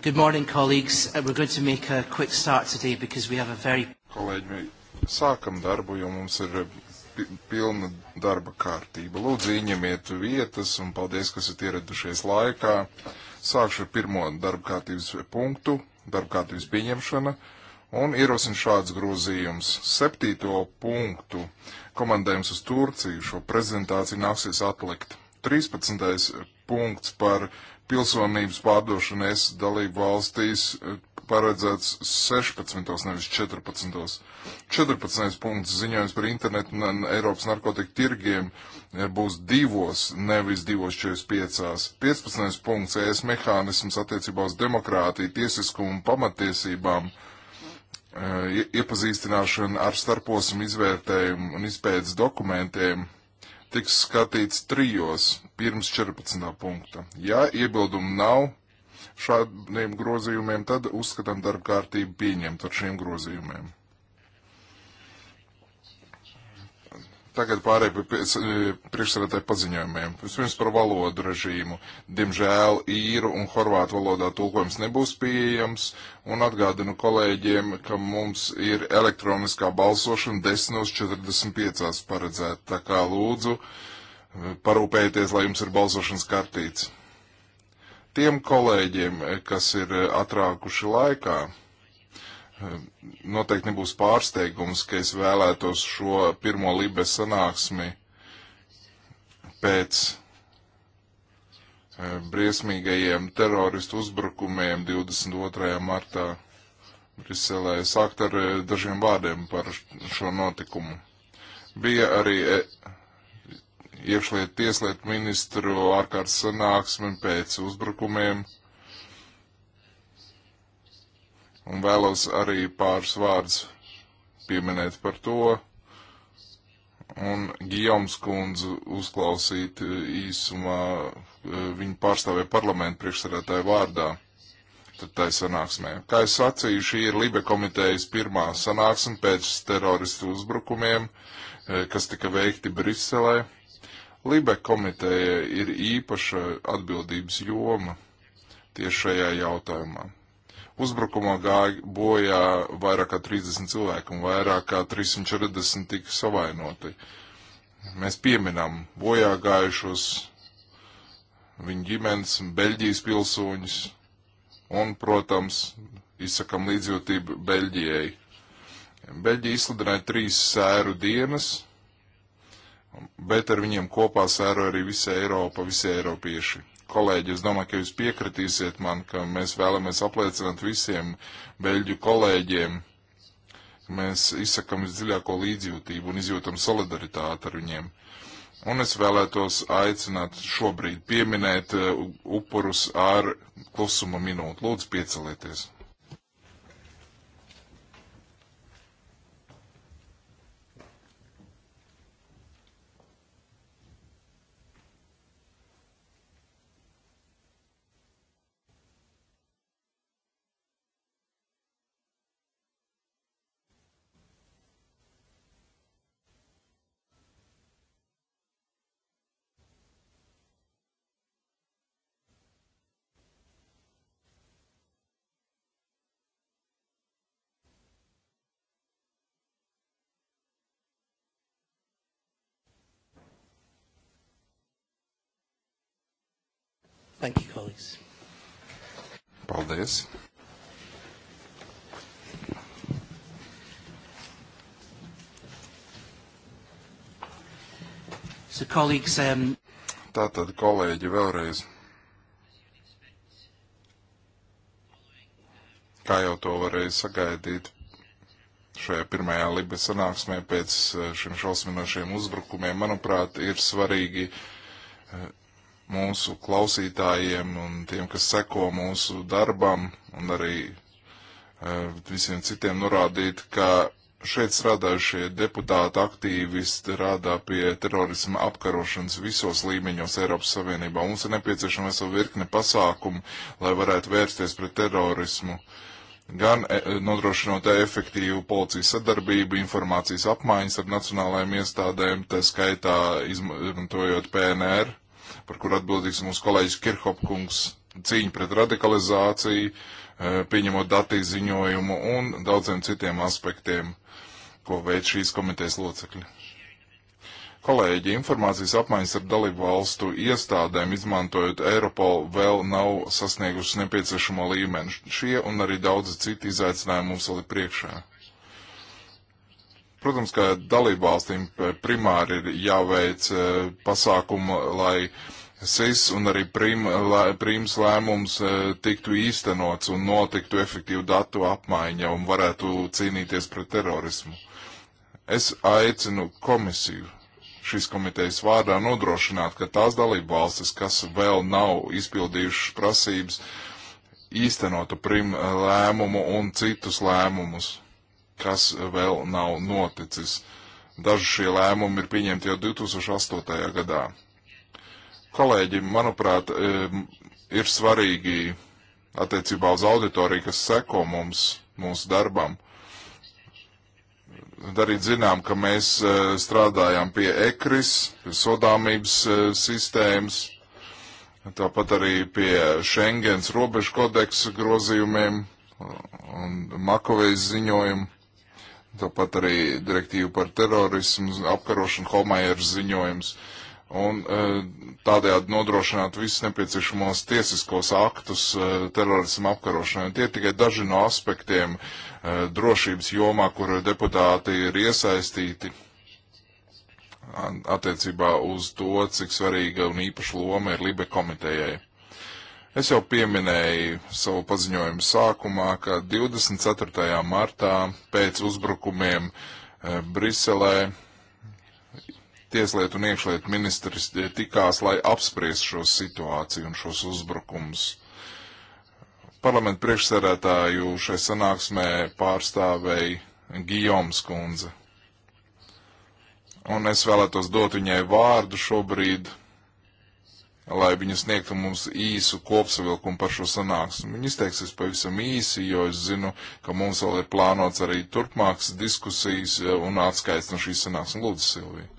Good morning, colleagues. Uh, we're going to make a quick start today because we have a very... Kolēģi, sākam darbu, jo mums ir uh, pilna darba kārtība. Lūdzu, ieņemiet vietas un paldies, kas ir ieradušies laikā. Sākšu ar pirmo darba kārtības punktu, darba kārtības pieņemšana un ierosin šāds grozījums. Septīto punktu komandējums uz Turciju šo prezentāciju nāksies atlikt. 13 punkts par pilsonības pārdošanu es dalību valstīs eh, paredzēts 16. nevis 14. 14. punkts ziņojums par internetu un Eiropas narkotiku tirgiem eh, būs divos, nevis divos 45. 15. punkts ES mehānisms attiecībā uz demokrātiju, tiesiskumu un pamatiesībām eh, iepazīstināšana ar starposmu izvērtējumu un izpētes dokumentiem tiks skatīts trijos pirms 14. punkta. Ja iebildumu nav šādiem grozījumiem, tad uzskatām darba kārtību pieņemt ar šiem grozījumiem. Tagad pārēju pie e, priekšsēdētāju paziņojumiem. Vispirms par valodu režīmu. Diemžēl īru un horvātu valodā tulkojums nebūs pieejams, un atgādinu kolēģiem, ka mums ir elektroniskā balsošana 10.45. paredzēta. Tā kā lūdzu e, parūpējieties, lai jums ir balsošanas kartīts. Tiem kolēģiem, e, kas ir atrākuši laikā, Eh, noteikti nebūs pārsteigums, ka es vēlētos šo pirmo Libe sanāksmi pēc eh, briesmīgajiem teroristu uzbrukumiem 22. martā Briselē sākt ar eh, dažiem vārdiem par šo notikumu. Bija arī iekšlietu tieslietu ministru ārkārtas sanāksme pēc uzbrukumiem un vēlos arī pāris vārdus pieminēt par to, un Gijoms kundzu uzklausīt e, īsumā e, viņu pārstāvē parlamentu priekšsarētāju vārdā. Tad tai sanāksmē. Kā es sacīju, šī ir Libe komitejas pirmā sanāksme pēc teroristu uzbrukumiem, e, kas tika veikti Briselē. Libe komiteja ir īpaša atbildības joma tieši šajā jautājumā. Uzbrukumā gāja bojā vairāk kā 30 cilvēku un vairāk kā 340 tika savainoti. Mēs pieminam bojā gājušos, viņu ģimenes, Beļģijas pilsoņus un, protams, izsakam līdzjūtību Beļģijai. Beļģija izsludināja trīs sēru dienas, bet ar viņiem kopā sēro arī visa Eiropa, visi eiropieši kolēģi, es domāju, ka jūs piekritīsiet man, ka mēs vēlamies apliecināt visiem beļģu kolēģiem, ka mēs izsakam visdziļāko līdzjūtību un izjūtam solidaritāti ar viņiem. Un es vēlētos aicināt šobrīd pieminēt uh, upurus ar klusuma minūti. Lūdzu, piecelieties! Thank you, colleagues. Paldies. So, colleagues, um... Tātad, kolēģi, vēlreiz. Kā jau to varēja sagaidīt šajā pirmajā Libes sanāksmē pēc eh, šiem šausminošiem uzbrukumiem, manuprāt, ir svarīgi uh, mūsu klausītājiem un tiem, kas seko mūsu darbam un arī e, visiem citiem norādīt, ka šeit strādājušie deputāti aktīvisti rādā pie terorisma apkarošanas visos līmeņos Eiropas Savienībā. Mums ir nepieciešama vesela virkne pasākumu, lai varētu vērsties pret terorismu. Gan e, nodrošinot efektīvu policijas sadarbību, informācijas apmaiņas ar nacionālajiem iestādēm, tā skaitā izmantojot PNR, par kur atbildīgs mūsu kolēģis Kirhopkungs, cīņa pret radikalizāciju, eh, pieņemot datī ziņojumu un daudziem citiem aspektiem, ko veic šīs komitejas locekļi. Kolēģi, informācijas apmaiņas ar dalību valstu iestādēm, izmantojot Eiropolu, vēl nav sasniegušas nepieciešamo līmeni. Šie un arī daudzi citi izaicinājumi mums vēl ir priekšā. Protams, ka dalību valstīm eh, primāri ir jāveic eh, pasākumu, lai uh, SIS un arī prim, lē, prims lēmums e, tiktu īstenots un notiktu efektīva datu apmaiņa un varētu cīnīties pret terorismu. Es aicinu komisiju šīs komitejas vārdā nodrošināt, ka tās dalību valstis, kas vēl nav izpildījušas prasības, īstenotu prim e, lēmumu un citus lēmumus, kas vēl nav noticis. Daži šie lēmumi ir pieņemti jau 2008. gadā. Kolēģi, manuprāt, ir svarīgi attiecībā uz auditoriju, kas seko mums, mūsu darbam, darīt zinām, ka mēs e, strādājam pie ekris, pie sodāmības e, sistēmas, tāpat arī pie Schengens robežu kodeksa grozījumiem un Makovejas ziņojumu, tāpat arī direktīvu par terorismu, apkarošanu, Holmajeras ziņojums. Uh, un eh, tādējādi nodrošināt visus nepieciešamos tiesiskos aktus eh, terorismu apkarošanai. Tie ir tikai daži no aspektiem eh, drošības jomā, kur deputāti ir iesaistīti attiecībā uz to, cik svarīga un īpaša loma ir Libe komitejai. Es jau pieminēju savu paziņojumu sākumā, ka 24. martā pēc uzbrukumiem Briselē Tieslietu un iekšlietu ministrs tikās, lai apspriest šo situāciju un šos uzbrukumus. Parlamentu priekšsēdētāju šai sanāksmē pārstāvēja Gijoms kundze. Un es vēlētos dot viņai vārdu šobrīd, lai viņa sniegtu mums īsu kopsavilkumu par šo sanāksmu. Viņa izteiksies pavisam īsi, jo es zinu, ka mums vēl ir plānots arī turpmākas diskusijas un atskaits no šīs sanāksmes. Lūdzu, Silvija.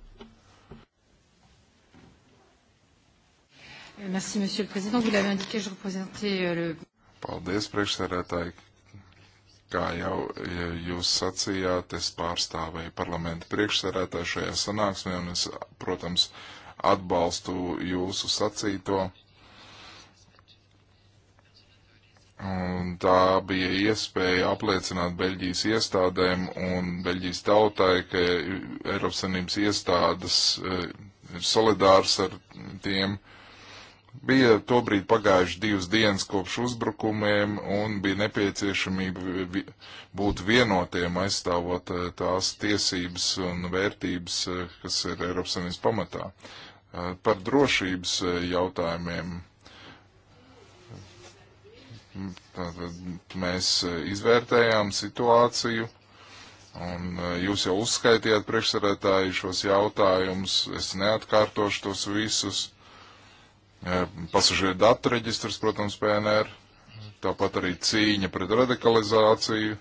Merci, monsieur le président. Vous l'avez indiqué, je représentais euh, le... Paldies, priekšsēdētāji. Kā jau e, jūs sacījāt, es pārstāvēju parlamenta priekšsēdētāju šajā sanāksmē, un es, protams, atbalstu jūsu sacīto. Un tā bija iespēja apliecināt Beļģijas iestādēm un Beļģijas tautai, ka Eiropas Savienības iestādes e, ir solidārs ar tiem, uh, Bija tobrīd pagājuši divas dienas kopš uzbrukumiem un bija nepieciešamība būt vienotiem, aizstāvot eh, tās tiesības un vērtības, eh, kas ir Eiropas Savienības pamatā. Eh, par drošības jautājumiem Tātad mēs izvērtējām situāciju, un jūs jau uzskaitījāt priekšsarētāji šos jautājumus, es neatkārtošu tos visus pasažieru datu reģistrs, protams, PNR, tāpat arī cīņa pret radikalizāciju.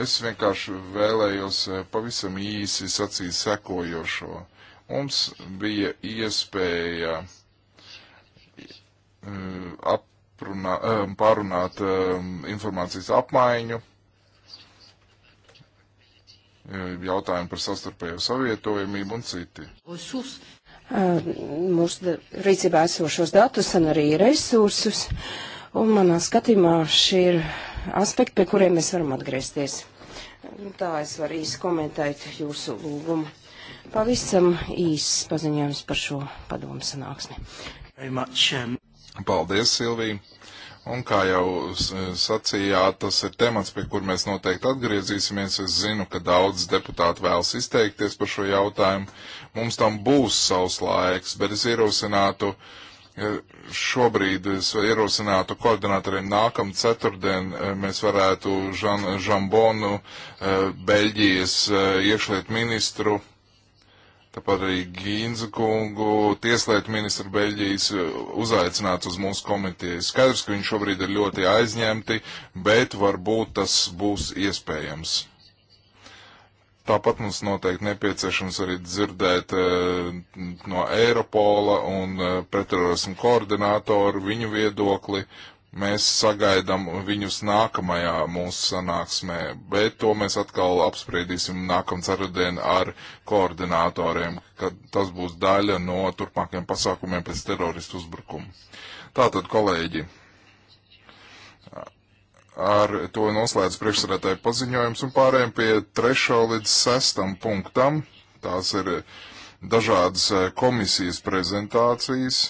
Es vienkārši vēlējos pavisam īsi sacīt sekojošo. Mums bija iespēja aprunā, pārunāt informācijas apmaiņu, jautājumu par sastarpējo savietojamību un citi. Resurs mūsu rīcībā esošos datus un arī resursus. Un manā skatījumā šie ir aspekti, pie kuriem mēs varam atgriezties. Tā es varu īsi komentēt jūsu lūgumu. Pavisam īsts paziņojums par šo padomu sanāksmi. Um, Paldies, Silvija. Un kā jau e, sacījāt, tas ir temats, pie kur mēs noteikti atgriezīsimies. Es zinu, ka daudz deputāti vēlas izteikties par šo jautājumu. Mums tam būs savs laiks, bet es ierosinātu, e, šobrīd es ierosinātu koordinatoriem nākam ceturtdien e, mēs varētu Žan, Žambonu, Beļģijas iekšliet ministru Tāpat arī Gīnza kungu, tieslietu ministru Beļģijas, eh, uzaicināts uz mūsu komiteju. Skaidrs, ka viņi šobrīd ir ļoti aizņemti, bet varbūt tas būs iespējams. Tāpat mums noteikti nepieciešams arī dzirdēt uh, no Eiropola un uh, eh, pretterorismu koordinātoru viņu viedokli mēs sagaidām viņus nākamajā mūsu sanāksmē, bet to mēs atkal apspriedīsim nākamā ceturtdien ar koordinatoriem, kad tas būs daļa no turpmākajiem pasākumiem pēc teroristu uzbrukuma. Tātad, kolēģi, ar to noslēdz priekšsarētāju paziņojums un pārējiem pie 3. līdz 6. punktam. Tās ir dažādas eh, komisijas prezentācijas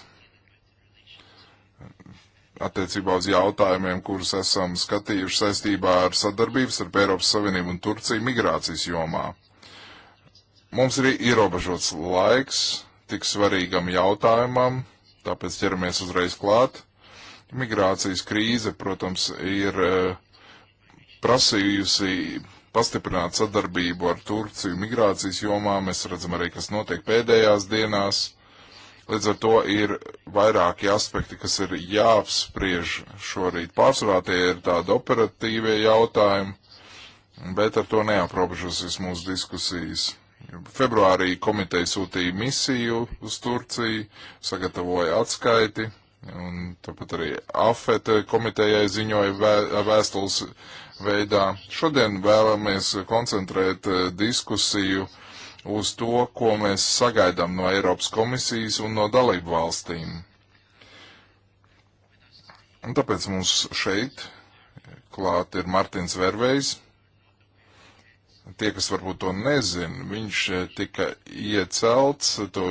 attiecībā uz jautājumiem, kurus esam skatījuši saistībā ar sadarbības ar Eiropas Savienību un Turciju migrācijas jomā. Mums ir ierobežots laiks tik svarīgam jautājumam, tāpēc ķeramies uzreiz klāt. Migrācijas krīze, protams, ir eh, prasījusi pastiprināt sadarbību ar Turciju migrācijas jomā. Mēs redzam arī, kas notiek pēdējās dienās Līdz ar to ir vairāki aspekti, kas ir jāapspriež šorīt. Pārsvarā tie ir tādi operatīvie jautājumi, bet ar to neaprobežosies mūsu diskusijas. Februārī komiteja sūtīja misiju uz Turciju, sagatavoja atskaiti, un tāpat arī AFET komitejai ziņoja vē, vēstules veidā. Šodien vēlamies koncentrēt eh, diskusiju uh, uz to, ko mēs sagaidām no Eiropas komisijas un no dalību valstīm. Un tāpēc mums šeit klāt ir Martins Vervejs. Tie, kas varbūt to nezin, viņš eh, tika iecelts, to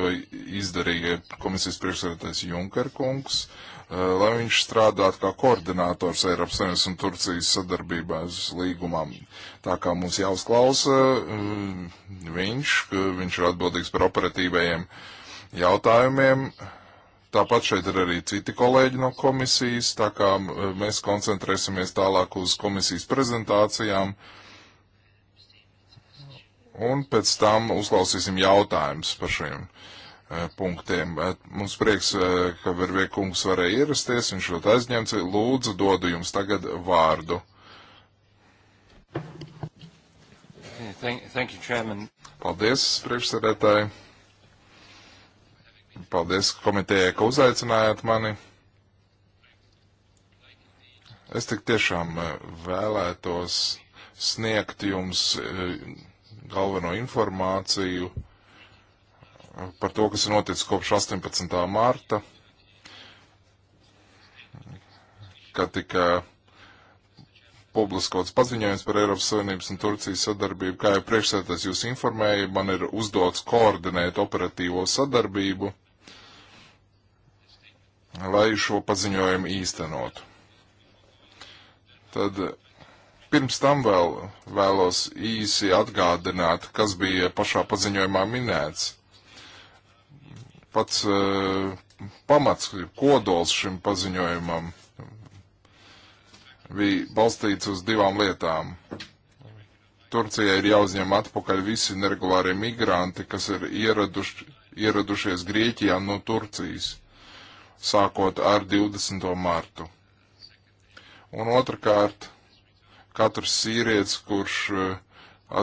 izdarīja komisijas priekšsēdētājs Junker kungs, uh, Eh, lai viņš strādātu kā koordinators Eiropas Savienības un Turcijas sadarbībās līgumam. Tā kā mums jāuzklausa eh, viņš, viņš ir atbildīgs par operatīvajiem jautājumiem. Tāpat šeit ir arī citi kolēģi no komisijas, tā kā eh, mēs koncentrēsimies tālāk uz komisijas prezentācijām. Un pēc tam uzklausīsim jautājumus par šiem uh, Eh, punktiem. Mums prieks, eh, ka Vervie kungs varēja ierasties, viņš ļoti aizņemts. Lūdzu, dodu jums tagad vārdu. Thank, thank you, Chairman. Paldies, priekšsēdētāji. Paldies komitējai, ka uzaicinājāt mani. Es tik tiešām eh, vēlētos sniegt jums galveno informāciju par to, kas ir noticis kopš 18. mārta, kad tika publiskots paziņojums par Eiropas Savienības un Turcijas sadarbību. Kā jau priekšsēdētājs jūs informēja, man ir uzdots koordinēt operatīvo sadarbību, lai šo paziņojumu īstenotu. Tad pirms tam vēl vēlos īsi atgādināt, kas bija pašā paziņojumā minēts pats uh, pamats, kodols šim paziņojumam bija balstīts uz divām lietām. Turcijai ir jāuzņem atpakaļ visi neregulārie migranti, kas ir ieraduši, ieradušies Grieķijā no Turcijas, sākot ar 20. martu. Un otrkārt, katrs sīrietis, kurš e,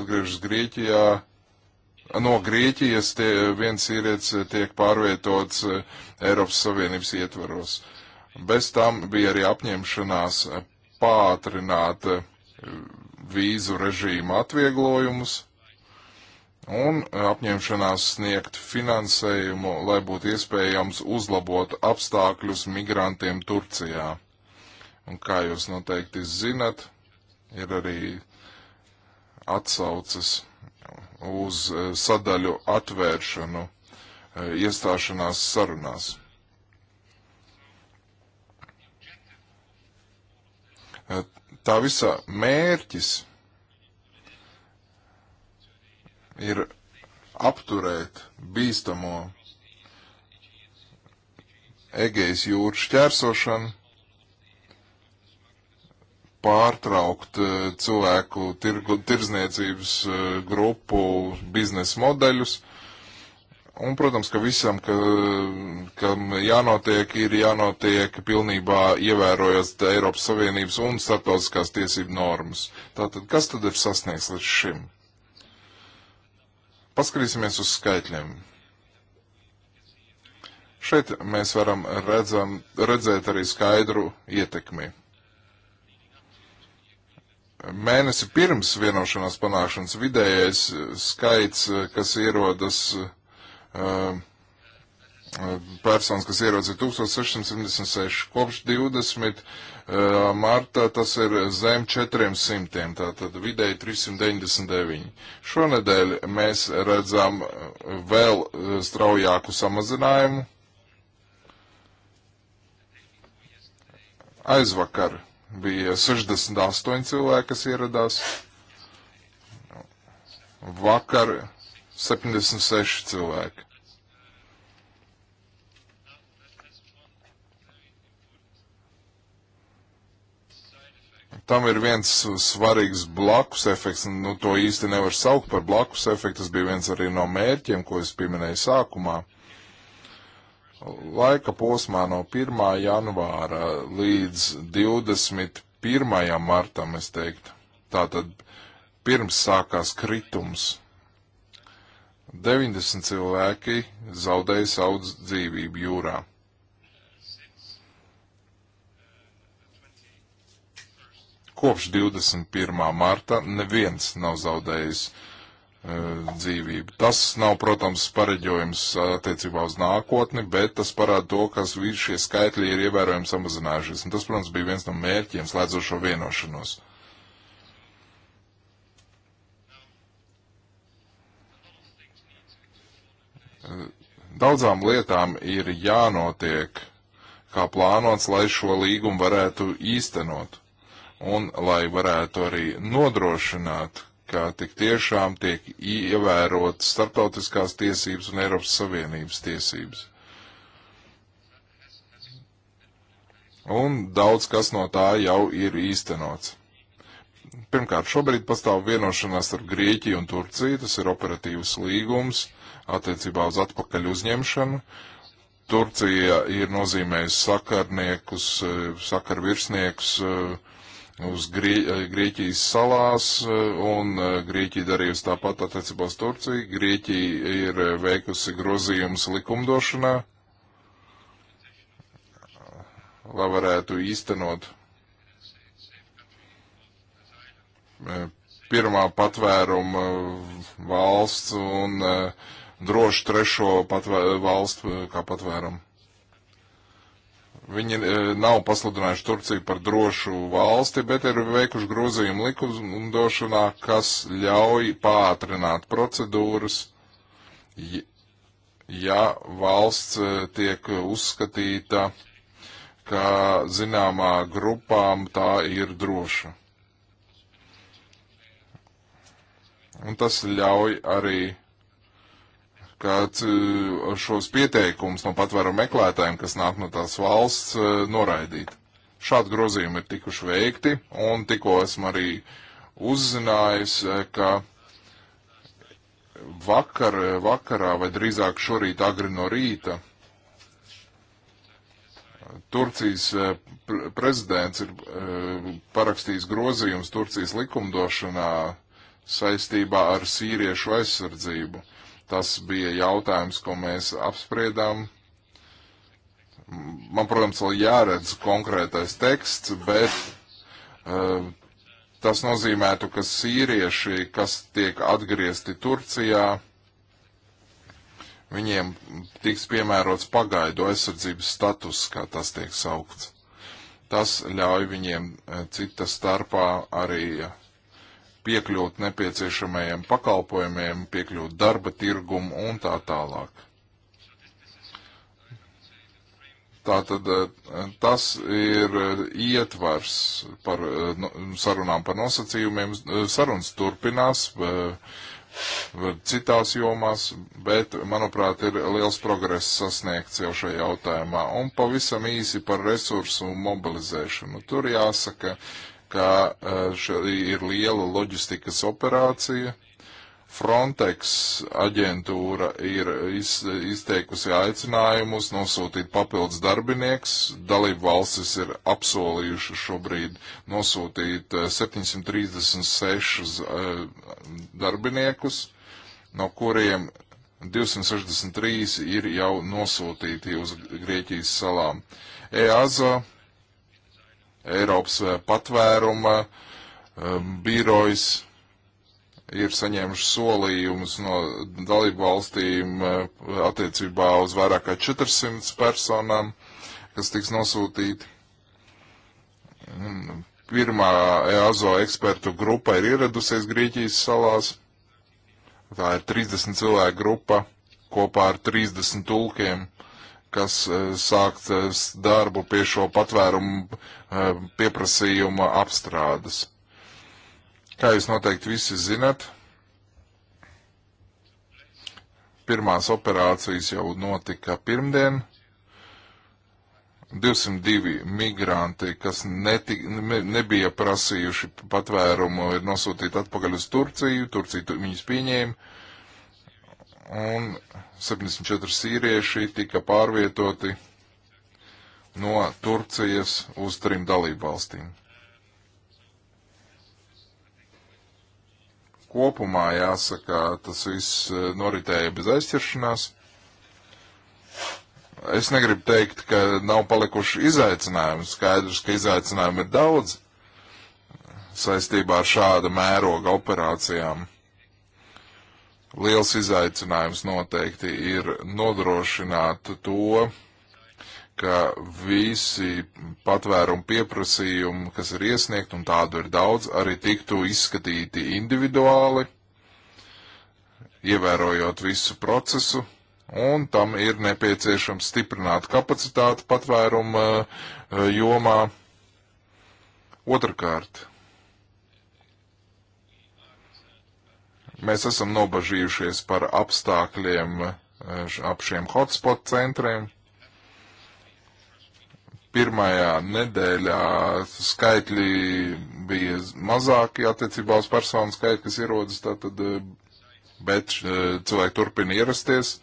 atgriežas Grieķijā, no Grieķijas tie, viens īrietis tiek pārvietots eh, Eiropas Savienības ietvaros. Bez tam bija arī apņemšanās pātrināt eh, vīzu režīmu atvieglojumus un eh, apņemšanās sniegt finansējumu, lai būtu iespējams uzlabot apstākļus migrantiem Turcijā. Un kā jūs noteikti zinat, ir arī atsaucas uz eh, sadaļu atvēršanu eh, iestāšanās sarunās. Eh, tā visa mērķis ir apturēt bīstamo Egejas jūras šķērsošanu pārtraukt eh, cilvēku tirgu, tirzniecības eh, grupu biznesa modeļus. Un, protams, ka visam, ka, kam jānotiek, ir jānotiek pilnībā ievērojot Eiropas Savienības un starptautiskās tiesību normas. Tātad, kas tad ir sasniegts līdz šim? Paskatīsimies uz skaitļiem. Šeit mēs varam redzam, redzēt arī skaidru ietekmi. Mēnesi pirms vienošanās panākšanas vidējais skaits, kas ierodas, um, personas, kas ierodas, ir 1676. Kopš 20. Uh, martā tas ir zem 400, tātad vidēji 399. Šonedēļ mēs redzam uh, vēl uh, straujāku samazinājumu. Aizvakar bija 68 cilvēki, kas ieradās. Vakar 76 cilvēki. Tam ir viens svarīgs blakus efekts, nu to īsti nevar saukt par blakus efektu, tas bija viens arī no mērķiem, ko es pieminēju sākumā laika posmā no 1. janvāra līdz 21. martam, es teiktu. Tātad pirms sākās kritums. 90 cilvēki zaudēja savu dzīvību jūrā. Kopš 21. marta neviens nav zaudējis uh, E, dzīvību. Tas nav, protams, pareģojums attiecībā uz nākotni, bet tas parāda to, ka visi šie skaitļi ir ievērojami samazinājušies. Un tas, protams, bija viens no mērķiem slēdzot šo vienošanos. E, daudzām lietām ir jānotiek, kā plānots, lai šo līgumu varētu īstenot un lai varētu arī nodrošināt, ka tik tiešām tiek ievērotas starptautiskās tiesības un Eiropas Savienības tiesības. Un daudz kas no tā jau ir īstenots. Pirmkārt, šobrīd pastāv vienošanās ar Grieķiju un Turciju, tas ir operatīvs līgums attiecībā uz atpakaļ uzņemšanu. Turcija ir nozīmējusi sakarniekus, eh, sakarvirsniekus, virsniekus, eh, uz Grī, eh, Grieķijas salās, eh, un eh, Grieķija darījusi tāpat attiecībā uz Turciju. Grieķija ir veikusi grozījumus likumdošanā, lai varētu īstenot pirmā patvēruma valsts un drošu trešo patvēr, valstu kā patvērumu. Viņi e, nav pasludinājuši Turciju par drošu valsti, bet ir veikuši grozījumu likumdošanā, kas ļauj pātrināt procedūras, ja valsts e, tiek uzskatīta, ka zināmā grupām tā ir droša. Un tas ļauj arī kad e, šos pieteikumus no patvērumu meklētājiem, kas nāk no tās valsts, e, noraidīt. Šādi grozījumi ir tikuši veikti, un tikko esmu arī uzzinājis, e, ka vakar, vakarā vai drīzāk šorīt agri no rīta Turcijas prezidents ir parakstījis grozījums Turcijas likumdošanā saistībā ar sīriešu aizsardzību Tas bija jautājums, ko mēs apspriedām. Man, protams, vēl jāredz konkrētais teksts, bet uh, tas nozīmētu, ka sīrieši, kas tiek atgriezti Turcijā, viņiem tiks piemērots pagaidu aizsardzības status, kā tas tiek saukts. Tas ļauj viņiem eh, cita starpā arī piekļūt nepieciešamajiem pakalpojumiem, piekļūt darba tirgumu un tā tālāk. Tātad eh, tas ir eh, ietvars par eh, no, sarunām par nosacījumiem. Sarunas turpinās citās jomās, bet, manuprāt, ir liels progress sasniegts jau šajā jautājumā. Un pavisam īsi par resursu mobilizēšanu. Tur jāsaka, ka ka eh, ir liela loģistikas operācija. Frontex aģentūra ir iz, izteikusi aicinājumus nosūtīt papildus darbinieks. Dalību valstis ir apsolījuši šobrīd nosūtīt 736 eh, eh, darbiniekus, no kuriem 263 ir jau nosūtīti uz Grieķijas salām. EASA Eiropas eh, patvēruma eh, birojs ir saņēmuši solījumus no dalību valstīm eh, attiecībā uz vairāk kā 400 personām, kas tiks nosūtīti. Pirmā EASO ekspertu grupa ir ieradusies Grieķijas salās. Tā ir 30 cilvēku grupa kopā ar 30 tulkiem kas eh, sākt eh, darbu pie šo patvērumu eh, pieprasījuma apstrādes. Kā jūs noteikti visi zinat, pirmās operācijas jau notika pirmdien. 202 migranti, kas neti, ne, nebija prasījuši patvērumu, ir nosūtīti atpakaļ uz Turciju. Turcija viņus pieņēma un 74 sīrieši tika pārvietoti no Turcijas uz trim dalību valstīm. Kopumā jāsaka, tas viss e, noritēja bez aizķeršanās. Es negribu teikt, ka nav palikuši izaicinājumi. Skaidrs, ka izaicinājumi ir daudz saistībā ar šāda mēroga operācijām Liels izaicinājums noteikti ir nodrošināt to, ka visi patvērumu pieprasījumi, kas ir iesniegt, un tādu ir daudz, arī tiktu izskatīti individuāli, ievērojot visu procesu, un tam ir nepieciešams stiprināt kapacitāti patvērumu eh, jomā. Otrakārt, Mēs esam nobažījušies par apstākļiem eh, ap šiem hotspot centriem. Pirmajā nedēļā skaitļi bija mazāki attiecībā uz personu skaitu, kas ierodas, tātad, eh, bet eh, cilvēki turpina ierasties.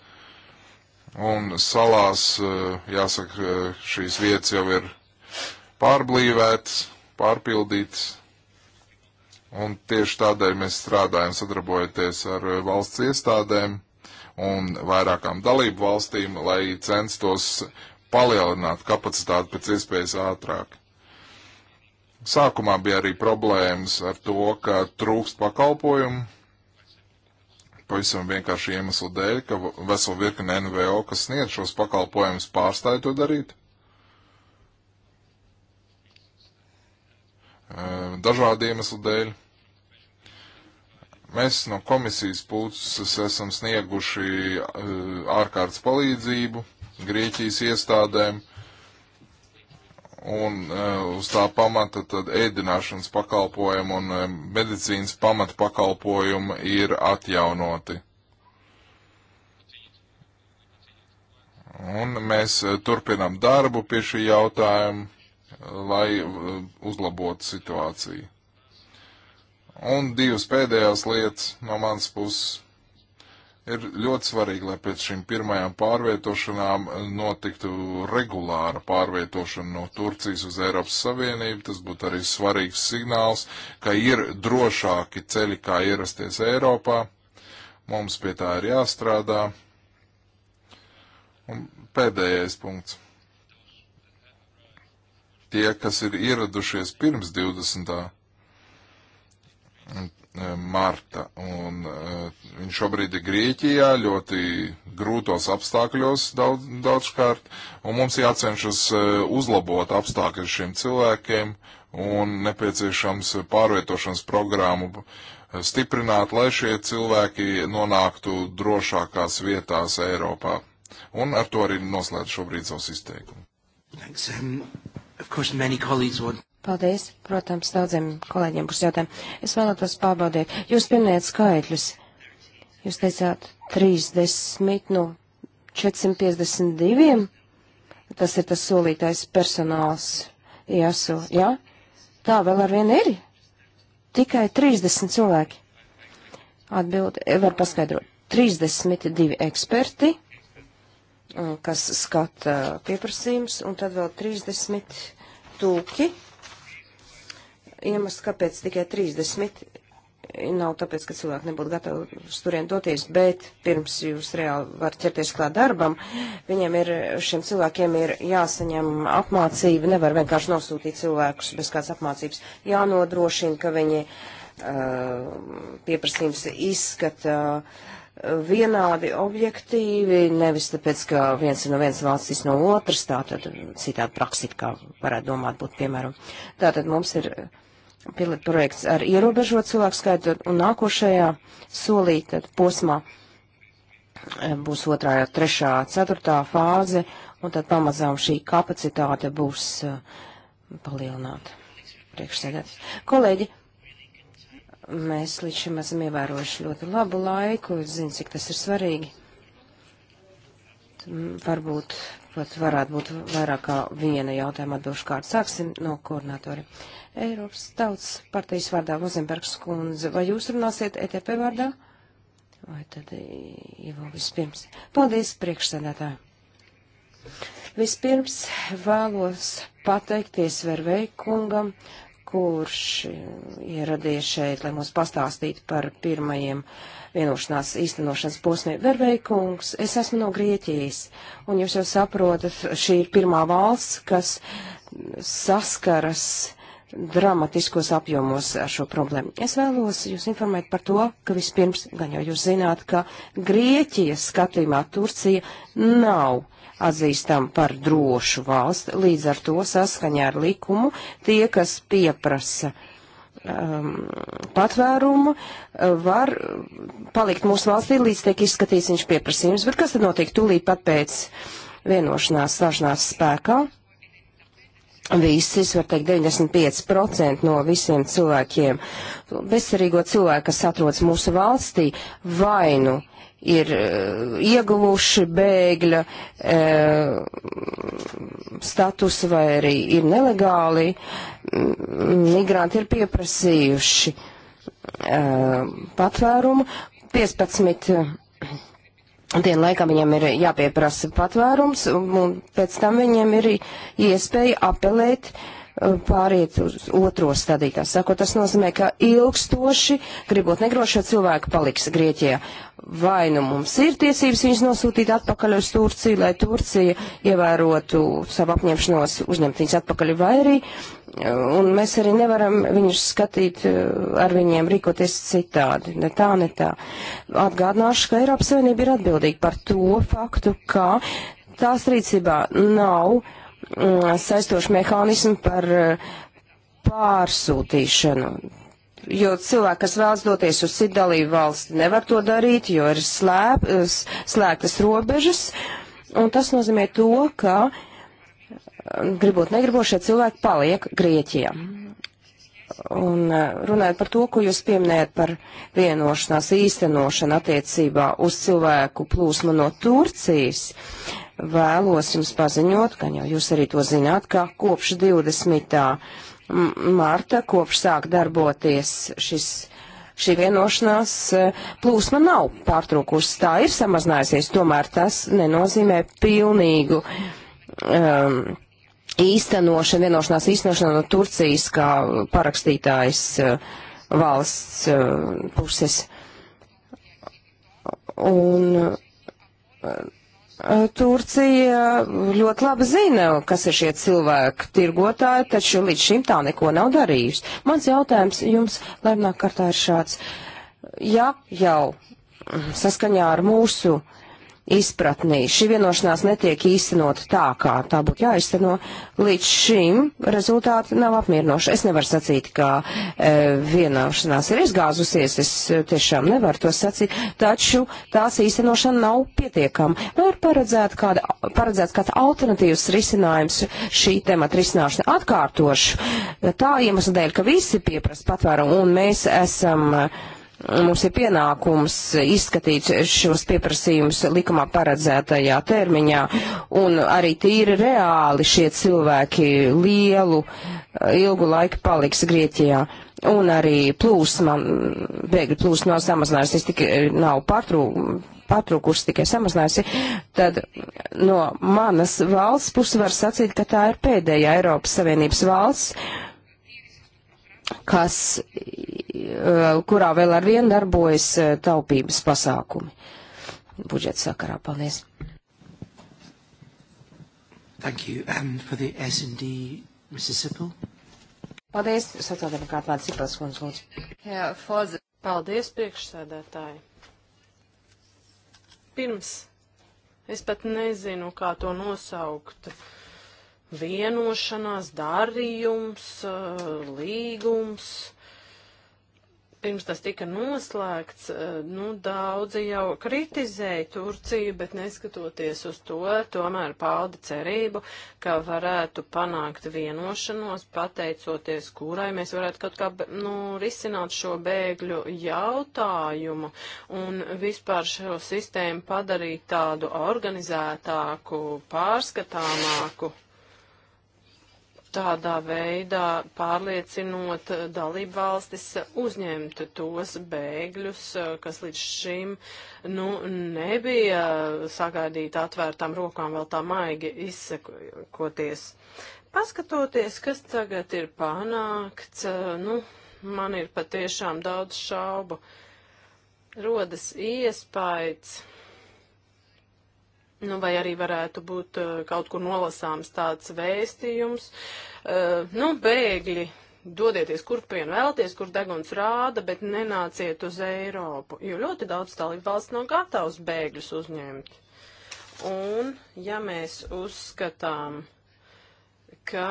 Un salās, jāsaka, šīs vietas jau ir pārblīvētas, pārpildītas. Un tieši tādēļ mēs strādājam sadarbojoties ar valsts iestādēm un vairākām dalību valstīm, lai censtos palielināt kapacitāti pēc iespējas ātrāk. Sākumā bija arī problēmas ar to, ka trūkst pakalpojumu, pavisam vienkārši iemeslu dēļ, ka vesela virkne NVO, kas sniedz šos pakalpojumus, pārstāja to darīt. dažādu iemeslu dēļ. Mēs no komisijas puses esam snieguši eh, ārkārtas palīdzību Grieķijas iestādēm un uh, uz tā pamata tad ēdināšanas pakalpojumu un uh, medicīnas pamata pakalpojumu ir atjaunoti. Un mēs uh, turpinām darbu pie šī jautājuma, lai uzlabotu situāciju. Un divas pēdējās lietas no manas puses. Ir ļoti svarīgi, lai pēc šīm pirmajām pārvietošanām notiktu regulāra pārvietošana no Turcijas uz Eiropas Savienību. Tas būtu arī svarīgs signāls, ka ir drošāki ceļi, kā ierasties Eiropā. Mums pie tā ir jāstrādā. Un pēdējais punkts. Tie, kas ir ieradušies pirms 20. gadsimta Marta. Un eh, viņš šobrīd ir Grieķijā ļoti grūtos apstākļos daudz, daudzkārt, un mums jācenšas eh, uzlabot apstākļus šiem cilvēkiem un nepieciešams pārvietošanas programmu eh, stiprināt, lai šie cilvēki nonāktu drošākās vietās Eiropā. Un ar to arī noslēdz šobrīd savus izteikumus. Thanks. Um, of course, many colleagues want Paldies. Protams, daudziem kolēģiem būs jautājumi. Es vēlētos pārbaudīt. Jūs pieminējat skaitļus. Jūs teicāt 30 no 452. Tas ir tas solītais personāls jāsu, e jā? Tā vēl ar vienu ir? Tikai 30 cilvēki. Atbildi eh, var paskaidrot. 32 eksperti, kas skata pieprasījums, un tad vēl 30 tūki iemesls, kāpēc tikai 30. Nav tāpēc, ka cilvēki nebūtu gatavi uz turien doties, bet pirms jūs reāli var ķerties klāt darbam, viņiem ir, šiem cilvēkiem ir jāsaņem apmācība, nevar vienkārši nosūtīt cilvēkus bez kādas apmācības. Jānodrošina, ka viņi uh, pieprasījums izskata uh, vienādi objektīvi, nevis tāpēc, ka viens ir no vienas valstis no otras, tā tad citādi praksit, kā varētu domāt, būtu piemēram. Tā tad mums ir pilotprojekts ar ierobežot cilvēku skaitu, un nākošajā solī, tad posmā, e, būs otrā, trešā, ceturtā fāze, un tad pamazām šī kapacitāte būs e, palielināta. Priekšsēdētājs. Kolēģi, mēs līdz šim esam ievērojuši ļoti labu laiku, es zinu, cik tas ir svarīgi. Mm, varbūt pat varētu būt vairāk kā viena jautājuma atbilšu kārta. Sāksim no koordinatori. Eiropas tautas partijas vārdā Vozembergs kundze, vai jūs runāsiet ETP vārdā? Vai tad e, Ivo vispirms? Paldies, priekšsēdētāji. Vispirms vēlos pateikties Vervei kungam kurš ieradies šeit, lai mums pastāstītu par pirmajiem vienošanās īstenošanas posmiem. Verveikungs, es esmu no Grieķijas, un jūs jau saprotat, šī ir pirmā valsts, kas saskaras dramatiskos apjomos ar šo problēmu. Es vēlos jūs informēt par to, ka vispirms, gan jau jūs zināt, ka Grieķijas skatījumā Turcija nav atzīstam par drošu valsti. Līdz ar to saskaņā ar likumu tie, kas pieprasa um, patvērumu, uh, var palikt mūsu valstī, līdz tiek izskatīts viņš pieprasījums. Bet kas tad notiek tūlīt pat pēc vienošanās stāšanās spēkā? Visis, var teikt, 95% no visiem cilvēkiem, bezcerīgo cilvēku, kas atrodas mūsu valstī, vainu ir e, ieguvuši bēgļa e, statusu vai arī ir nelegāli, migranti ir pieprasījuši e, patvērumu. 15 dienu laikā viņam ir jāpieprasa patvērums, un pēc tam viņam ir iespēja apelēt e, Eh, pāriet uz otro stadiju. Tā sakot, tas nozīmē, ka ilgstoši, gribot negrošo cilvēku, paliks Grieķijā. Vai nu mums ir tiesības viņus nosūtīt atpakaļ uz Turciju, lai Turcija ievērotu savu apņemšanos uzņemt viņus atpakaļ, vai arī, eh, un mēs arī nevaram viņus skatīt eh, ar viņiem rīkoties citādi, ne tā, ne tā. Atgādināšu, ka Eiropas Savienība ir atbildīga par to faktu, ka tās rīcībā nav Mm, saistošu mehānismu par eh, pārsūtīšanu. Jo cilvēki, kas vēlas doties uz citu dalību valsti, nevar to darīt, jo ir slēp, eh, slēgtas robežas. Un tas nozīmē to, ka, eh, gribot, negribot, šie cilvēki paliek Grieķijā. Un runājot par to, ko jūs pieminējat par vienošanās īstenošanu attiecībā uz cilvēku plūsmu no Turcijas, vēlos jums paziņot, ka jau jūs arī to zināt, ka kopš 20. marta, kopš sāk darboties šis šī vienošanās eh, plūsma nav pārtrūkusi. Tā ir samazinājusies, tomēr tas nenozīmē pilnīgu um, īstenošanu, vienošanās īstenošanu no Turcijas kā parakstītājs uh, valsts uh, puses. Un uh, Eh, Turcija ļoti labi zina, kas ir šie cilvēki tirgotāji, taču līdz šim tā neko nav darījusi. Mans jautājums jums, Lernāk, kārtā ir šāds. Ja jau saskaņā ar mūsu uh, izpratnī. Šī vienošanās netiek īstenot tā, kā tā būtu jāizteno. Līdz šim rezultāti nav apmierinoši. Es nevaru sacīt, ka e, vienošanās ir izgāzusies, es e, tiešām nevaru to sacīt, taču tās īstenošana nav pietiekama. Vai ir paredzēts kāda, paredzēt kāds alternatīvs risinājums šī temata risināšana atkārtošu? Tā iemesla dēļ, ka visi pieprasa patvērumu un mēs esam. E, mums ir pienākums izskatīt šos pieprasījumus likumā paredzētajā termiņā, un arī tīri reāli šie cilvēki lielu, eh, ilgu laiku paliks Grieķijā. Un arī plūsma, bēgļu plūsma nav samazinājusies, tikai eh, nav patrūkusi, tikai samazinājusi. Tad no manas valsts puses var sacīt, ka tā ir pēdējā Eiropas Savienības valsts, kas, eh, kurā vēl ar vienu darbojas eh, taupības pasākumi budžeta sakarā. Paldies! Thank you. And um, for the S&D, Mrs. Sippel. Paldies, sociāldemokrāta Lāca Sipels, kundze, lūdzu. Jā, Foze, paldies, priekšsēdētāji. Pirms, es pat nezinu, kā to nosaukt. Uh, vienošanās, darījums, eh, līgums. Pirms tas tika noslēgts, eh, nu, daudzi jau kritizēja Turciju, bet neskatoties uz to, tomēr pauda cerību, ka varētu panākt vienošanos, pateicoties kurai mēs varētu kaut kā, nu, risināt šo bēgļu jautājumu un vispār šo sistēmu padarīt tādu organizētāku, pārskatāmāku tādā veidā pārliecinot dalību valstis uzņemt tos bēgļus, kas līdz šim nu, nebija sagaidīti atvērtām rokām vēl tā maigi izsekoties. Paskatoties, kas tagad ir panākts, nu, man ir patiešām daudz šaubu. Rodas iespējas Nu, vai arī varētu būt uh, kaut kur nolasāms tāds vēstījums. Uh, nu, bēgļi, dodieties kurpien vēlties, kur deguns rāda, bet nenāciet uz Eiropu, jo ļoti daudz dalību valsts nav gatavs bēgļus uzņemt. Un, ja mēs uzskatām, ka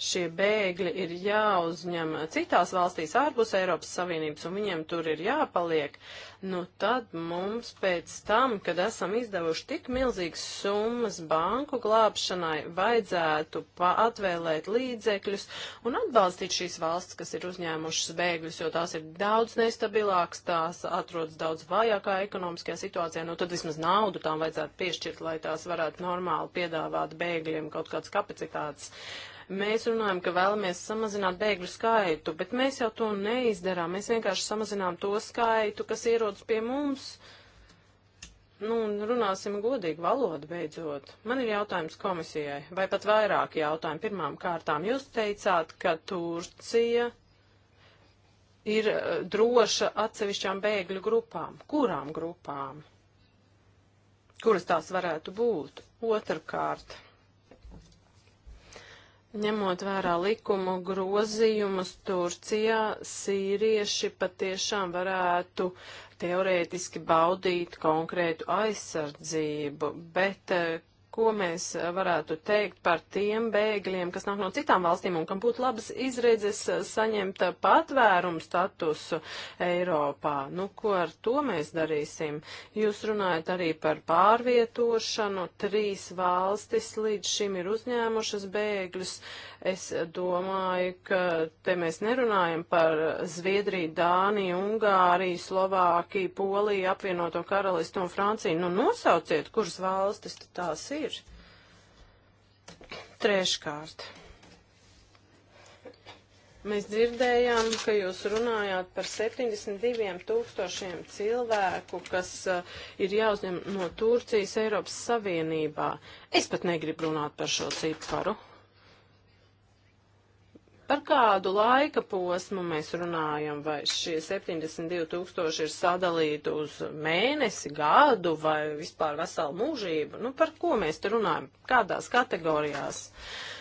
šie bēgļi ir jāuzņem citās valstīs ārpus Eiropas Savienības un viņiem tur ir jāpaliek, uh, nu tad mums pēc tam, kad esam izdevuši tik milzīgas summas banku glābšanai, vajadzētu atvēlēt līdzekļus un atbalstīt šīs valsts, kas ir uzņēmušas bēgļus, jo tās ir daudz nestabilākas, tās atrodas daudz vājākā ekonomiskajā situācijā, nu tad vismaz naudu tām vajadzētu piešķirt, lai tās varētu normāli piedāvāt bēgļiem kaut kādas kapacitātes. Uh, Mēs runājam, ka vēlamies samazināt bēgļu skaitu, bet mēs jau to neizdarām. Mēs vienkārši samazinām to skaitu, kas ierodas pie mums. Nu, un runāsim godīgi valodu beidzot. Man ir jautājums komisijai, vai pat vairāki jautājumi. Pirmām kārtām jūs teicāt, ka Turcija ir uh, droša atsevišķām bēgļu grupām. Kurām grupām? Kuras tās varētu būt? Otrkārt, Ņemot vērā likumu grozījumus Turcijā, sīrieši patiešām varētu teorētiski baudīt konkrētu aizsardzību, bet eh, ko mēs eh, varētu teikt par tiem bēgļiem, kas nāk no citām valstīm un kam būtu labas izredzes eh, saņemt eh, patvērumu statusu Eiropā. Nu, ko ar to mēs darīsim? Jūs runājat arī par pārvietošanu. Trīs valstis līdz šim ir uzņēmušas bēgļus. Uh, Es domāju, ka te mēs nerunājam par Zviedriju, Dāniju, Ungāriju, Slovākiju, Poliju, apvienoto karalistu un Franciju. Nu, nosauciet, kuras valstis tās ir. Treškārt. Mēs dzirdējām, ka jūs runājāt par 72 tūkstošiem cilvēku, kas uh, ir jāuzņem no Turcijas Eiropas Savienībā. Es pat negribu runāt par šo ciparu. Par kādu laika posmu mēs runājam, vai šie 72 tūkstoši ir sadalīti uz mēnesi, gadu vai vispār veselu mūžību? Nu, par ko mēs te runājam? Kādās kategorijās? Uh,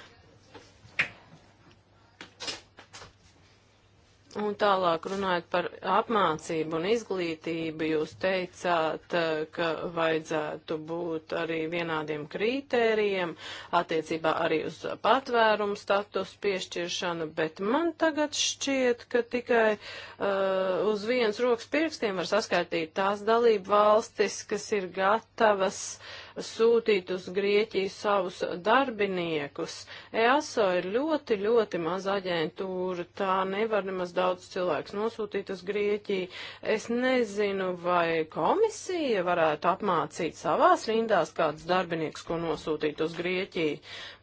Un tālāk runājot par apmācību un izglītību, jūs teicāt, eh, ka vajadzētu būt arī vienādiem kritērijiem attiecībā arī uz patvērumu status piešķiršanu, bet man tagad šķiet, ka tikai uh, uz viens rokas pirkstiem var saskaitīt tās dalību valstis, kas ir gatavas uh, sūtīt uz Grieķiju savus darbiniekus. EASO ir ļoti, ļoti maza aģentūra, tā nevar nemaz daudz cilvēks nosūtīt uz Grieķiju. Es nezinu, vai komisija varētu apmācīt savās rindās kādus darbiniekus, ko nosūtīt uz Grieķiju.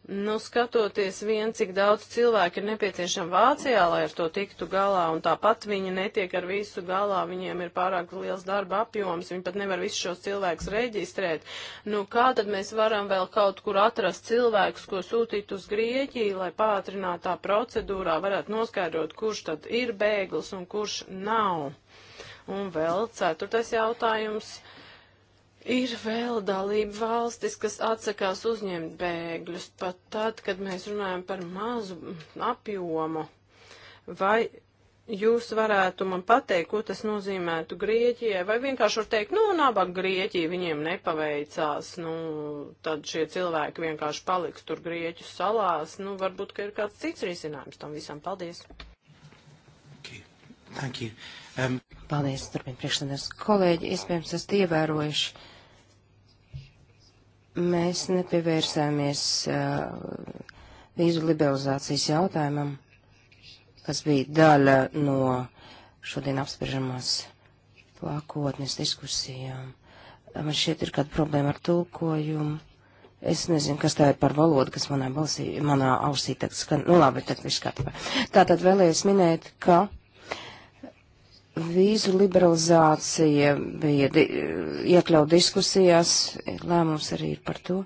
Nu, skatoties vien, cik daudz cilvēku ir nepieciešama Vācijā, lai ar to tiktu galā, un tāpat viņi netiek ar visu galā, viņiem ir pārāk liels darba apjoms, viņi pat nevar visus šos cilvēkus reģistrēt. Nu, kā tad mēs varam vēl kaut kur atrast cilvēkus, ko sūtīt uz Grieķiju, lai pātrinātā procedūrā varētu noskaidrot, kurš tad ir bēglis un kurš nav? Un vēl ceturtais jautājums Ir vēl dalība valstis, kas atsakās uzņemt bēgļus, pat tad, kad mēs runājam par mazu apjomu. Vai jūs varētu man pateikt, ko tas nozīmētu Grieķijai, vai vienkārši var teikt, nu, nabag Grieķija, viņiem nepaveicās, nu, tad šie cilvēki vienkārši paliks tur Grieķu salās, nu, varbūt, ka ir kāds cits risinājums tam visam. Paldies! Okay. Thank you. Um... Paldies, turpin priekšsēdētājs. Kolēģi, iespējams, esat ievērojuši mēs nepievērsāmies uh, vīzu liberalizācijas jautājumam, kas bija daļa no šodien apspriežamās plākotnes diskusijām. Man šeit ir kāda problēma ar tulkojumu. Es nezinu, kas tā ir par valodu, kas manā, balsī, manā ausī tagad skan. Nu labi, tad viss kārtībā. Tātad vēlējos minēt, ka vīzu liberalizācija bija di iekļaut diskusijās, lēmums arī ir par to.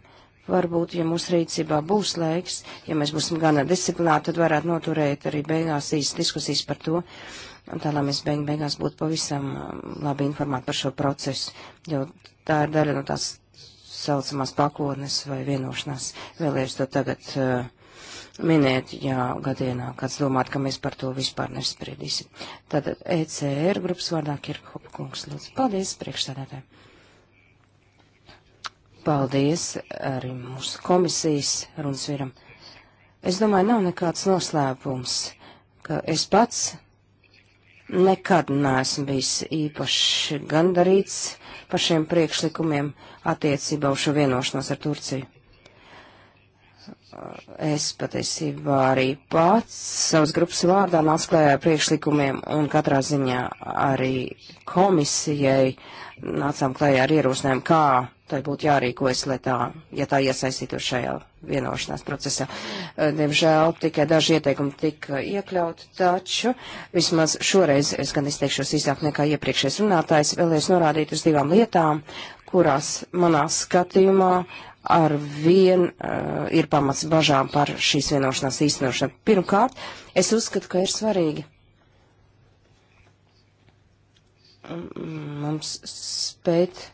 Varbūt, ja mūsu rīcībā būs laiks, ja mēs būsim gana disciplināti, tad varētu noturēt arī beigās īsti diskusijas par to, tā lai mēs beig beigās būtu pavisam um, labi informēti par šo procesu, jo tā ir daļa no tās saucamās pakotnes vai vienošanās. Vēlējos to tagad uh, minēt, ja gadienā kāds domāt, ka mēs par to vispār nespriedīsim. Tātad ECR grupas vārdā Kirkhopa kungs lūdzu. Paldies, priekšstādātāji. Paldies arī mūsu komisijas runas viram. Es domāju, nav nekāds noslēpums, ka es pats nekad neesmu bijis īpaši gandarīts par šiem priekšlikumiem attiecībā uz šo vienošanos ar Turciju es patiesībā arī pats savas grupas vārdā nāc klājā priekšlikumiem un katrā ziņā arī komisijai nācām klājā ar ierosinājumu, kā tai būtu jārīkojas, lai tā, ja tā iesaistītu šajā vienošanās procesā. Eh, diemžēl tikai daži ieteikumi tika iekļauti, taču vismaz šoreiz es gan izteikšos īsāk nekā iepriekšējais runātājs, vēlēs norādīt uz divām lietām, kurās manā skatījumā uh, ar vien uh, ir pamats bažām par šīs vienošanās īstenošanu. Pirmkārt, es uzskatu, ka ir svarīgi mm, mums spēt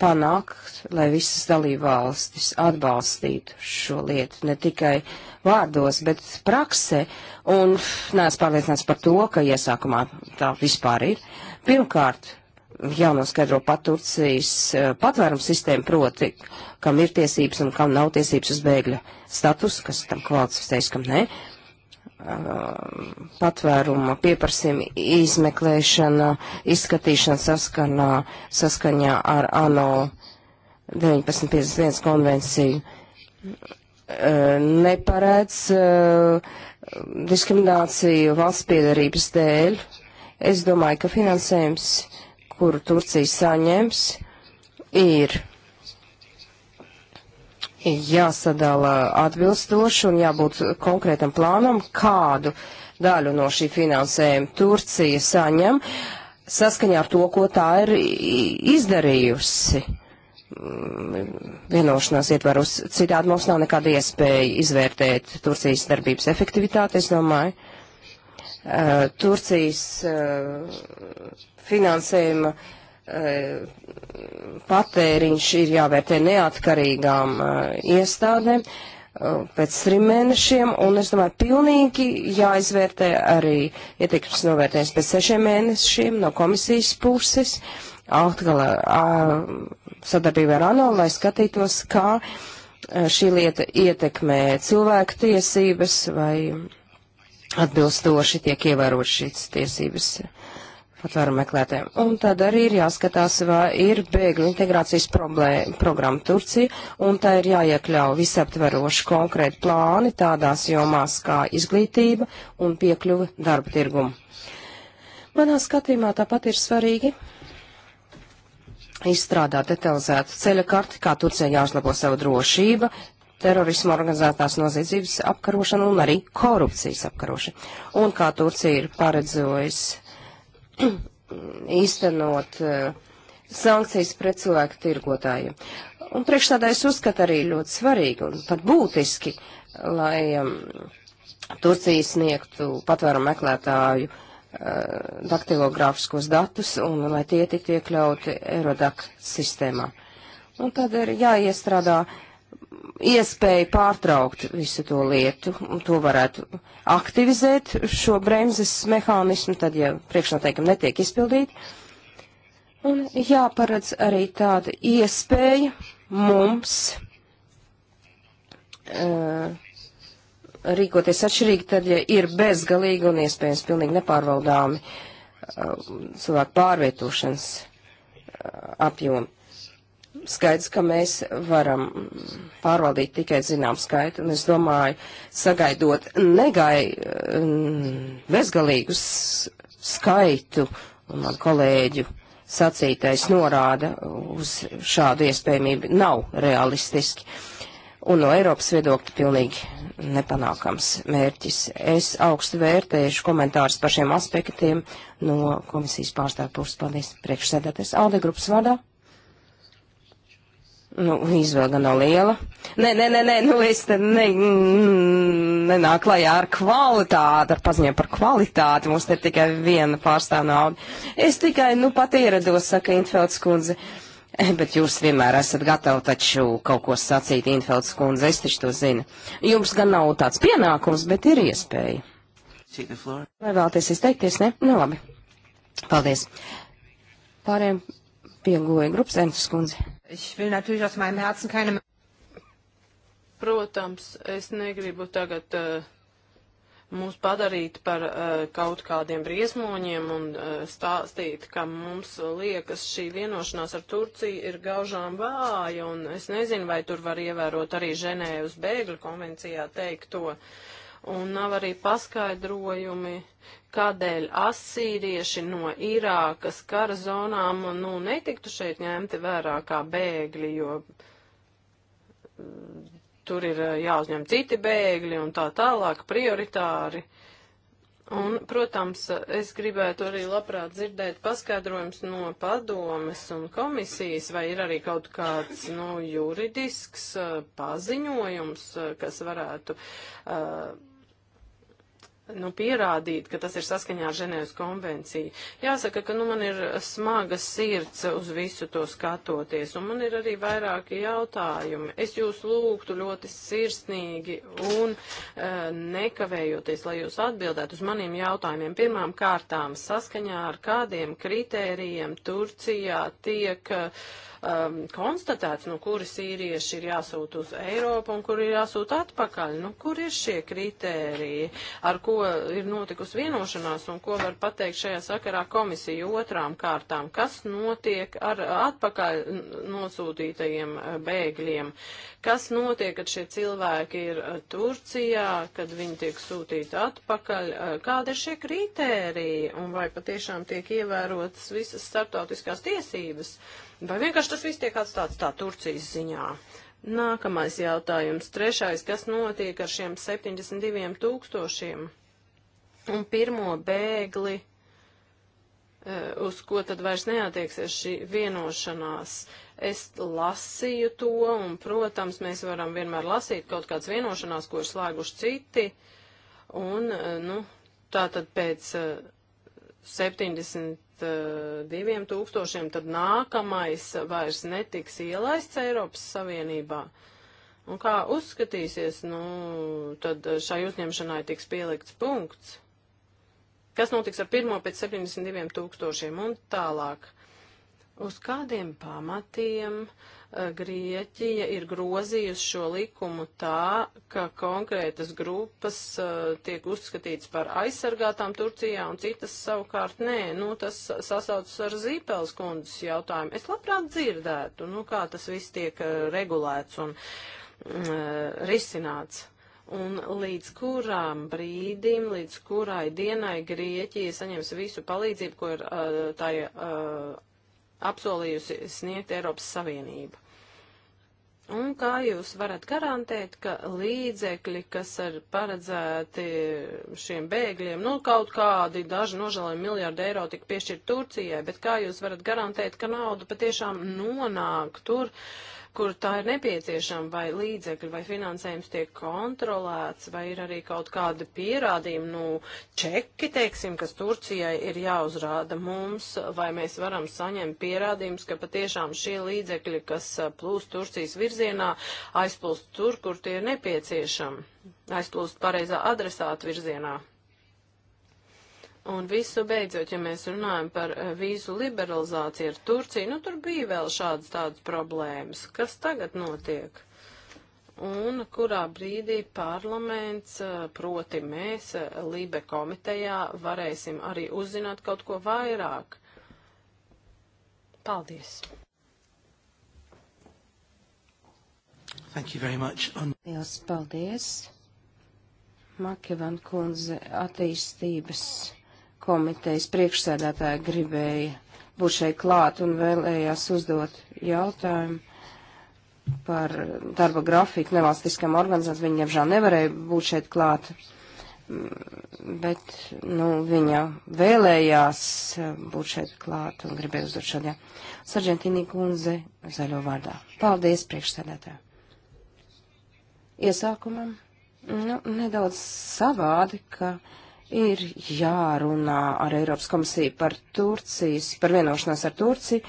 panākt, lai visas dalībvalstis atbalstītu šo lietu, ne tikai vārdos, bet praksē, un neesmu pārliecināts par to, ka iesākumā tā vispār ir. Pirmkārt, jānoskaidro pat Turcijas eh, patvērums sistēma, proti, kam ir tiesības un kam nav tiesības uz bēgļa status, kas tam kvalificējas, kam nē. Eh, patvēruma pieprasījuma izmeklēšana, izskatīšana saskanā, saskaņā ar ANO 1951 konvenciju eh, neparēc diskrimināciju valsts piedarības dēļ. Es domāju, ka finansējums uh, kuru Turcija saņems, ir jāsadala atbilstoši un jābūt konkrētam plānam, kādu daļu no šī finansējuma Turcija saņem, saskaņā ar to, ko tā ir izdarījusi vienošanās ietvaros. Citādi mums nav nekāda iespēja izvērtēt Turcijas darbības efektivitāti, es domāju. Eh, Turcijas eh, finansējuma eh, patēriņš ir jāvērtē neatkarīgām iestādēm pēc trim mēnešiem, un es domāju, pilnīgi jāizvērtē arī ietekmes novērtējums pēc sešiem mēnešiem no komisijas puses, atkal sadarbībā ar ANO, lai skatītos, kā šī lieta ietekmē cilvēku tiesības vai atbilstoši tiek ievērot šīs tiesības patvēru meklētājiem. Un tad arī ir jāskatās, vai ir bēgļu integrācijas problēma, programma Turcija, un tā ir jāiekļauj visaptveroši konkrēti plāni tādās jomās kā izglītība un piekļuva darba tirgumu. Manā skatījumā tāpat ir svarīgi izstrādāt detalizētu ceļa karti, kā Turcija jāuzlabo savu drošību, terorismu organizētās noziedzības apkarošana un arī korupcijas apkarošana. Un kā Turcija ir paredzējis īstenot eh, sankcijas pret cilvēku tirgotājiem. Un priekšstādā es uzskatu arī ļoti svarīgi un pat būtiski, lai um, Turcija sniegtu patvērumu meklētāju uh, daktilogrāfiskos datus un lai tie tiktu iekļauti Eurodac sistēmā. Un tad ir jāiestrādā uh, iespēja pārtraukt visu to lietu, un to varētu aktivizēt šo bremzes mehānismu, tad, ja priekšnoteikumi netiek izpildīti. Un jāparedz arī tāda iespēja mums uh, rīkoties atšķirīgi, tad, ja ir bezgalīgi un iespējams pilnīgi nepārvaldāmi uh, cilvēku pārvietošanas uh, apjomi skaidrs, ka mēs varam pārvaldīt tikai zinām skaitu, un es domāju, sagaidot negai bezgalīgus skaitu, un man kolēģu sacītais norāda uz šādu iespējamību, nav realistiski. Un no Eiropas viedokļa pilnīgi nepanākams mērķis. Es augstu vērtēšu komentārus par šiem aspektiem no komisijas pārstāvja puses. Paldies priekšsēdētājs Alde grupas vadā. Nu, izvēle gan nav liela. Nē, nē, nē, nē nu es te ne, mm, nenāk klajā ar kvalitāti, ar paziņojumu par kvalitāti. Mums te tikai viena pārstāv nauda. Es tikai, nu, pat ierados, saka Infelds kundze. Eh, bet jūs vienmēr esat gatavi taču kaut ko sacīt, Infelds kundze, es taču to zinu. Jums gan nav tāds pienākums, bet ir iespēja. Vai vēlaties izteikties, ne? Nu, labi. Paldies. Pārējiem piegoja grupas Ernsts kundze. Ich will natürlich aus meinem Herzen keine. Protams, es negribu tagad uh, mūs padarīt par uh, kaut kādiem briesmoņiem un uh, stāstīt, ka mums liekas šī vienošanās ar Turciju ir gaužām vāja, un es nezinu, vai tur var ievērot arī Ženēvas bēgļu konvencijā teikto, un nav arī paskaidrojumi, kādēļ asīrieši no Irākas kara zonām nu, netiktu šeit ņemti vērā kā bēgļi, jo mm, tur ir eh, jāuzņem citi bēgļi un tā tālāk prioritāri. Un, protams, es gribētu arī labprāt dzirdēt paskaidrojums no padomes un komisijas, vai ir arī kaut kāds nu, juridisks uh, paziņojums, eh, kas varētu uh, nu, pierādīt, ka tas ir saskaņā ar Ženēvas konvenciju. Jāsaka, ka nu, man ir smaga sirds uz visu to skatoties, un man ir arī vairāki jautājumi. Es jūs lūgtu ļoti sirsnīgi un e, nekavējoties, lai jūs atbildētu uz maniem jautājumiem. Pirmām kārtām, saskaņā ar kādiem kritērijiem Turcijā tiek. E, um, konstatēts, nu, kuri sīrieši ir jāsūt uz Eiropu un kuri ir jāsūt atpakaļ. Nu, kur ir šie kritēriji, ar ko ir notikusi vienošanās un ko var pateikt šajā sakarā komisija otrām kārtām? Kas notiek ar atpakaļ nosūtītajiem uh, bēgļiem? Kas notiek, kad šie cilvēki ir uh, Turcijā, kad viņi tiek sūtīti atpakaļ? Uh, Kāda ir šie kritēriji un vai patiešām tiek ievērotas visas starptautiskās tiesības? Uh, Vai vienkārši tas viss tiek atstāts tā Turcijas ziņā? Nākamais jautājums. Trešais, kas notiek ar šiem 72 tūkstošiem un pirmo bēgli, e, uz ko tad vairs neatieksies šī vienošanās? Es lasīju to, un, protams, mēs varam vienmēr lasīt kaut kādas vienošanās, ko ir slēguši citi, un, e, nu, tā tad pēc e, 72 eh, tūkstošiem, tad nākamais vairs netiks ielaists Eiropas Savienībā. Un kā uzskatīsies, nu, tad šai uzņemšanai tiks pielikts punkts. Kas notiks ar pirmo pēc 72 tūkstošiem un tālāk? Uz kādiem pamatiem uh, Grieķija ir grozījusi šo likumu tā, ka konkrētas grupas uh, tiek uzskatītas par aizsargātām Turcijā un citas savukārt nē. Nu, tas sasaucas ar Zīpels kundzes jautājumu. Es labprāt dzirdētu, nu, kā tas viss tiek uh, regulēts un uh, risināts. Un līdz kurām brīdim, līdz kurai dienai Grieķija saņems visu palīdzību, ko ir uh, tā uh, apsolījusi sniegt Eiropas Savienība. Un kā jūs varat garantēt, ka līdzekļi, kas ir paredzēti šiem bēgļiem, nu kaut kādi daži nožēlojami miljārdi eiro tika piešķirt Turcijai, bet kā jūs varat garantēt, ka nauda patiešām nonāk tur? Uh, kur tā ir nepieciešama, vai līdzekļi vai finansējums tiek kontrolēts, vai ir arī kaut kādi pierādījumi, nu, čeki, teiksim, kas Turcijai ir jāuzrāda mums, vai mēs varam saņemt pierādījumus, ka patiešām šie līdzekļi, kas uh, plūst Turcijas virzienā, aizplūst tur, kur tie ir nepieciešami, aizplūst pareizā adresāta virzienā. Un visu beidzot, ja mēs runājam par eh, vīzu liberalizāciju ar Turciju, nu tur bija vēl šādas tādas problēmas. Kas tagad notiek? Un kurā brīdī parlaments, eh, proti mēs, eh, Lībe komitejā, varēsim arī uzzināt kaut ko vairāk? Paldies! Thank you very much. Un... Liels paldies! Makevan kundze attīstības komitejas priekšsēdētāja gribēja būt šeit klāt un vēlējās uzdot jautājumu par darba grafiku nevalstiskām organizācijām. Viņa, diemžēl, nevarēja būt šeit klāt, mm, bet, nu, viņa vēlējās būt šeit klāt un gribēja uzdot šodien. Sargentīnī kundze zaļo vārdā. Paldies, priekšsēdētāji. Iesākumam, nu, nedaudz savādi, ka ir jārunā ar Eiropas komisiju par Turcijas, par vienošanos ar Turciju,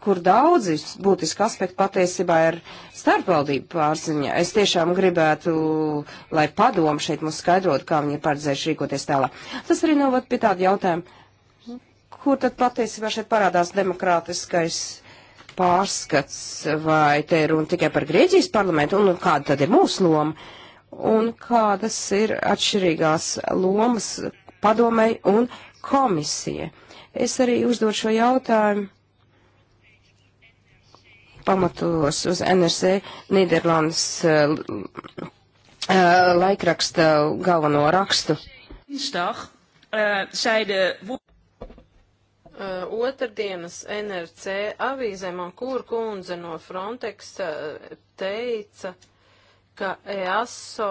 kur daudzi būtiski aspekti patiesībā ir starpvaldību pārziņa. Es tiešām gribētu, lai padomu šeit mums skaidrot, kā viņi ir paredzējuši rīkoties tālāk. Tas arī novad pie tāda jautājuma, kur tad patiesībā šeit parādās demokrātiskais pārskats, vai te ir runa tikai par Grieķijas parlamentu, un kāda tad ir mūsu loma? un kādas ir atšķirīgās lomas padomei un komisija. Es arī uzdodu šo jautājumu pamatos uz NRC Nīderlandes uh, uh, laikraksta galveno rakstu. Dinsdag, uh, zeide otrdienas NRC avīzē Mankūra kundze no Frontex teica, ka EASO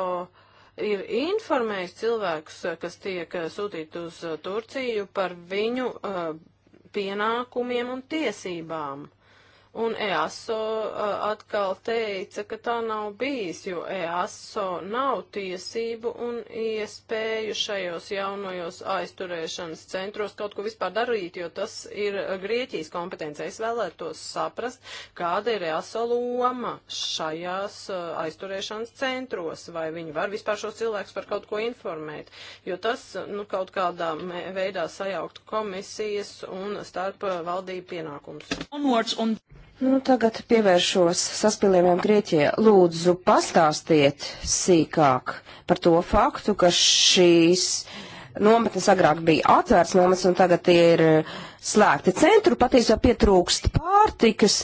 ir informējis cilvēkus, kas tiek eh, sūtīti uz eh, Turciju par viņu uh, pienākumiem un tiesībām. Un EASO atkal teica, ka tā nav bijis, jo EASO nav tiesību un iespēju šajos jaunajos aizturēšanas centros kaut ko vispār darīt, jo tas ir Grieķijas kompetence. Es vēlētos saprast, kāda ir EASO loma šajās aizturēšanas centros, vai viņi var vispār šos cilvēkus par kaut ko informēt, jo tas nu, kaut kādā veidā sajaukt komisijas un starp valdību pienākums. Onwards on Nu, tagad pievēršos saspīlējumiem Grieķijā. Lūdzu, pastāstiet sīkāk par to faktu, ka šīs nometnes agrāk bija atvērts nometnes un tagad tie ir eh, slēgti. Centru patiesībā pietrūkst pārtikas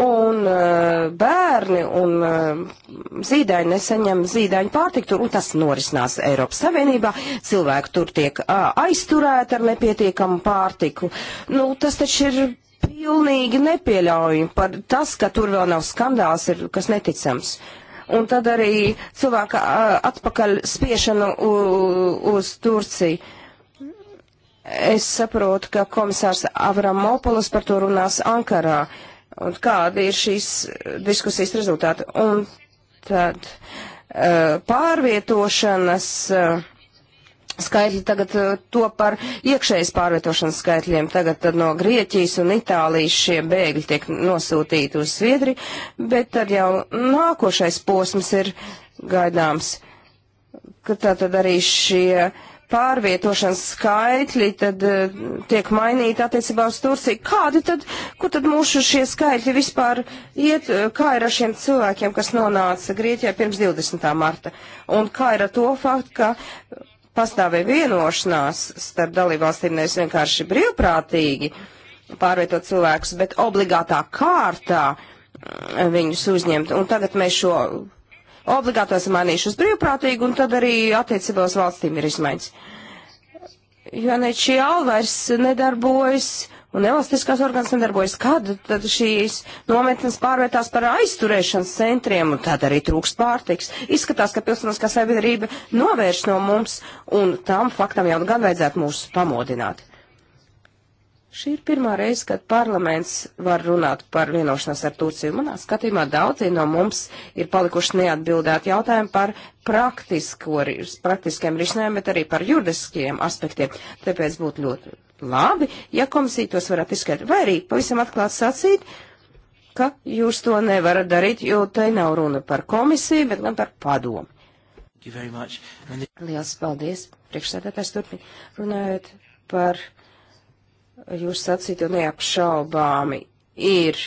un uh, bērni un uh, zīdaiņi nesaņem zīdaiņu pārtiku tur un tas norisinās Eiropas Savienībā. Cilvēki tur tiek uh, aizturēti ar nepietiekamu pārtiku. Nu, tas taču ir pilnīgi nepieļaujami. Par tas, ka tur vēl nav skandāls, ir kas neticams. Uh, un tad arī cilvēka atpakaļ spiešanu uz Turciju. Es saprotu, ka komisārs Avramopolis par to runās Ankarā. Un kādi ir šīs diskusijas rezultāti? Un tad pārvietošanas. Uh, skaitļi tagad eh, to par iekšējas pārvietošanas skaitļiem. Tagad tad no Grieķijas un Itālijas šie bēgļi tiek nosūtīti uz Sviedri, bet tad jau nākošais posms ir gaidāms, ka tā tad arī šie pārvietošanas skaitļi tad eh, tiek mainīti attiecībā uz Turciju. Kādi tad, kur tad mūsu šie skaitļi vispār iet, eh, kā ir ar šiem cilvēkiem, kas nonāca Grieķijā pirms 20. marta? Un kā ir ar to faktu, ka pastāvēja vienošanās starp dalībvalstīm nevis vienkārši brīvprātīgi pārvietot cilvēkus, bet obligātā kārtā mm, viņus uzņemt. Un tagad mēs šo obligāto esam mainījuši uz brīvprātīgu, un tad arī attiecībās valstīm ir izmaiņas. Jo ne šī alvairs nedarbojas un elastiskās orgāns nedarbojas. Kad tad šīs nometnes pārvietās par aizturēšanas centriem, un tad arī trūks pārtiks? Izskatās, ka pilsoniskā sabiedrība novērš no mums, un tam faktam jau gan vajadzētu mūs pamodināt. Šī ir pirmā reize, kad parlaments var runāt par vienošanos ar Turciju. Manā skatījumā daudzi no mums ir palikuši neatbildēti jautājumi par praktiskiem risinājumiem, bet arī par juridiskiem aspektiem. Tāpēc būtu ļoti labi, ja komisija tos varētu izskaidrot. Vai arī pavisam atklāt sacīt, ka jūs to nevarat darīt, jo te nav runa par komisiju, bet gan par padomu. The... Lielas paldies, priekšsēdētājs turpina. Runājot par jūs sacīto neapšaubāmi ir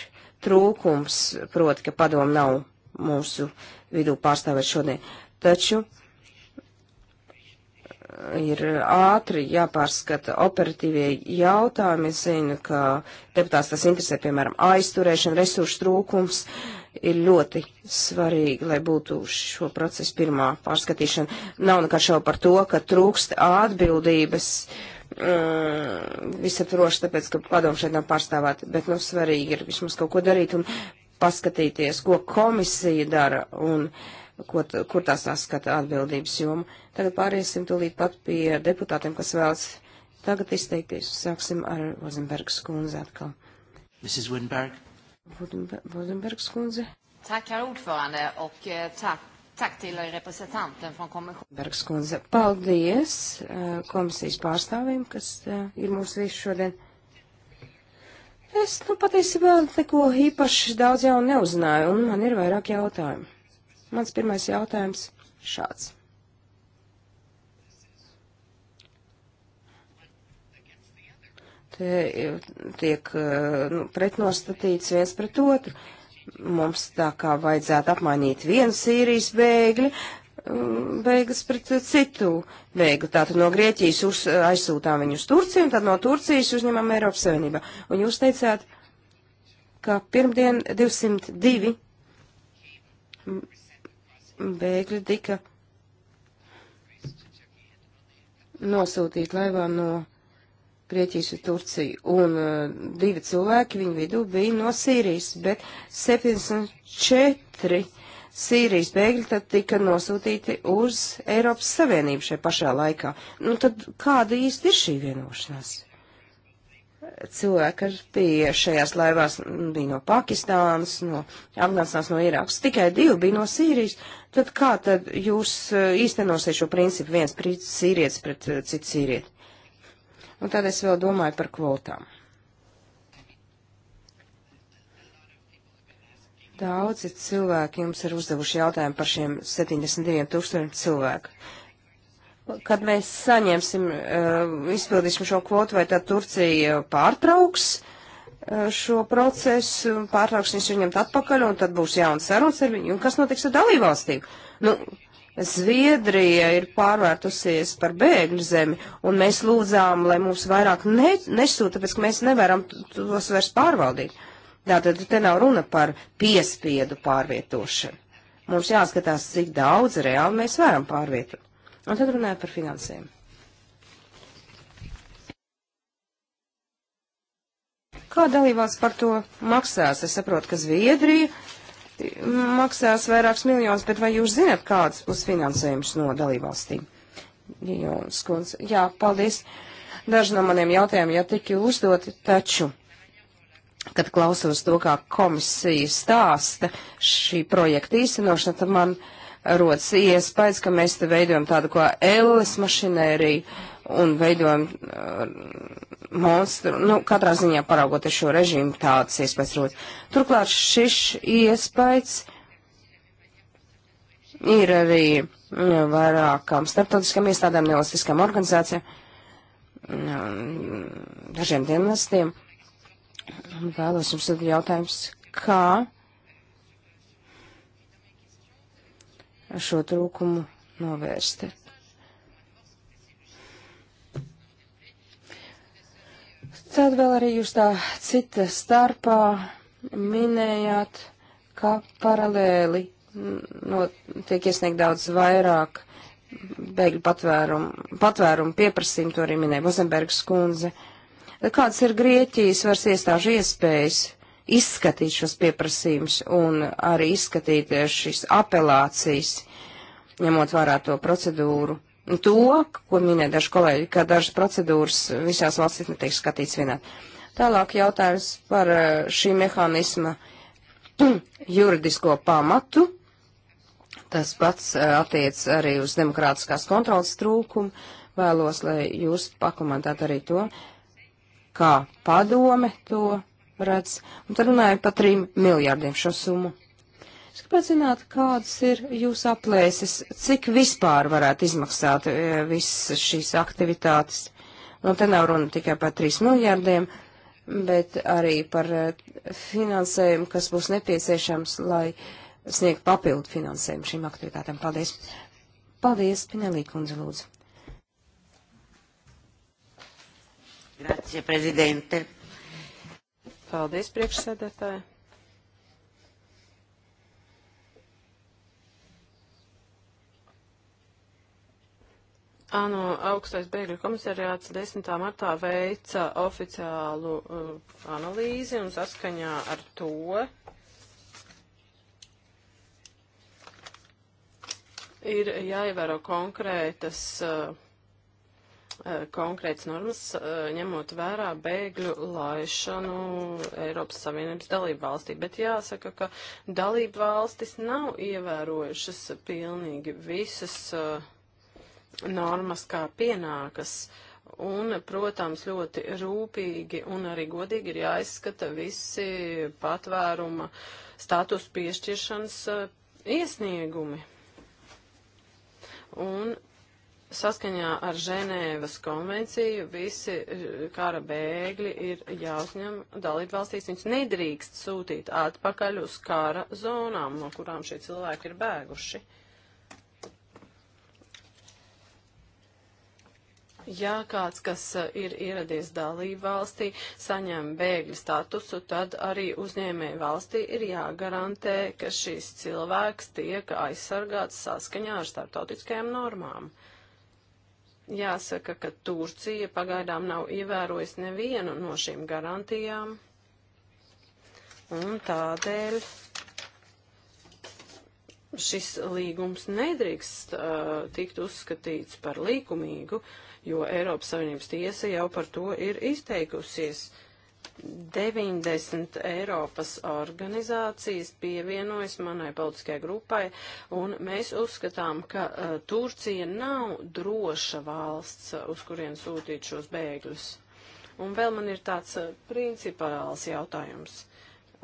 trūkums, proti, ka padomu nav mūsu vidū pārstāvēt šodien. Taču ir ātri jāpārskata operatīvie jautājumi. Es zinu, ka deputāts tas interesē, piemēram, aizturēšana, resursu trūkums ir ļoti svarīgi, lai būtu šo procesu pirmā pārskatīšana. Nav nekā šau par to, ka trūkst atbildības mm, visaptroši, tāpēc, ka padomu šeit nav pārstāvāt, bet, nu, svarīgi ir vismaz kaut ko darīt un paskatīties, ko komisija dara. Un, uh, ko, kur tās saskata atbildības jomu. Tagad pāriesim tūlīt pat pie deputātiem, kas vēlas tagad izteikties. Sāksim ar Vozenbergas kundzi atkal. Mrs. Woodenberg. Vozenbergas kundze. Tack, herr ordförande, och eh, tack Tak til reprezentanten fra komisjonen. Bergskundze, paldies eh, komisijas pārstāvim, kas eh, ir mūsu viesi šodien. Es, nu, patiesībā neko īpaši daudz jau neuzzināju, un man ir vairāk jautājumu. Mans pirmais jautājums šāds. Te tiek eh, nu, pretnostatīts viens pret otru. Mums tā kā vajadzētu apmainīt vienu Sīrijas bēgļu, mm, beigas pret citu bēgli. Tātad no Grieķijas uz, aizsūtām viņu uz Turciju, un tad no Turcijas uzņemam Eiropas Savienībā. Un jūs teicāt, ka pirmdien 202 bēgļi tika nosūtīti laivā no Grieķijas uz Turciju, un uh, divi cilvēki viņu vidū bija no Sīrijas, bet 74 Sīrijas bēgļi tad tika nosūtīti uz Eiropas Savienību šajā pašā laikā. Nu tad kāda īsti ir šī vienošanās? cilvēki, kas bija šajās laivās, nu, bija no Pakistānas, no Afganistānas, no Irākas, tikai divi bija no Sīrijas, tad kā tad jūs eh, īstenosiet šo principu viens sīrietis pret eh, citu sīrieti? Un tad es vēl domāju par kvotām. Daudzi cilvēki jums ir uzdevuši jautājumu par šiem 72 tūkstošiem cilvēku kad mēs saņemsim, eh, izpildīsim šo kvotu, vai tad Turcija pārtrauks eh, šo procesu, pārtrauks viņus viņam atpakaļ, un tad būs jauns sarunas ar viņu. Un kas notiks ar dalībvalstīm? Nu, Zviedrija ir pārvērtusies par bēgļu zemi, un mēs lūdzām, lai mums vairāk ne, nesūta, tāpēc ka mēs nevaram tos vairs pārvaldīt. Tātad te nav runa par piespiedu pārvietošanu. Mums jāskatās, cik daudz reāli mēs varam pārvietot. Un tad runāju par finansēm. Kā dalībvalsts par to maksās? Es saprotu, ka Zviedrija maksās vairākus miljonus, bet vai jūs zināt, kādas būs finansējums no dalībvalstīm? Jo, skundz, jā, paldies. Daži no maniem jautājumiem jau tika uzdoti, taču, kad klausos to, kā komisija stāsta šī projekta īstenošana, tad man uh, rodas iespējas, ka mēs te veidojam tādu kā elles mašinēriju un veidojam uh, monstru. Nu, katrā ziņā paraugoties šo režīmu, tādas iespējas rodas. Turklāt šis iespējas ir arī mm, vairākām starptautiskām iestādēm, nevalstiskām organizācijām, mm, dažiem dienestiem. Vēlos jums tad jautājums, kā šo trūkumu novērsti. Tad vēl arī jūs tā cita starpā minējāt, ka paralēli no, tiek iesniegt daudz vairāk bēgļu patvērumu, patvērumu pieprasījumu, to arī minēja Bozenbergs kundze. Kāds ir Grieķijas varas iestāžu iespējas izskatīt šos pieprasījumus un arī izskatīt šīs apelācijas, ņemot vērā to procedūru. To, ko minēja daži kolēģi, ka dažas procedūras visās valstīs netiek skatīts vienā. Tālāk jautājums par eh, šī mehānisma juridisko pamatu. Tas pats eh, attiec arī uz demokrātiskās kontrolas trūkumu. Vēlos, lai jūs pakomentētu arī to, kā padome to redz. Un tad runāja par 3 miljārdiem šo summu. Es gribētu zināt, kādas ir jūsu aplēses, cik vispār varētu izmaksāt e, visas šīs aktivitātes. Un nu, te nav runa tikai par 3 miljārdiem, bet arī par e, finansējumu, kas būs nepieciešams, lai sniegt papildu finansējumu šīm aktivitātēm. Paldies! Paldies, Pinelī kundze, lūdzu. Grazie, prezidente. Paldies, priekšsēdētāji. ANO augstais bēgļu komisariāts 10. martā veica oficiālu uh, analīzi un saskaņā ar to ir jāievēro konkrētas uh, Uh, konkrēts normas, uh, ņemot vērā bēgļu laišanu Eiropas Savienības dalību valstī. Bet jāsaka, ka dalību valstis nav ievērojušas pilnīgi visas uh, normas, kā pienākas. Un, protams, ļoti rūpīgi un arī godīgi ir jāizskata visi patvēruma status piešķiršanas iesniegumi. Un Saskaņā ar Ženēvas konvenciju visi eh, kara bēgļi ir jāuzņem dalību valstīs. Viņus nedrīkst sūtīt atpakaļ uz kara zonām, no kurām šie cilvēki ir bēguši. Ja kāds, kas eh, ir ieradies dalību valstī, saņem bēgļu statusu, tad arī uzņēmēju valstī ir jāgarantē, ka šis cilvēks tiek aizsargāts saskaņā ar starptautiskajām normām. Jāsaka, ka Turcija pagaidām nav ievērojusi nevienu no šīm garantijām, un tādēļ šis līgums nedrīkst uh, tikt uzskatīts par likumīgu, jo Eiropas Savienības tiesa jau par to ir izteikusies. Uh, 90 Eiropas organizācijas pievienojas manai politiskajai grupai, un mēs uzskatām, ka uh, Turcija nav droša valsts, uh, uz kurien sūtīt šos bēgļus. Un vēl man ir tāds uh, principāls jautājums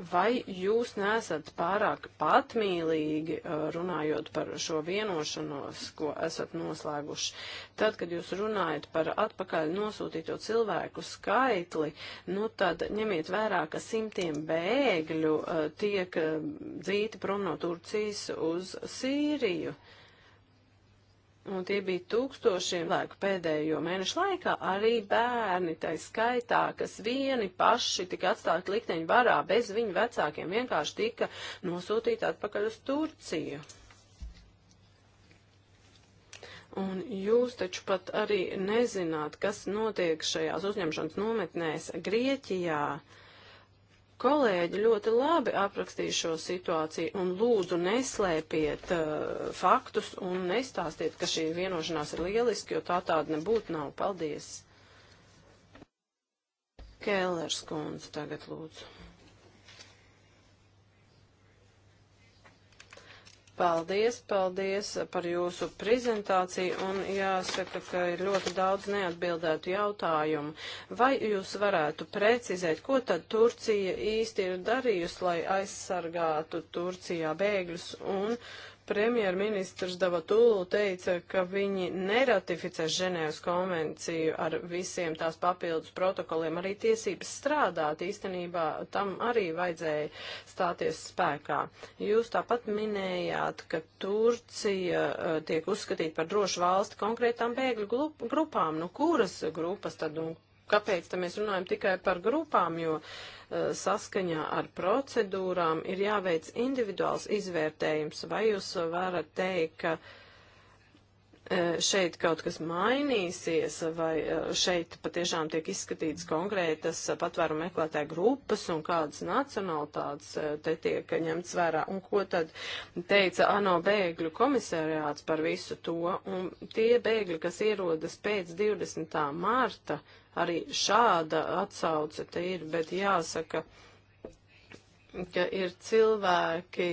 vai jūs nesat pārāk patmīlīgi uh, runājot par šo vienošanos, ko esat noslēguši? Tad, kad jūs runājat par atpakaļ nosūtīto cilvēku skaitli, nu tad ņemiet vērā, ka simtiem bēgļu uh, tiek uh, dzīti prom no Turcijas uz Sīriju. Uh, Un tie bija tūkstošiem cilvēku pēdējo mēnešu laikā, arī bērni, tai skaitā, kas vieni paši tika atstāti likteņu varā, bez viņu vecākiem vienkārši tika nosūtīti atpakaļ uz Turciju. Un jūs taču pat arī nezināt, kas notiek šajās uzņemšanas nometnēs Grieķijā. Uh, Kolēģi ļoti labi aprakstīja šo situāciju un lūdzu neslēpiet uh, faktus un nestāstiet, ka šī vienošanās ir lieliski, jo tā tāda nebūtu nav. Paldies! Kēlers kundze tagad lūdzu. Paldies, paldies par jūsu prezentāciju un jāsaka, ka ir ļoti daudz neatbildētu jautājumu. Vai jūs varētu precizēt, ko tad Turcija īsti ir darījusi, lai aizsargātu Turcijā bēgļus un Premjerministrs Davatulu teica, ka viņi neratificēs Ženēvas konvenciju ar visiem tās papildus protokoliem, arī tiesības strādāt īstenībā tam arī vajadzēja stāties spēkā. Jūs tāpat minējāt, ka Turcija uh, tiek uzskatīta par drošu valsti konkrētām bēgļu grupām. Nu, kuras grupas tad un kāpēc tam mēs runājam tikai par grupām, jo uh, saskaņā ar procedūrām ir jāveic individuāls izvērtējums. Vai jūs varat teikt, ka uh, šeit kaut kas mainīsies, vai uh, šeit patiešām tiek izskatītas konkrētas patvēru meklētāju grupas un kādas nacionalitātes te tiek ņemts vērā, un ko tad teica ANO bēgļu komisariāts par visu to, un tie bēgļi, kas ierodas pēc 20. marta, uh, Arī šāda atsauce te ir, bet jāsaka, ka ir cilvēki,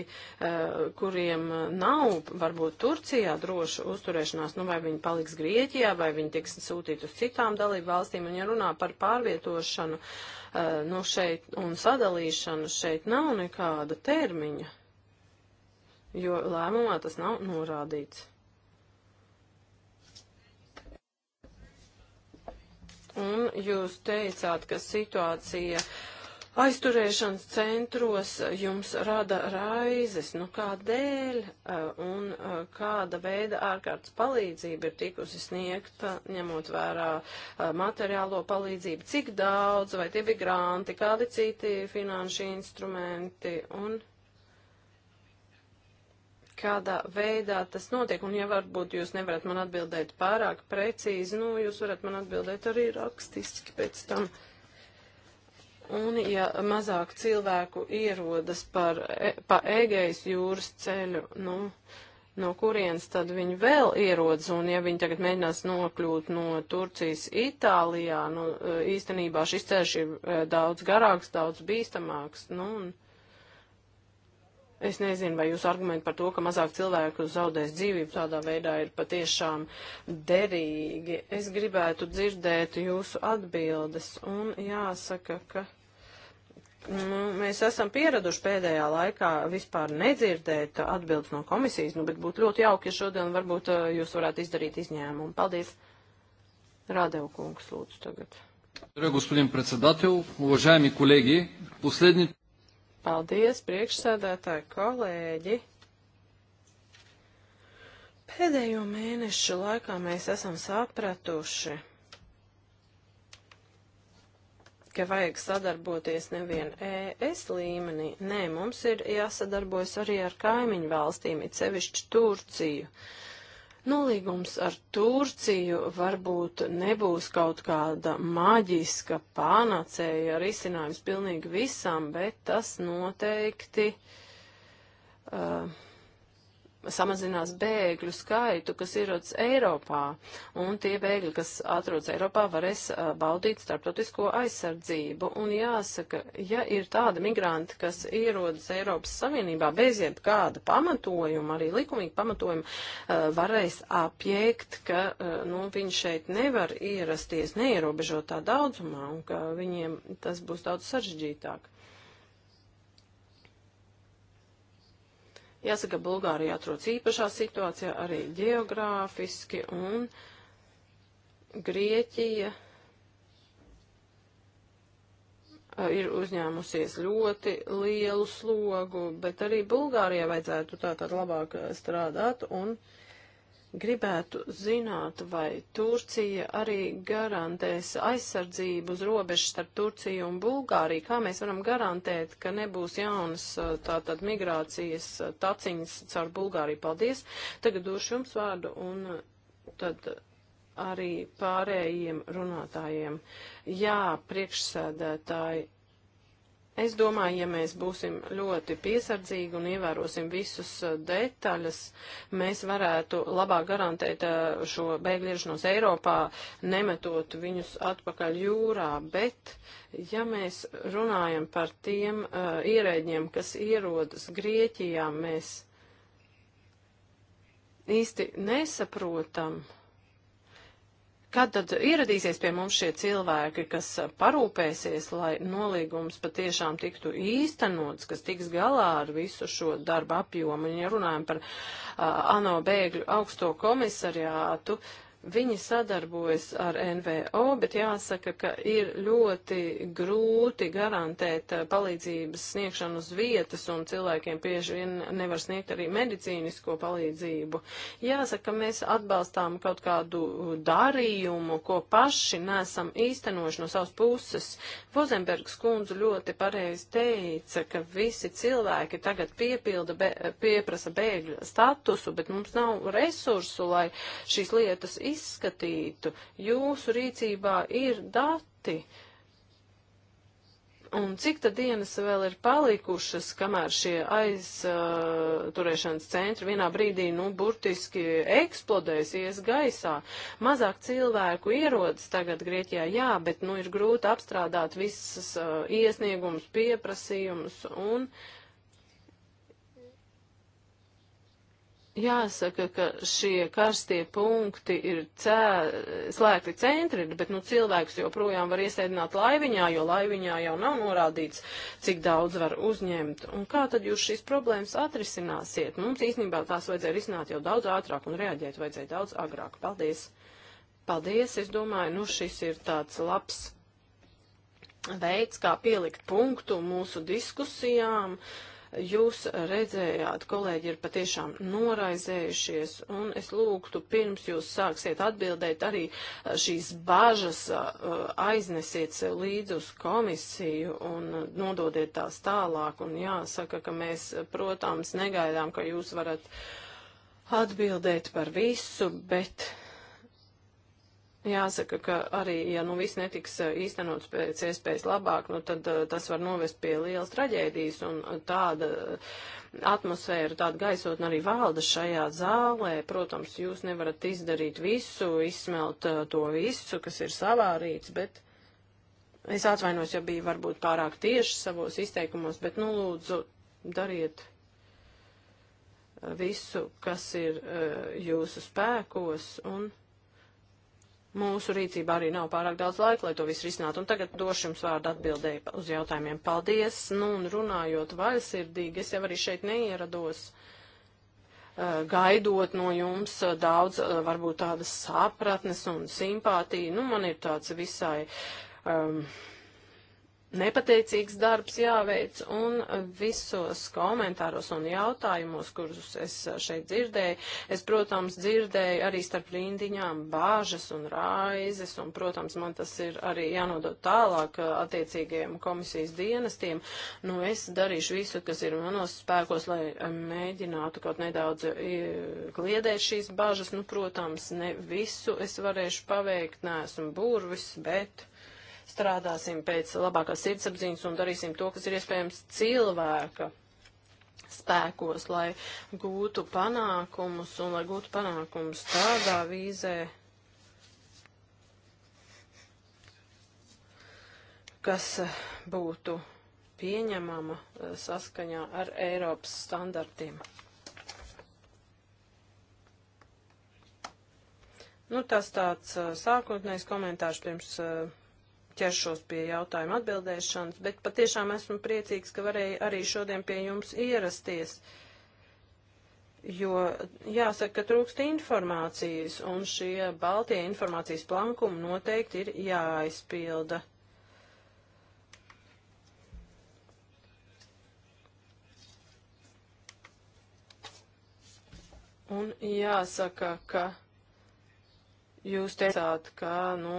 eh, kuriem nav varbūt Turcijā droša uzturēšanās, nu vai viņi paliks Grieķijā, vai viņi tiks sūtīti uz citām dalību valstīm, un ja runā par pārvietošanu, eh, nu šeit un sadalīšanu, šeit nav nekāda termiņa, jo lēmumā tas nav norādīts. un jūs teicāt, ka situācija aizturēšanas centros jums rada raizes, nu kādēļ eh, un eh, kāda veida ārkārtas palīdzība ir tikusi sniegta, ņemot vērā eh, materiālo palīdzību, cik daudz, vai tie bija granti, kādi citi finanšu instrumenti un kādā veidā tas notiek, un ja varbūt jūs nevarat man atbildēt pārāk precīzi, nu, jūs varat man atbildēt arī rakstiski pēc tam. Un ja mazāk cilvēku ierodas par, e, pa Egejas jūras ceļu, nu, no kurienes tad viņi vēl ierodas, un ja viņi tagad mēģinās nokļūt no Turcijas Itālijā, nu, e, īstenībā šis ceļš ir e, daudz garāks, daudz bīstamāks, nu, un Es nezinu, vai jūs argumenti par to, ka mazāk cilvēku zaudēs dzīvību tādā veidā ir patiešām derīgi. Es gribētu dzirdēt jūsu atbildes un jāsaka, ka nu, mēs esam pieraduši pēdējā laikā vispār nedzirdēt atbildes no komisijas, nu, bet būtu ļoti jauki, ja šodien varbūt uh, jūs varētu izdarīt izņēmumu. Paldies. Radev kungs, lūdzu tagad. Дорогой господин председател, уважаеми колеги, последните Paldies, priekšsēdētāji, kolēģi! Pēdējo mēnešu laikā mēs esam sapratuši, ka vajag sadarboties nevien ES līmenī. Nē, mums ir jāsadarbojas arī ar kaimiņu valstīm, it sevišķi Turciju. Uh, Nolīgums ar Turciju varbūt nebūs kaut kāda maģiska pānacēja risinājums pilnīgi visam, bet tas noteikti. Uh, samazinās bēgļu skaitu, kas ierodas Eiropā, un tie bēgļi, kas atrodas Eiropā, varēs uh, baudīt starptautisko aizsardzību. Un jāsaka, ja ir tāda migranti, kas ierodas Eiropas Savienībā bez jebkāda pamatojuma, arī likumīgi pamatojuma, uh, varēs apjēgt, ka uh, nu, viņi šeit nevar ierasties neierobežotā daudzumā, un ka viņiem tas būs daudz sarežģītāk. Jāsaka, Bulgārija atrodas īpašā situācijā arī geogrāfiski un Grieķija ir uzņēmusies ļoti lielu slogu, bet arī Bulgārijai vajadzētu tātad labāk strādāt un uh, Gribētu zināt, vai Turcija arī garantēs aizsardzību uz robežas starp Turciju un Bulgāriju. Kā mēs varam garantēt, ka nebūs jaunas tātad migrācijas taciņas caur Bulgāriju? Paldies. Tagad došu jums vārdu un tad arī pārējiem runātājiem. Jā, priekšsēdētāji Es domāju, ja mēs būsim ļoti piesardzīgi un ievērosim visus uh, detaļas, mēs varētu labāk garantēt uh, šo bēgļiešanos Eiropā, nemetot viņus atpakaļ jūrā, bet ja mēs runājam par tiem uh, ierēģiem, kas ierodas Grieķijā, mēs īsti nesaprotam. Uh, Kad tad ieradīsies pie mums šie cilvēki, kas parūpēsies, lai nolīgums patiešām tiktu īstenots, kas tiks galā ar visu šo darbu apjomu? Un, ja runājam par uh, ANO bēgļu augsto komisariātu, uh, Viņi sadarbojas ar NVO, bet jāsaka, ka ir ļoti grūti garantēt uh, palīdzības sniegšanu uz vietas, un cilvēkiem bieži vien nevar sniegt arī medicīnisko palīdzību. Jāsaka, ka mēs atbalstām kaut kādu darījumu, ko paši nesam īstenojuši no savas puses. Vozembergs kundze ļoti pareizi teica, ka visi cilvēki tagad piepilda, be, pieprasa bēgļa statusu, bet mums nav resursu, lai šīs lietas izskatītu. Jūsu rīcībā ir dati. Un cik tad dienas vēl ir palikušas, kamēr šie aizturēšanas uh, centri vienā brīdī, nu, burtiski eksplodēsies gaisā? Mazāk cilvēku ierodas tagad Grieķijā, jā, bet, nu, ir grūti apstrādāt visas uh, iesniegums, pieprasījums un. Uh, Jāsaka, ka šie karstie punkti ir cē, slēgti centri, bet nu, cilvēks joprojām var iesēdināt laiviņā, jo laiviņā jau nav norādīts, cik daudz var uzņemt. Un kā tad jūs šīs problēmas atrisināsiet? Mums īstenībā tās vajadzēja risināt jau daudz ātrāk un reaģēt vajadzēja daudz agrāk. Paldies! Paldies! Es domāju, nu šis ir tāds labs veids, kā pielikt punktu mūsu diskusijām. Uh, Jūs redzējāt, kolēģi ir patiešām noraizējušies, un es lūgtu, pirms jūs sāksiet atbildēt, arī eh, šīs bažas eh, aiznesiet sev līdzi uz komisiju un eh, nododiet tās tālāk. Un jāsaka, ka mēs, protams, negaidām, ka jūs varat atbildēt par visu, bet Jāsaka, ka arī, ja nu viss netiks eh, īstenots pēc iespējas labāk, nu tad eh, tas var novest pie lielas traģēdijas un eh, tāda atmosfēra, tāda gaisotne arī valda šajā zālē. Protams, jūs nevarat izdarīt visu, izsmelt to visu, kas ir savārīts, bet es atvainos, ja biju varbūt pārāk tieši savos izteikumos, bet nu lūdzu dariet visu, kas ir jūsu spēkos un. Mūsu rīcībā arī nav pārāk daudz laika, lai to visu risinātu. Un tagad došu jums vārdu atbildēju uz jautājumiem. Paldies! Nu, un runājot vaļsirdīgi, es jau arī šeit neierados eh, gaidot no jums eh, daudz eh, varbūt tādas sapratnes un simpātiju. Nu, man ir tāds visai. Um, nepateicīgs darbs jāveic, un visos komentāros un jautājumos, kurus es šeit dzirdēju, es, protams, dzirdēju arī starp rindiņām bāžas un raizes, un, protams, man tas ir arī jānodot tālāk uh, attiecīgajiem komisijas dienestiem. Nu, es darīšu visu, kas ir manos spēkos, lai uh, mēģinātu kaut nedaudz uh, kliedēt šīs bāžas. Nu, protams, ne visu es varēšu paveikt, neesmu burvis, bet strādāsim pēc labākās sirdsapziņas un darīsim to, kas ir iespējams cilvēka spēkos, lai gūtu panākumus un lai gūtu panākumus tādā vīzē, kas būtu pieņemama eh, saskaņā ar Eiropas standartiem. Nu, tas tāds eh, sākotnējs komentārs pirms uh, ķeršos pie jautājuma atbildēšanas, bet patiešām esmu priecīgs, ka varēju arī šodien pie jums ierasties, jo jāsaka, ka trūkst informācijas, un šie baltie informācijas plankumi noteikti ir jāaizpilda. Un jāsaka, ka jūs teicāt, ka, nu,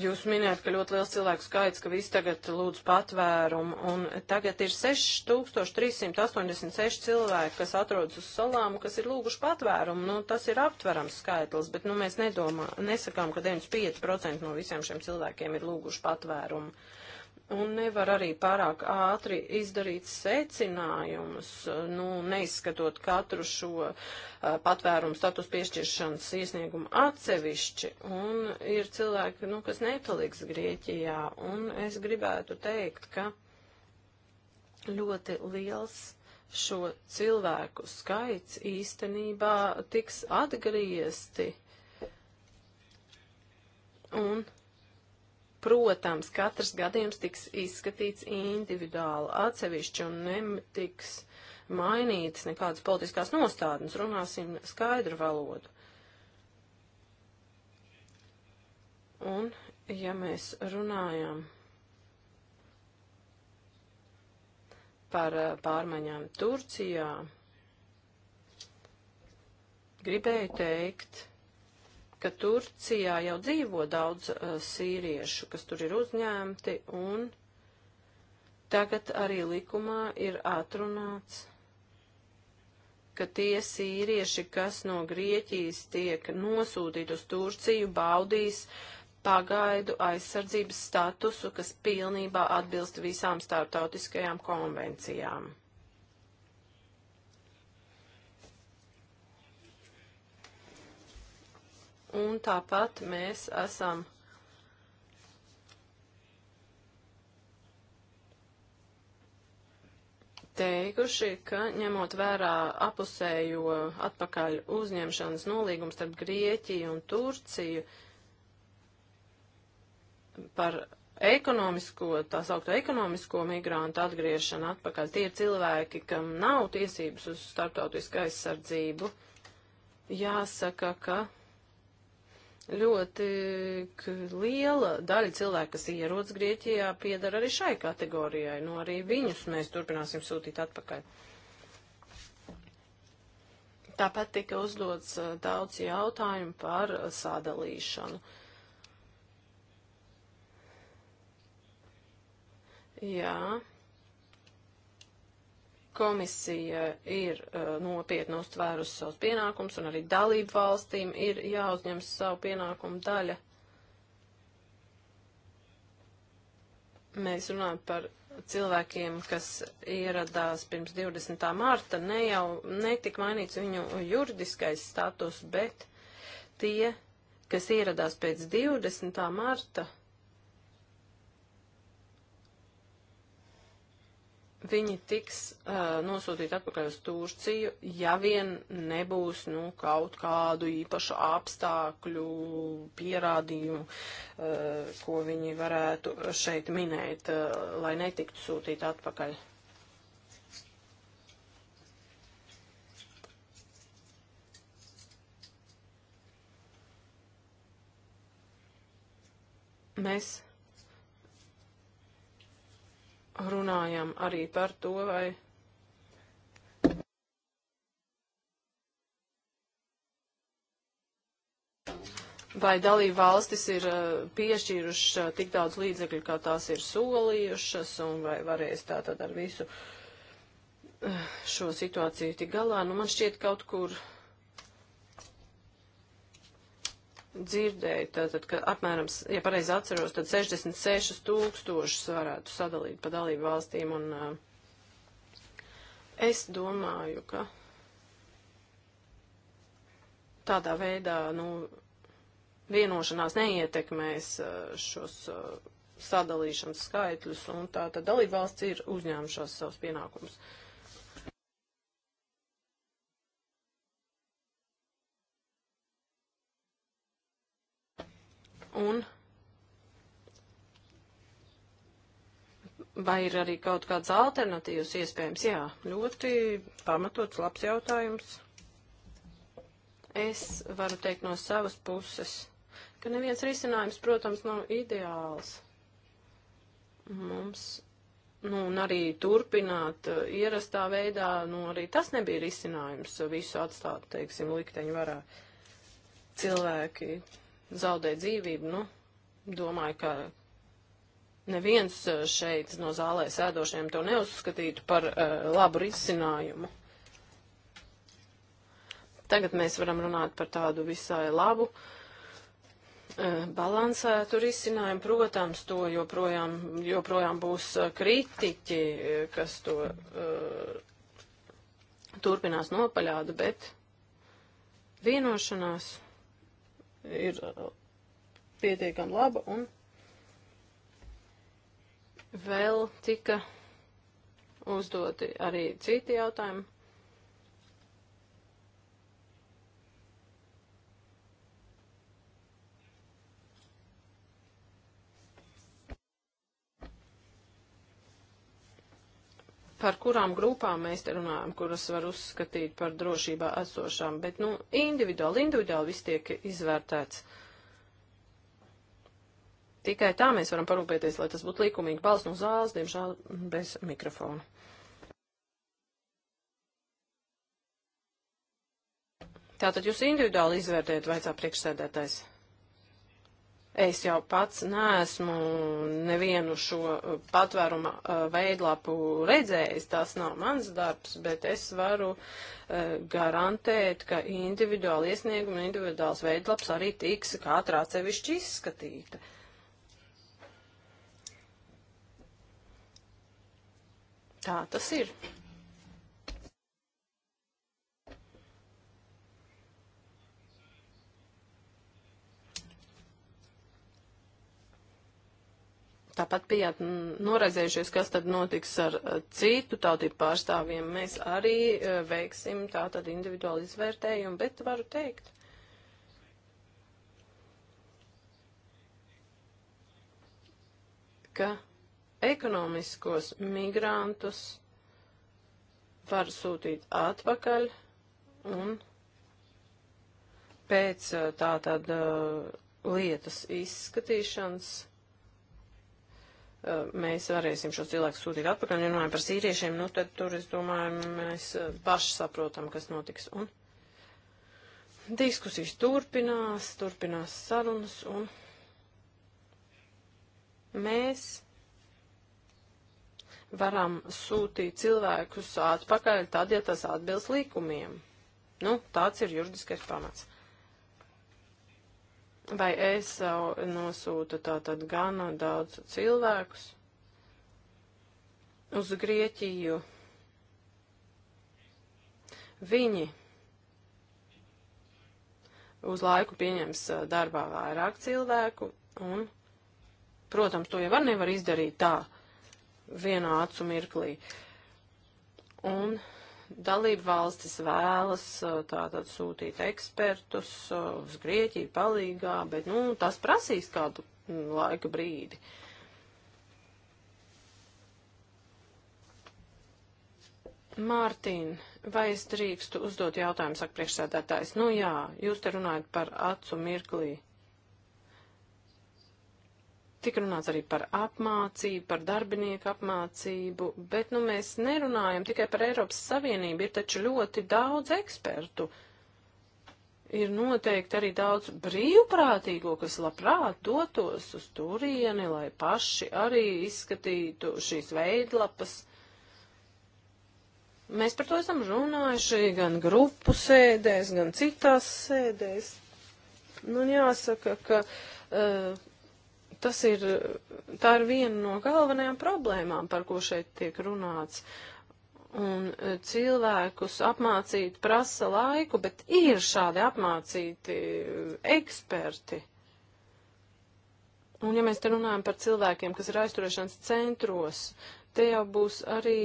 Jūs minējat, ka ļoti liels cilvēku skaits, ka visi tagad lūdz patvērumu, un tagad ir 6386 cilvēki, kas atrodas uz salām, kas ir lūguši patvērumu. Nu, tas ir aptverams skaitlis, bet nu, mēs nedomā, nesakām, ka 95% no visiem šiem cilvēkiem ir lūguši patvērumu. Uh, Un nevar arī pārāk ātri izdarīt secinājumus, nu, neizskatot katru šo uh, patvērumu status piešķiršanas iesniegumu atsevišķi. Un ir cilvēki, nu, kas nepaliks Grieķijā. Un es gribētu teikt, ka ļoti liels šo cilvēku skaits īstenībā tiks atgriezti. Un Protams, katrs gadījums tiks izskatīts individuāli, atsevišķi un netiks mainītas nekādas politiskās nostādnes. Runāsim skaidru valodu. Un, ja mēs runājam par eh, pārmaiņām Turcijā, gribēju teikt, ka Turcijā jau dzīvo daudz uh, sīriešu, kas tur ir uzņemti, un tagad arī likumā ir atrunāts, ka tie sīrieši, kas no Grieķijas tiek nosūtīti uz Turciju, baudīs pagaidu aizsardzības statusu, kas pilnībā atbilst visām starptautiskajām konvencijām. Un tāpat mēs esam teikuši, ka ņemot vērā apusējo atpakaļ uzņemšanas nolīgumu starp Grieķiju un Turciju par ekonomisko, tā saukto ekonomisko migrantu atgriešanu atpakaļ, tie ir cilvēki, kam nav tiesības uz starptautisku aizsardzību, jāsaka, ka Ļoti liela daļa cilvēku, kas ierodas Grieķijā, piedara arī šai kategorijai. Nu, arī viņus mēs turpināsim sūtīt atpakaļ. Tāpat tika uzdots eh, daudz jautājumu par eh, sadalīšanu. Jā. Yeah. Komisija ir uh, nopietni uztvērusi savus pienākumus, un arī dalību valstīm ir jāuzņem savu pienākumu daļa. Mēs runājam par cilvēkiem, kas ieradās pirms 20. mārta, ne jau netika mainīts viņu juridiskais status, bet tie, kas ieradās pēc 20. marta, viņi tiks uh, nosūtīti atpakaļ uz Turciju, ja vien nebūs nu, kaut kādu īpašu apstākļu pierādījumu, uh, ko viņi varētu šeit minēt, uh, lai netiktu sūtīti atpakaļ. Mēs runājam arī par to, vai vai dalība valstis ir eh, piešķīrušas eh, tik daudz līdzekļu, kā tās ir solījušas, un vai varēs tātad ar visu eh, šo situāciju tik galā. Nu, man šķiet kaut kur dzirdēju, tātad, ka apmēram, ja pareizi atceros, tad 66 tūkstošus varētu sadalīt pa dalību valstīm, un uh, es domāju, ka tādā veidā, nu, vienošanās neietekmēs uh, šos uh, sadalīšanas skaitļus, un tātad dalību valsts ir uzņēmušās savus pienākumus. Uh, un vai ir arī kaut kāds alternatīvs iespējams? Jā, ļoti pamatots labs jautājums. Es varu teikt no savas puses, ka neviens risinājums, protams, nav ideāls. Mums Nu, un arī turpināt uh, ierastā veidā, nu, arī tas nebija risinājums visu atstāt, teiksim, likteņu varā. Cilvēki zaudēja dzīvību, nu, domāju, ka neviens uh, šeit no zālē sēdošiem to neuzskatītu par uh, labu risinājumu. Tagad mēs varam runāt par tādu visai labu, uh, balansētu risinājumu. Protams, to joprojām, joprojām būs uh, kritiķi, uh, kas to uh, turpinās nopaļāt, bet vienošanās ir uh, pietiekami laba un vēl tika uzdoti arī citi jautājumi. par kurām grupām mēs te runājam, kuras var uzskatīt par drošībā esošām, bet, nu, individuāli, individuāli viss tiek izvērtēts. Tikai tā mēs varam parūpēties, lai tas būtu likumīgi. Balsts no zāles, diemžēl, bez mikrofona. Tātad jūs individuāli izvērtējat, vaicā priekšsēdētājs. Es jau pats neesmu nevienu šo uh, patvēruma uh, veidlapu redzējis, tas nav mans darbs, bet es varu uh, garantēt, ka individuāli iesniegumi un individuāls veidlaps arī tiks katrā cevišķi izskatīta. Tā tas ir. Tāpat bijāt noraizējušies, kas tad notiks ar citu tautību pārstāvjiem. Mēs arī veiksim tā tad individuāli izvērtējumu, bet varu teikt. ka ekonomiskos migrantus var sūtīt atpakaļ un pēc tā tad lietas izskatīšanas mēs varēsim šos cilvēkus sūtīt atpakaļ. Ja runājam par sīriešiem, nu tad tur, es domāju, mēs paši saprotam, kas notiks. Un diskusijas turpinās, turpinās sarunas, un mēs varam sūtīt cilvēkus atpakaļ tad, ja tas atbilst likumiem. Nu, tāds ir juridiskais pamats. Vai es jau nosūtu tātad gana daudz cilvēkus uz Grieķiju? Viņi uz laiku pieņems darbā vairāk cilvēku un, protams, to jau var nevar izdarīt tā vienā acu mirklī. Un dalību valstis vēlas eh, tātad sūtīt ekspertus eh, uz Grieķiju palīgā, bet, nu, tas prasīs kādu mm, laika brīdi. Mārtiņ, vai es drīkstu uzdot jautājumu, saka priekšsēdētājs? Nu jā, jūs te runājat par acu mirklī. Tik runāts arī par apmācību, par darbinieku apmācību, bet nu, mēs nerunājam tikai par Eiropas Savienību, ir taču ļoti daudz ekspertu. Ir noteikti arī daudz brīvprātīgo, kas labprāt dotos uz turieni, lai paši arī izskatītu šīs veidlapas. Mēs par to esam runājuši gan grupu sēdēs, gan citās sēdēs. Nu, jāsaka, ka uh, tas ir, tā ir viena no galvenajām problēmām, par ko šeit tiek runāts. Un e, cilvēkus apmācīt prasa laiku, bet ir šādi apmācīti e, eksperti. Un ja mēs te runājam par cilvēkiem, kas ir aizturēšanas centros, te jau būs arī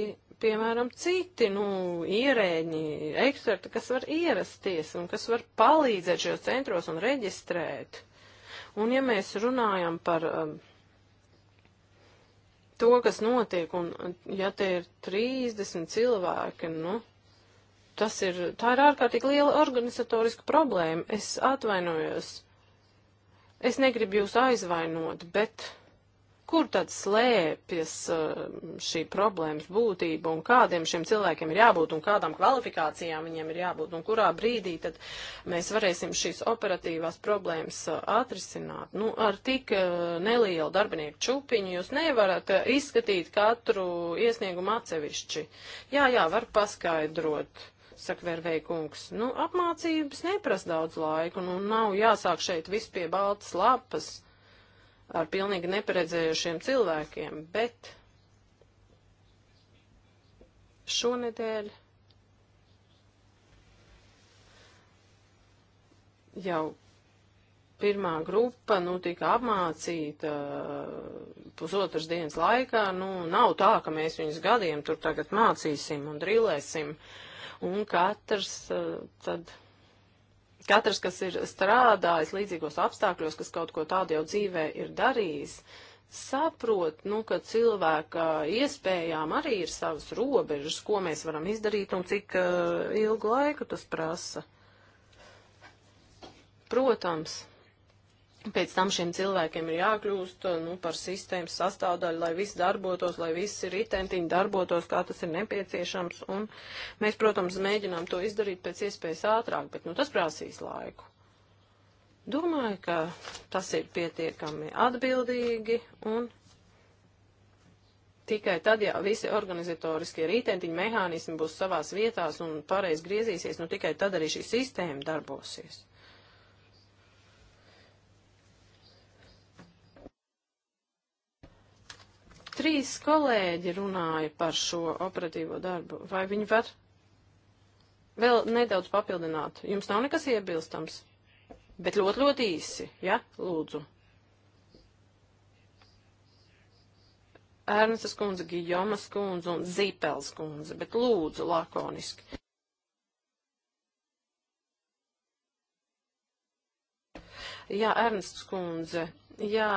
piemēram, citi nu, ierēģi, eksperti, kas var ierasties un kas var palīdzēt šajos centros un reģistrēt. Un ja mēs runājam par um, to, kas notiek, un ja te ir 30 cilvēki, nu, tas ir, tā ir ārkārtīgi liela organizatoriska problēma. Es atvainojos. Es negribu jūs aizvainot, bet kur tad slēpjas eh, šī problēmas būtība un kādiem šiem cilvēkiem ir jābūt un kādām kvalifikācijām viņiem ir jābūt un kurā brīdī tad mēs varēsim šīs operatīvās problēmas eh, atrisināt. Nu, ar tik eh, nelielu darbinieku čupiņu jūs nevarat izskatīt katru iesniegumu atsevišķi. Jā, jā, var paskaidrot saka Vervei kungs. Nu, apmācības neprasa daudz laiku, nu, nav jāsāk šeit viss pie baltas lapas. Uh, ar pilnīgi neparedzējušiem cilvēkiem, bet šonedēļ jau pirmā grupa, nu, tika apmācīta uh, pusotras dienas laikā, nu, nav tā, ka mēs viņus gadiem tur tagad mācīsim un drillēsim, un katrs uh, tad katrs, kas ir strādājis līdzīgos apstākļos, kas kaut ko tādu jau dzīvē ir darījis, saprot, nu, ka cilvēka iespējām arī ir savas robežas, ko mēs varam izdarīt un cik uh, ilgu laiku tas prasa. Protams, Pēc tam šiem cilvēkiem ir jākļūst nu, par sistēmas sastāvdaļu, lai viss darbotos, lai viss ritentiņi darbotos, kā tas ir nepieciešams. Un mēs, protams, mēģinām to izdarīt pēc iespējas ātrāk, bet nu, tas prasīs laiku. Domāju, ka tas ir pietiekami atbildīgi un Tikai tad, ja visi organizatoriskie rītentiņu mehānismi būs savās vietās un pareiz griezīsies, nu tikai tad arī šī sistēma darbosies. Trīs kolēģi runāja par šo operatīvo darbu. Vai viņi var vēl nedaudz papildināt? Jums nav nekas iebilstams, bet ļoti, ļoti īsi, ja? Lūdzu. Ernstas kundze, Gijomas kundze un Zīpels kundze, bet lūdzu lakoniski. Jā, Ernsts kundze, jā,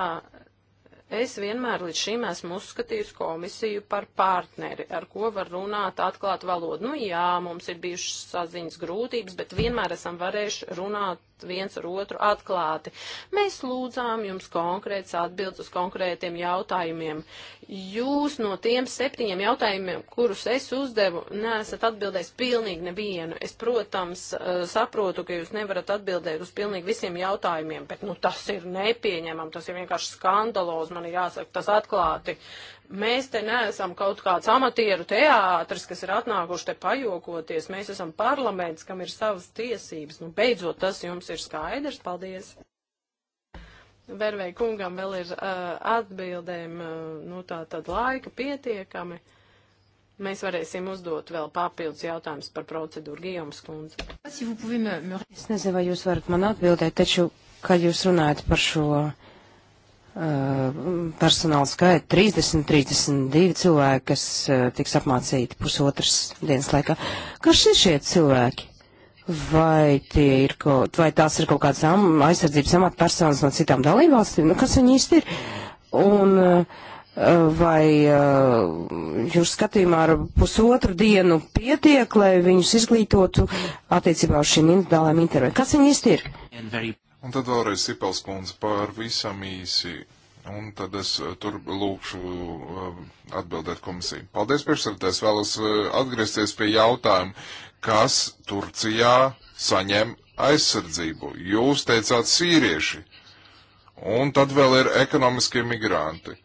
Es vienmēr līdz šim esmu uzskatījusi komisiju par partneri, ar ko var runāt atklāt valodu. Nu jā, mums ir bijušas saziņas grūtības, bet vienmēr esam varējuši runāt viens ar otru atklāti. Mēs lūdzām jums konkrēts atbildes uz konkrētiem jautājumiem. Jūs no tiem septiņiem jautājumiem, kurus es uzdevu, neesat atbildējis pilnīgi nevienu. Es, protams, eh, saprotu, ka jūs nevarat atbildēt uz pilnīgi visiem jautājumiem, bet nu, tas ir nepieņemam, tas ir vienkārši skandalos, man ir jāsaka tas atklāti. Mēs te neesam kaut kāds amatieru teātris, kas ir atnākuši te pajokoties. Mēs esam parlaments, kam ir savas tiesības. Nu, beidzot, tas jums ir skaidrs. Paldies! Vervei kungam vēl ir uh, atbildēm, uh, nu tā tad laika pietiekami. Mēs varēsim uzdot vēl papildus jautājumus par procedūru Gijomas kundze. Es nezinu, vai jūs varat man atbildēt, taču, kad jūs runājat par šo Uh, personāla skaita 30, 32 cilvēki, kas uh, tiks apmācīti pusotras dienas laikā. Kas ir šie cilvēki? Vai, ir kaut, vai tās ir kaut kādas am, aizsardzības amatpersonas no citām dalībvalstīm? Nu, kas viņi īsti ir? Un, uh, vai jūs skatījumā ar pusotru dienu pietiek, lai viņus izglītotu attiecībā uz šīm individuālām intervijām? Kas viņi īsti ir? Un tad vēlreiz Sipels kundze par visam īsi. Un tad es eh, tur lūkšu eh, atbildēt komisiju. Paldies, priekšsēdētājs. Vēlos eh, atgriezties pie jautājuma, kas Turcijā saņem aizsardzību. Jūs teicāt sīrieši. Un tad vēl ir ekonomiskie migranti.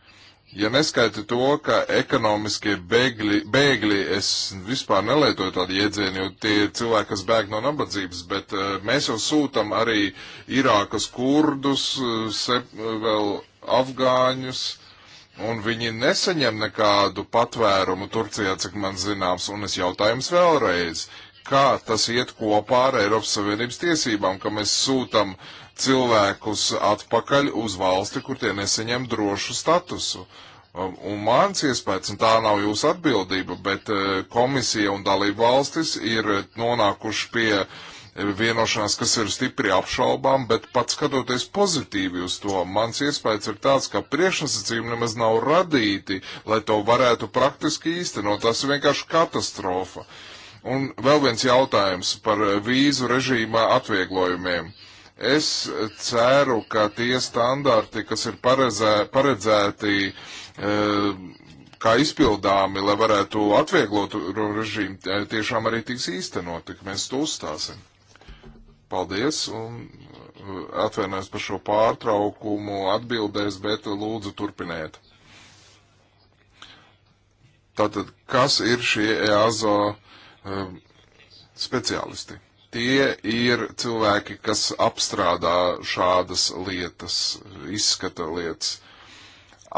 Ja neskaita to, ka ekonomiskie bēgļi, bēgļi, es vispār nelietoju tādu jēdzienu, jo tie ir cilvēki, kas bēg no nabadzības, bet uh, mēs jau sūtam arī Irākas kurdus, eh, sep, eh, vēl afgāņus, un viņi nesaņem nekādu patvērumu Turcijā, cik man zināms, un es jautājums vēlreiz, kā tas iet kopā ar Eiropas Savienības tiesībām, ka mēs sūtam uh, cilvēkus atpakaļ uz valsti, kur tie neseņem drošu statusu. Um, un mans iespējas, un tā nav jūsu atbildība, bet uh, komisija un dalība valstis ir nonākuši pie uh, vienošanās, kas ir stipri apšaubām, bet pat skatoties pozitīvi uz to, mans iespējas ir tāds, ka priekšnosacījumi nemaz nav radīti, lai to varētu praktiski īstenot. Tas ir vienkārši katastrofa. Un vēl viens jautājums par uh, vīzu režīma atvieglojumiem. Es ceru, ka tie standarti, kas ir paredzē, paredzēti e, kā izpildāmi, lai varētu atvieglot režīmu, tiešām arī tiks īstenoti, ka mēs to uzstāsim. Paldies un e, atvainojos par šo pārtraukumu atbildēs, bet lūdzu turpiniet. Tātad, kas ir šie EASO um, e, speciālisti? tie ir cilvēki, kas apstrādā šādas lietas, izskata lietas.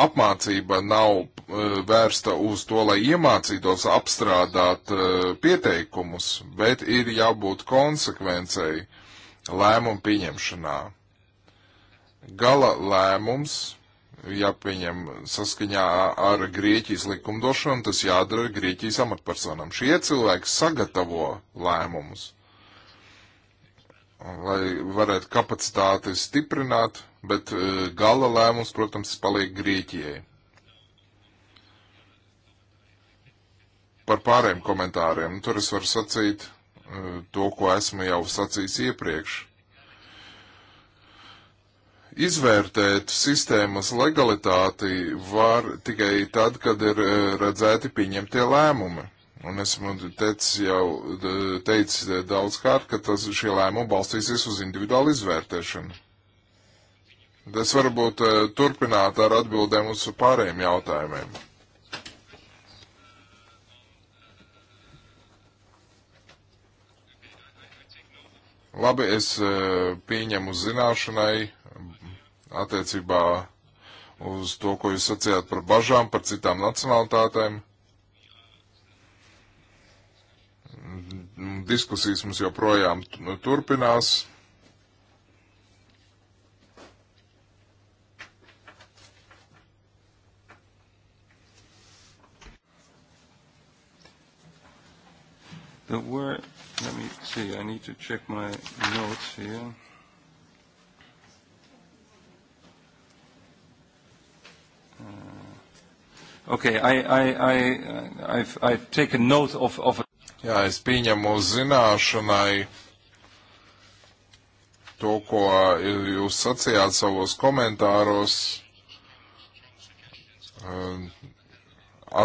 Apmācība nav uh, vērsta uz to, lai iemācītos apstrādāt uh, pieteikumus, bet ir jābūt konsekvencei lēmumu pieņemšanā. Gala lēmums jāpieņem saskaņā ar Grieķijas likumdošanu, tas jādara Grieķijas amatpersonam. Šie cilvēki sagatavo lēmumus lai varētu kapacitāti stiprināt, bet e, gala lēmums, protams, paliek Grieķijai. Par pārējiem komentāriem, nu, tur es varu sacīt e, to, ko esmu jau sacījis iepriekš. Izvērtēt sistēmas legalitāti var tikai tad, kad ir e, redzēti pieņemtie lēmumi. Un esmu teicis jau teicis daudz kārt, ka tas, šie lēmumi balstīsies uz individuālu izvērtēšanu. Es varbūt eh, turpināt ar atbildēm uz pārējiem jautājumiem. Labi, es eh, pieņemu zināšanai attiecībā uz to, ko jūs sacījāt par bažām, par citām nacionalitātēm. diskusijas mums joprojām nu, turpinās. There were, let me see, I need to check my notes here. Uh, okay, I, I, I, uh, I've, I've taken note of, of Jā, es pieņemu uz zināšanai to, ko jūs sacījāt savos komentāros um,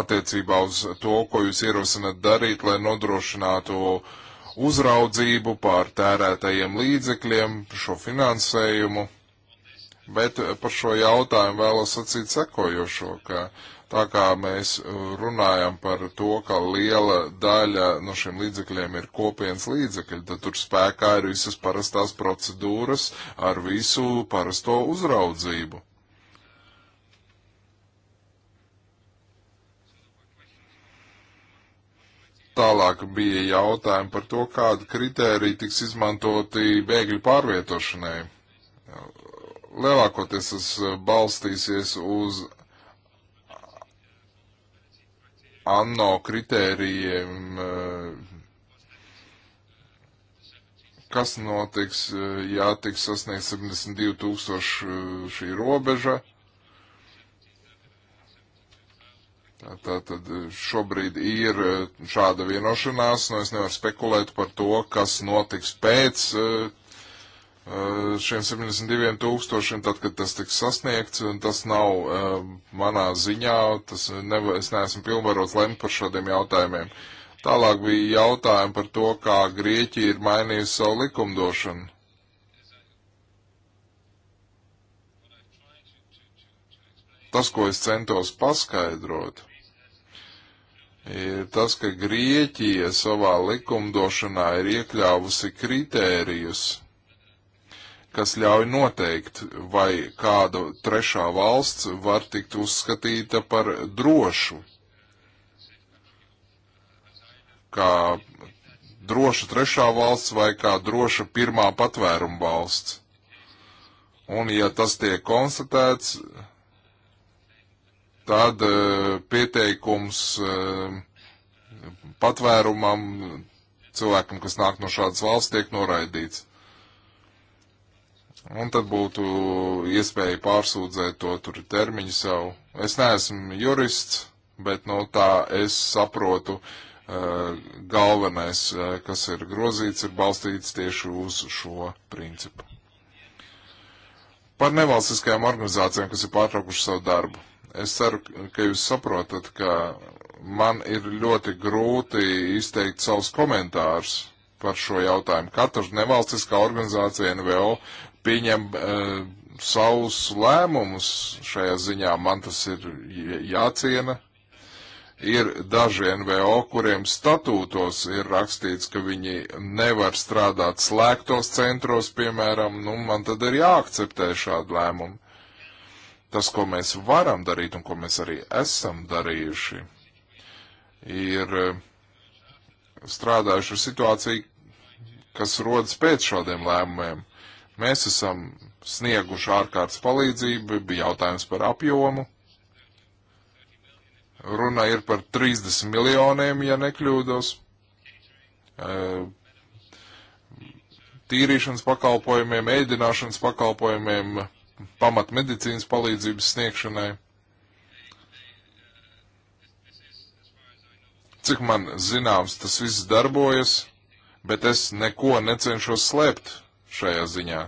attiecībā uz to, ko jūs ierosināt darīt, lai nodrošinātu uzraudzību pār tērētajiem līdzekļiem, šo finansējumu. Bet par šo jautājumu vēlos sacīt sekojošo, ka Tā kā mēs runājam par to, ka liela daļa no šiem līdzekļiem ir kopienas līdzekļi, tad tur spēkā ir visas parastās procedūras ar visu parasto uzraudzību. Tālāk bija jautājumi par to, kāda kritērija tiks izmantoti bēgļu pārvietošanai lielākoties tas balstīsies uz ANO kritērijiem, eh, kas notiks, eh, ja tiks sasniegts 72 tūkstoši eh, šī robeža. Tātad šobrīd ir šāda vienošanās, un nu, es nevaru spekulēt par to, kas notiks pēc Eh, šiem 72 tūkstošiem, tad, kad tas tiks sasniegts, un tas nav uh, manā ziņā, tas nev, es neesmu pilnvarots lemt par šādiem jautājumiem. Tālāk bija jautājumi par to, kā Grieķija ir mainījusi savu likumdošanu. Tas, ko es centos paskaidrot, ir tas, ka Grieķija savā likumdošanā ir iekļāvusi kritērijus kas ļauj noteikt, vai kāda trešā valsts var tikt uzskatīta par drošu, kā droša trešā valsts vai kā droša pirmā patvēruma valsts. Un, ja tas tiek konstatēts, tad uh, pieteikums uh, patvērumam cilvēkam, kas nāk no šādas valsts, tiek noraidīts. Un tad būtu iespēja pārsūdzēt to tur termiņu savu. Es neesmu jurists, bet no nu, tā es saprotu, uh, galvenais, uh, kas ir grozīts, ir balstīts tieši uz šo principu. Par nevalstiskajām organizācijām, kas ir pārtraukuši savu darbu. Es ceru, ka jūs saprotat, ka man ir ļoti grūti izteikt savus komentārus par šo jautājumu. Katra nevalstiskā organizācija NVO pieņem uh, savus lēmumus šajā ziņā. Man tas ir jāciena. Ir daži NVO, kuriem statūtos ir rakstīts, ka viņi nevar strādāt slēgtos centros, piemēram, nu man tad ir jāakceptē šādu lēmumu. Tas, ko mēs varam darīt un ko mēs arī esam darījuši, ir eh, strādājuši ar situāciju, kas rodas pēc šādiem lēmumiem. Mēs esam snieguši ārkārtas palīdzību, bija jautājums par apjomu. Runa ir par 30 miljoniem, ja nekļūdos. Eh, tīrīšanas pakalpojumiem, ēdināšanas pakalpojumiem, pamatmedicīnas palīdzības sniegšanai. Cik man zināms, tas viss darbojas, bet es neko necenšos slēpt šajā ziņā.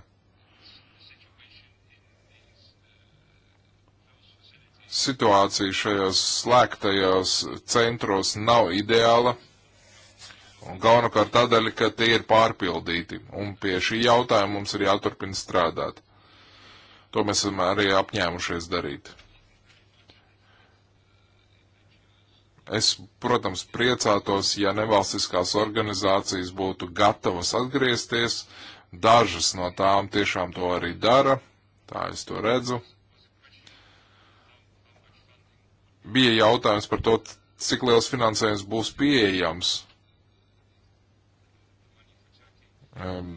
Situācija šajos slēgtajos centros nav ideāla, un galvenokārt tādēļ, ka tie ir pārpildīti, un pie šī jautājuma mums ir jāturpina strādāt. To mēs esam arī apņēmušies darīt. Es, protams, priecātos, ja nevalstiskās organizācijas būtu gatavas atgriezties uh, Dažas no tām tiešām to arī dara, tā es to redzu. Bija jautājums par to, cik liels finansējums būs pieejams. Ehm,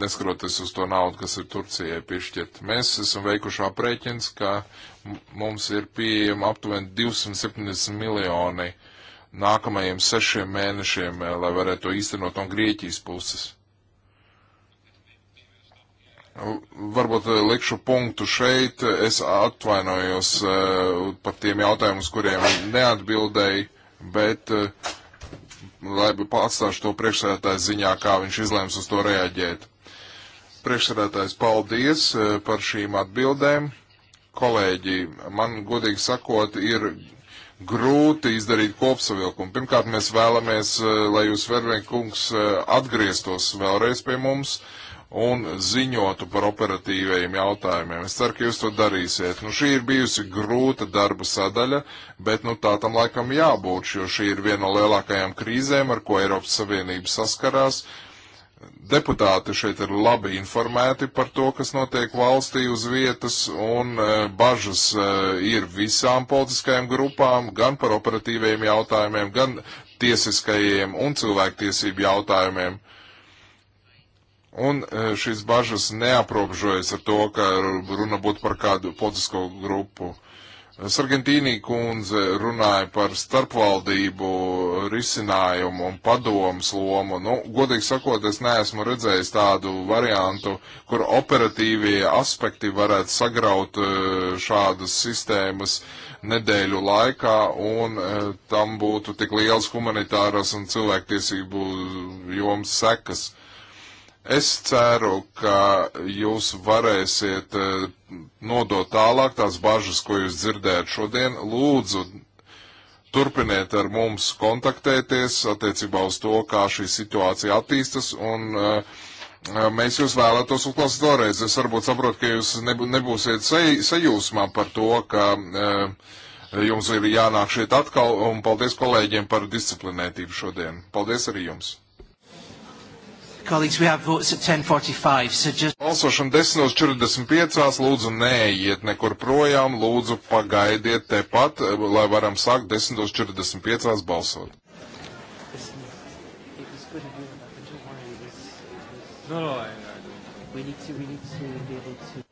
Neskaroties uz to naudu, kas ir Turcijai piešķirt. Mēs esam veikuši aprēķins, ka mums ir pieejama aptuveni 270 miljoni nākamajiem sešiem mēnešiem, eh, lai varētu to īstenot no Grieķijas puses. Varbūt eh, likšu punktu šeit. Es atvainojos eh, par tiem jautājumiem, uz kuriem neatbildēju, bet eh, lai atstāšu to priekšsēdētāju ziņā, kā viņš izlēms uz to reaģēt. Priekšsēdētājs, paldies par šīm atbildēm. Kolēģi, man godīgi sakot, ir grūti izdarīt kopsavilkumu. Pirmkārt, mēs vēlamies, lai jūs, Vervien kungs, atgrieztos vēlreiz pie mums. Uh, un ziņotu par operatīvajiem jautājumiem. Es ceru, ka jūs to darīsiet. Nu, šī ir bijusi grūta darba sadaļa, bet nu, tā tam laikam jābūt, jo šī ir viena no lielākajām krīzēm, ar ko Eiropas Savienība saskarās. Deputāti šeit ir labi informēti par to, kas notiek valstī uz vietas, un e, bažas e, ir visām politiskajām grupām, gan par operatīvajiem jautājumiem, gan tiesiskajiem un cilvēktiesību jautājumiem Un e, šīs bažas neaprobežojas ar to, ka runa būtu par kādu politisko grupu. Sargentīnī kundze runāja par starpvaldību risinājumu un padomas lomu. Nu, godīgi sakot, es neesmu redzējis tādu variantu, kur operatīvie aspekti varētu sagraut e, šādas sistēmas nedēļu laikā un e, tam būtu tik liels humanitāras un cilvēktiesību joms sekas. Es ceru, ka jūs varēsiet eh, nodot tālāk tās bažas, ko jūs dzirdējat šodien. Lūdzu, turpiniet ar mums kontaktēties attiecībā uz to, kā šī situācija attīstas, un eh, mēs jūs vēlētos uzklausīt vēlreiz. Es varbūt saprotu, ka jūs nebūsiet sajūsmā par to, ka eh, jums ir jānāk šeit atkal, un paldies kolēģiem par disciplinētību šodien. Paldies arī jums! Colleagues, we have votes at 10.45, so just... Balsošana 10.45, lūdzu neiet nekur projām, lūdzu pagaidiet tepat, lai varam sākt 10.45 balsot. No, no, I, I don't. We need to, we need to be able to...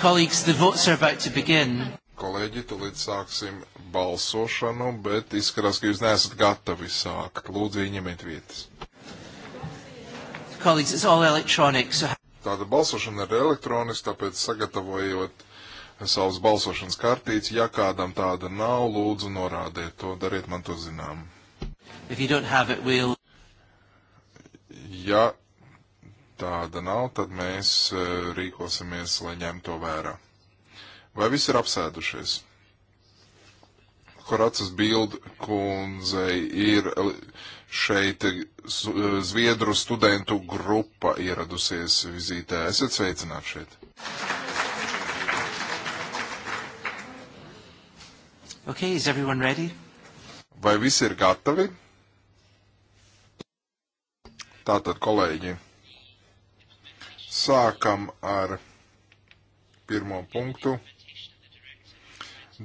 Colleagues, the votes are about to begin. Kolēģi, tulīt sāksim balsošanu, bet izskatās, ka jūs neesat gatavi sākt. Lūdzu, ieņemiet vietas. Colleagues, it's all electronic. So... Tāda balsošana ir elektroniska, tāpēc sagatavojot savas balsošanas kartītes, ja kādam tāda nav, lūdzu norādiet to, dariet man to zinām. It, we'll... tad mēs eh, rīkosimies, lai ņemtu to vērā. Vai visi ir apsēdušies? Koracas bildu kundzei ir šeit eh, eh, Zviedru studentu grupa ieradusies vizītē. Esat sveicināti šeit. Okay, is everyone ready? Vai visi ir gatavi? Tātad, kolēģi. Sākam ar pirmo punktu.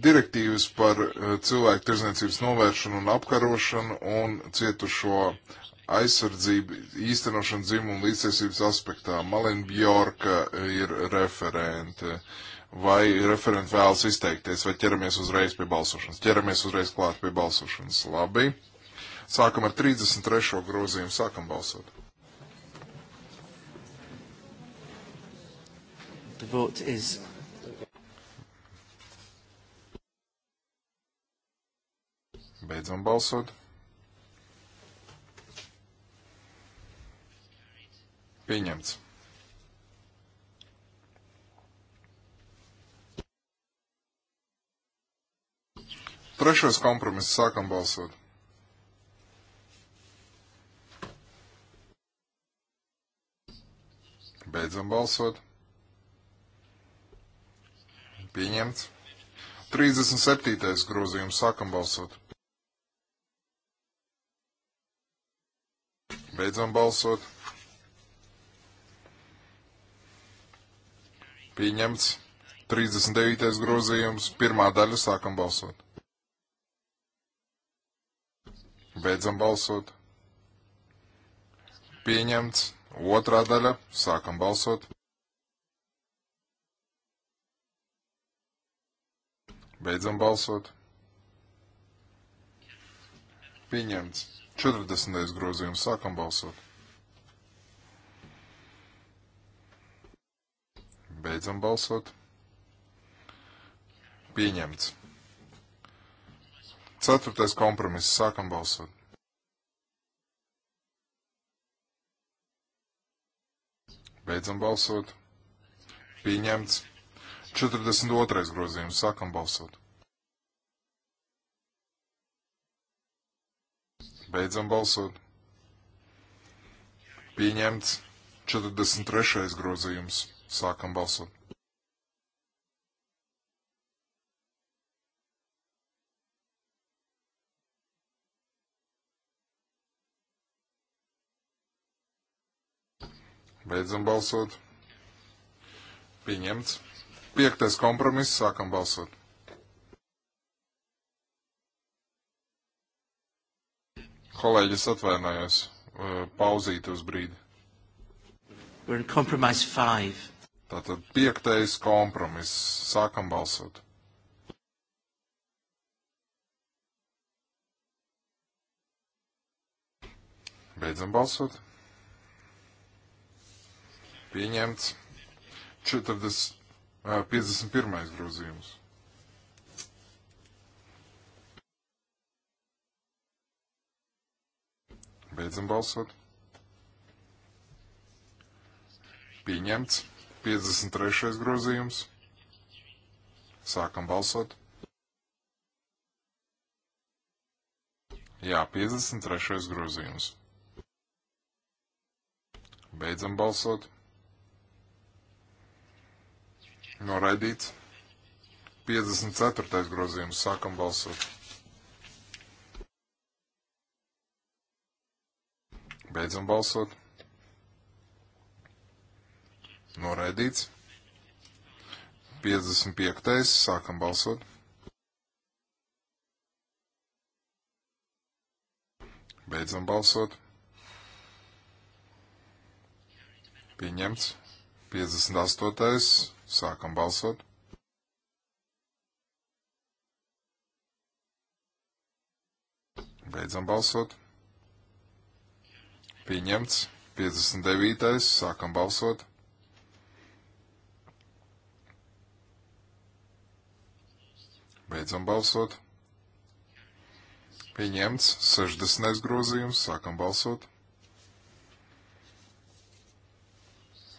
Direktīvas par eh, cilvēku tirzniecības novēršanu un apkarošanu un cietušo aizsardzību īstenošanu dzimumu līdztiesības aspektā. Malin Bjorka eh, ir referente. Vai referenti vēlas izteikties, vai ķeramies uzreiz pie balsošanas? Ķeramies uzreiz klāt pie balsošanas. Labi. Sākam ar 33. grozījumu. Sākam balsot. The vote is Beidzam balsot. Pieņemts. Trešais kompromiss. Sākam balsot. Beidzam balsot. pieņemts. 37. grozījums sākam balsot. Beidzam balsot. Pieņemts. 39. grozījums. Pirmā daļa sākam balsot. Beidzam balsot. Pieņemts. Otrā daļa sākam balsot. Beidzam balsot. Pieņemts. 40. grozījums. Sākam balsot. Beidzam balsot. Pieņemts. 4. kompromiss. Sākam balsot. Beidzam balsot. Pieņemts. 42. grozījums. Sākam balsot. Beidzam balsot. Pieņemts 43. grozījums. Sākam balsot. Beidzam balsot. Pieņemts. Piektais kompromiss, sākam balsot. Kolēģis atvainojos, uh, pauzīt uz brīdi. Tātad piektais kompromiss, sākam balsot. Beidzam balsot. Pieņemts. 40. 51. grozījums. Beidzam balsot. Pieņemts. 53. grozījums. Sākam balsot. Jā, 53. grozījums. Beidzam balsot. Noraidīts. 54. grozījums. Sākam balsot. Beidzam balsot. Noraidīts. 55. Sākam balsot. Beidzam balsot. Pieņemts. 58. Sākam balsot. Beidzam balsot. Pieņemts. 59. Sākam balsot. Beidzam balsot. Pieņemts. 60. grozījums. Sākam balsot.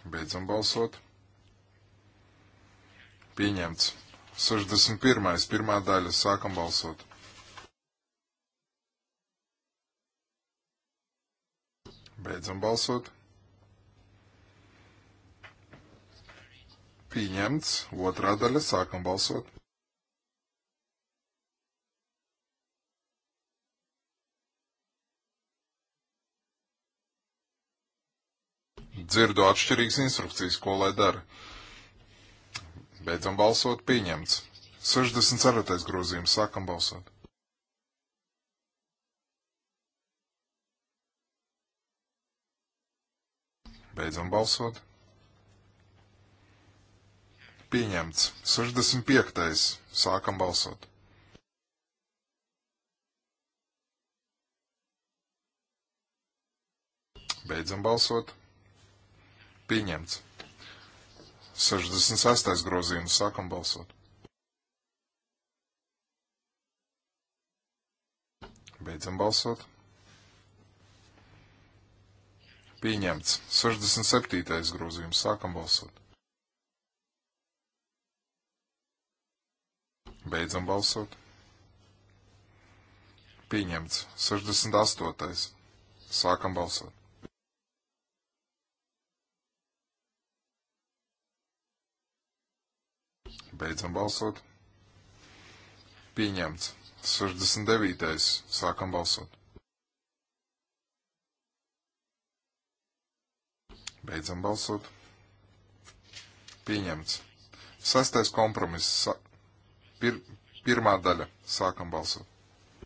Beidzam balsot. Pieņemts. 61. pirmā daļa. Sākam balsot. Beidzam balsot. Pieņemts. Otrā daļa. Sākam balsot. Dzirdu atšķirīgas instrukcijas, ko lai dara. Beidzam balsot pieņemts. 64. grozījums. Sākam balsot. Beidzam balsot. Pieņemts. 65. Sākam balsot. Beidzam balsot. Pieņemts. 66. grozījums. Sākam balsot. Beidzam balsot. Pieņemts. 67. grozījums. Sākam balsot. Beidzam balsot. Pieņemts. 68. Sākam balsot. Beidzam balsot. Pieņemts. 69. Sākam balsot. Beidzam balsot. Pieņemts. Sastais kompromiss. Sa pir pirmā daļa. Sākam balsot.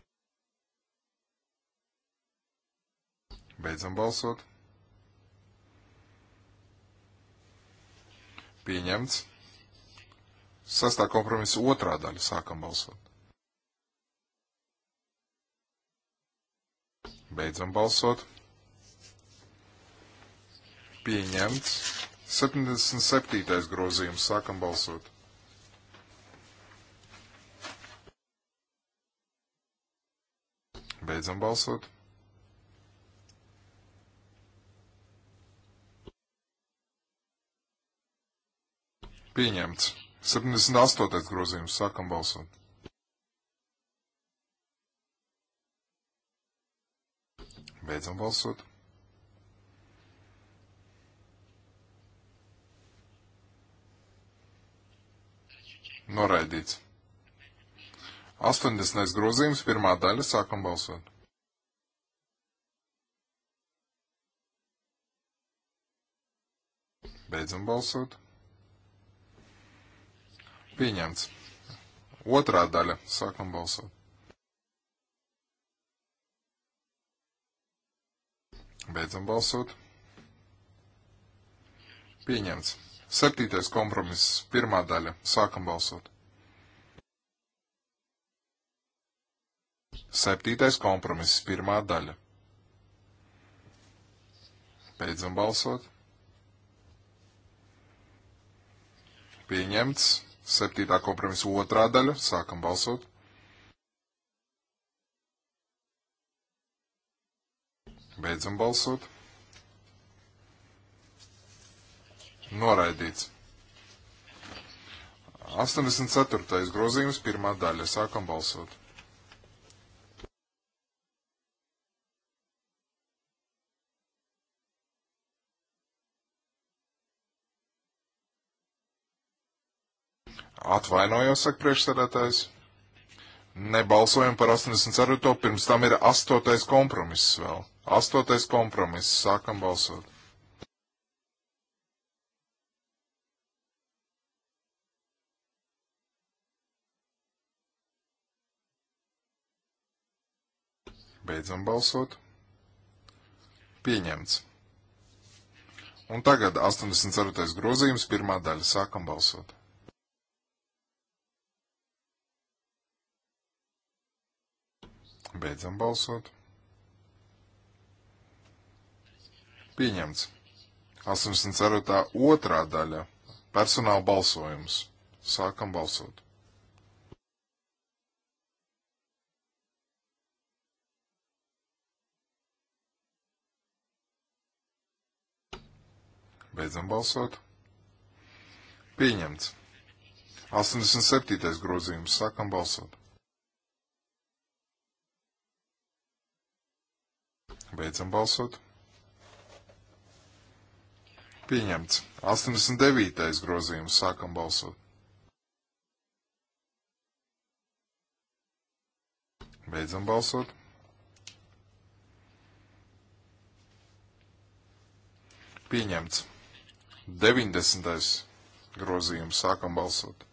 Beidzam balsot. Pieņemts. Sastā kompromisa otrā daļa sākam balsot. Beidzam balsot. Pieņemts. 77. grozījums sākam balsot. Beidzam balsot. Pieņemts. 78. grozījums. Sākam balsot. Beidzam balsot. Noraidīts. 80. grozījums, pirmā daļa, sākam balsot. Beidzam balsot. Pieņemts. Otrā daļa. Sākam balsot. Beidzam balsot. Pieņemts. Septītais kompromiss. Pirmā daļa. Sākam balsot. Septītais kompromiss. Pirmā daļa. Beidzam balsot. Pieņemts. Septītā kompromisa otrā daļa. Sākam balsot. Beidzam balsot. Noraidīts. 84. grozījums, pirmā daļa. Sākam balsot. Atvainojos, saka priekšsēdētājs. Nebalsojam par 84. pirms tam ir 8. kompromiss vēl. 8. kompromiss. Sākam balsot. Beidzam balsot. Pieņemts. Un tagad 84. grozījums, pirmā daļa. Sākam balsot. Beidzam balsot. Pieņemts. 84. otrā daļa. Personāla balsojums. Sākam balsot. Beidzam balsot. Pieņemts. 87. grozījums. Sākam balsot. Beidzam balsot. Pieņemts. 89. grozījums. Sākam balsot. Beidzam balsot. Pieņemts. 90. grozījums. Sākam balsot.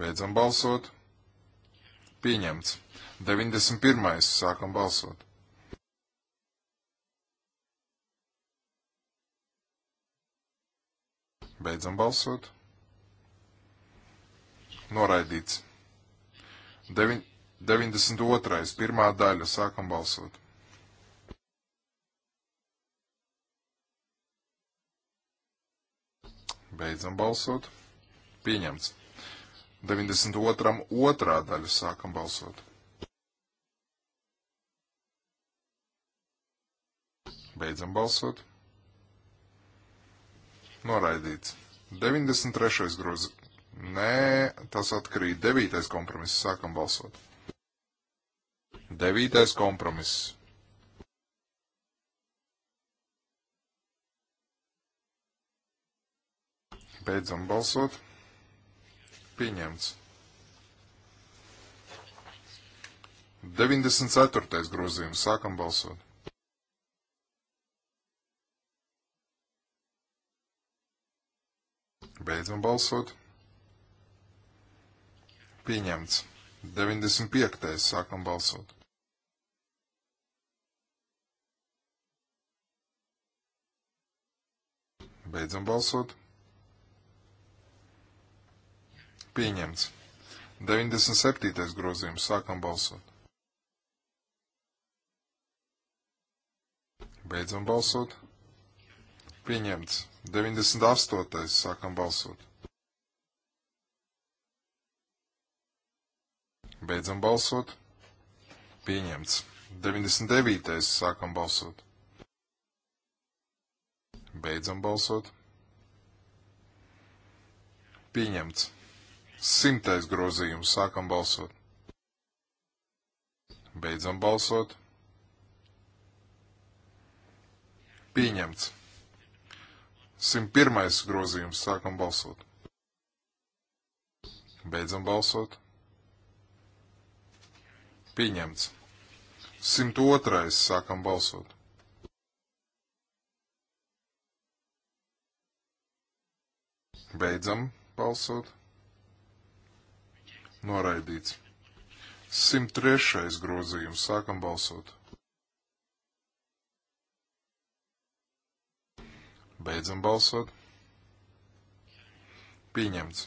Beidzam balsot. Pieņemts. 91. Sākam balsot. Beidzam balsot. Noraidīts. Devi 92. Pirmā daļa. Sākam balsot. Beidzam balsot. Pieņemts. 92. otrā daļa sākam balsot. Beidzam balsot. Noraidīts. 93. groz. Nē, tas atkarīja. 9. kompromiss. Sākam balsot. 9. kompromiss. Beidzam balsot pieņemts. 94. grozījums. Sākam balsot. Beidzam balsot. Pieņemts. 95. Sākam balsot. Beidzam balsot. Pieņemts. 97. grozījums. Sākam balsot. Beidzam balsot. Pieņemts. 98. Sākam balsot. Beidzam balsot. Pieņemts. 99. Sākam balsot. Beidzam balsot. Pieņemts. Simtais grozījums. Sākam balsot. Beidzam balsot. Pieņemts. 101. grozījums. Sākam balsot. Beidzam balsot. Pieņemts. 102. Sākam balsot. Beidzam balsot. Noraidīts. 103. grozījums. Sākam balsot. Beidzam balsot. Pieņemts.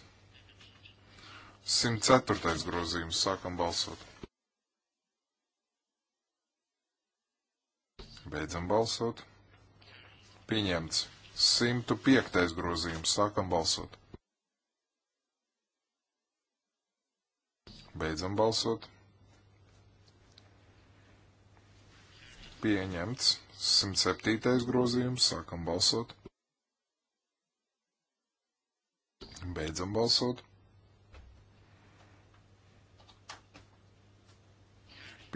104. grozījums. Sākam balsot. Beidzam balsot. Pieņemts. 105. grozījums. Sākam balsot. Beidzam balsot. Pieņemts 107. grozījums. Sākam balsot. Beidzam balsot.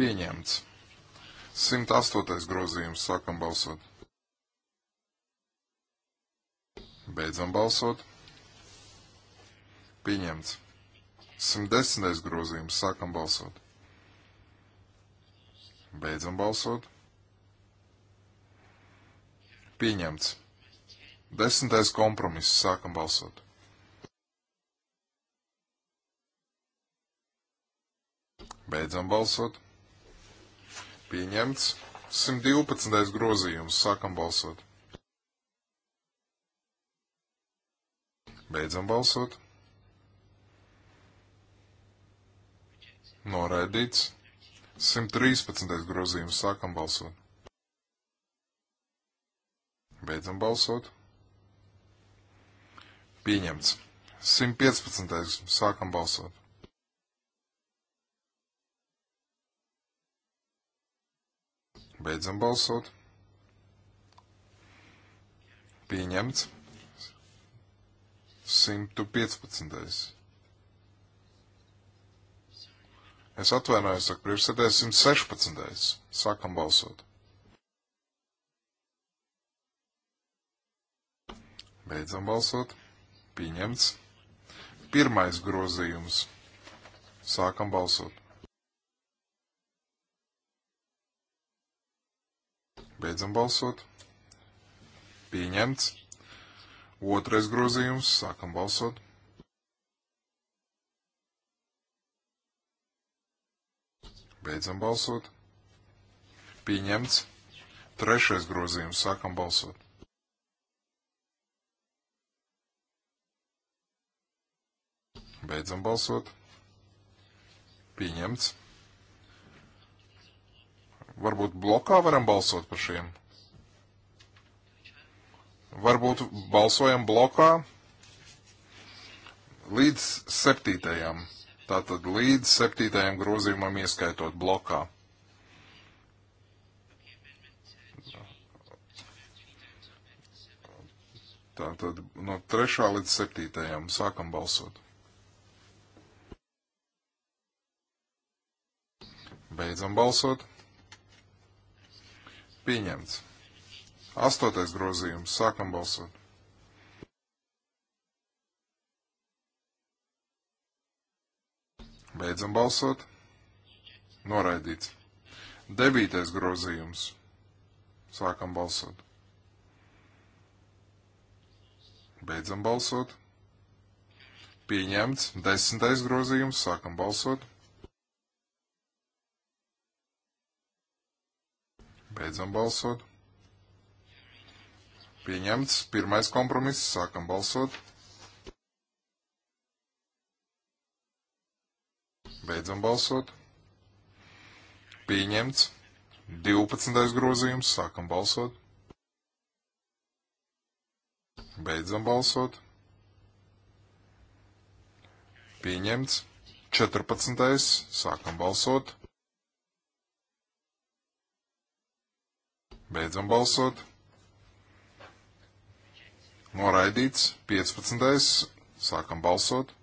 Pieņemts. 108. grozījums. Sākam balsot. Beidzam balsot. Pieņemts. 110. grozījums. Sākam balsot. Beidzam balsot. Pieņemts. Desmitais kompromiss. Sākam balsot. Beidzam balsot. Pieņemts. 112. grozījums. Sākam balsot. Beidzam balsot. Noraidīts. 113. grozījums. Sākam balsot. Beidzam balsot. Pieņemts. 115. Sākam balsot. Beidzam balsot. Pieņemts. 115. Es atvainojos, saka priekšsēdētājs 116. Sākam balsot. Beidzam balsot. Pieņemts. Pirmais grozījums. Sākam balsot. Beidzam balsot. Pieņemts. Otrais grozījums. Sākam balsot. Beidzam balsot. Pieņemts. Trešais grozījums. Sākam balsot. Beidzam balsot. Pieņemts. Varbūt blokā varam balsot par šiem. Varbūt balsojam blokā līdz septītajam. Tātad līdz septītajam grozījumam ieskaitot blokā. Tātad no trešā līdz septītajam sākam balsot. Beidzam balsot. Pieņemts. Astotais grozījums. Sākam balsot. Beidzam balsot. Noraidīts. Devītais grozījums. Sākam balsot. Beidzam balsot. Pieņemts. Desmitais grozījums. Sākam balsot. Beidzam balsot. Pieņemts. Pirmais kompromiss. Sākam balsot. Beidzam balsot. Pieņemts. 12. grozījums. Sākam balsot. Beidzam balsot. Pieņemts. 14. Sākam balsot. Beidzam balsot. Noraidīts. 15. Sākam balsot.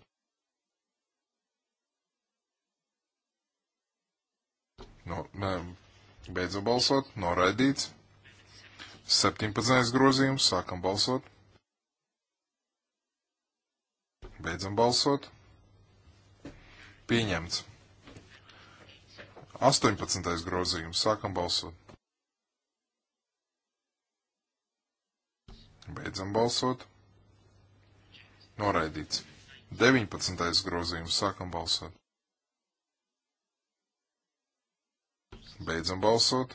No, nu, ne, beidzot balsot, noraidīts. 17. grozījums, sākam balsot. Beidzam balsot. Pieņemts. 18. grozījums, sākam balsot. Beidzam balsot. Noraidīts. 19. grozījums, sākam balsot. Beidzam balsot.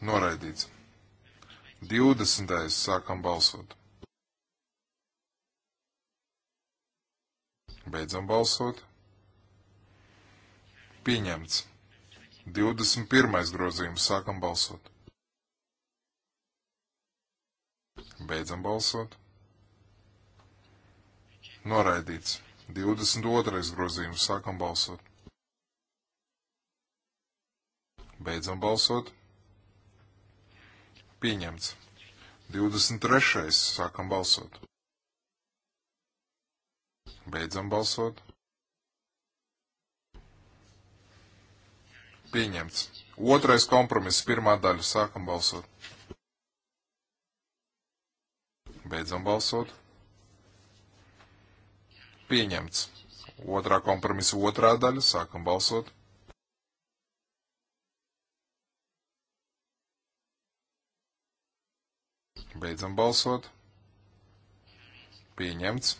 Noraidīts. 20. sākam balsot. Beidzam balsot. Pieņemts. 21. grozījums sākam balsot. Beidzam balsot. Noraidīts. 22. grozījums sākam balsot. Beidzam balsot. Pieņemts. 23. Sākam balsot. Beidzam balsot. Pieņemts. Otrais kompromiss, pirmā daļa. Sākam balsot. Beidzam balsot. Pieņemts. Otrā kompromisa otrā daļa. Sākam balsot. Beidzam balsot. Pieņemts.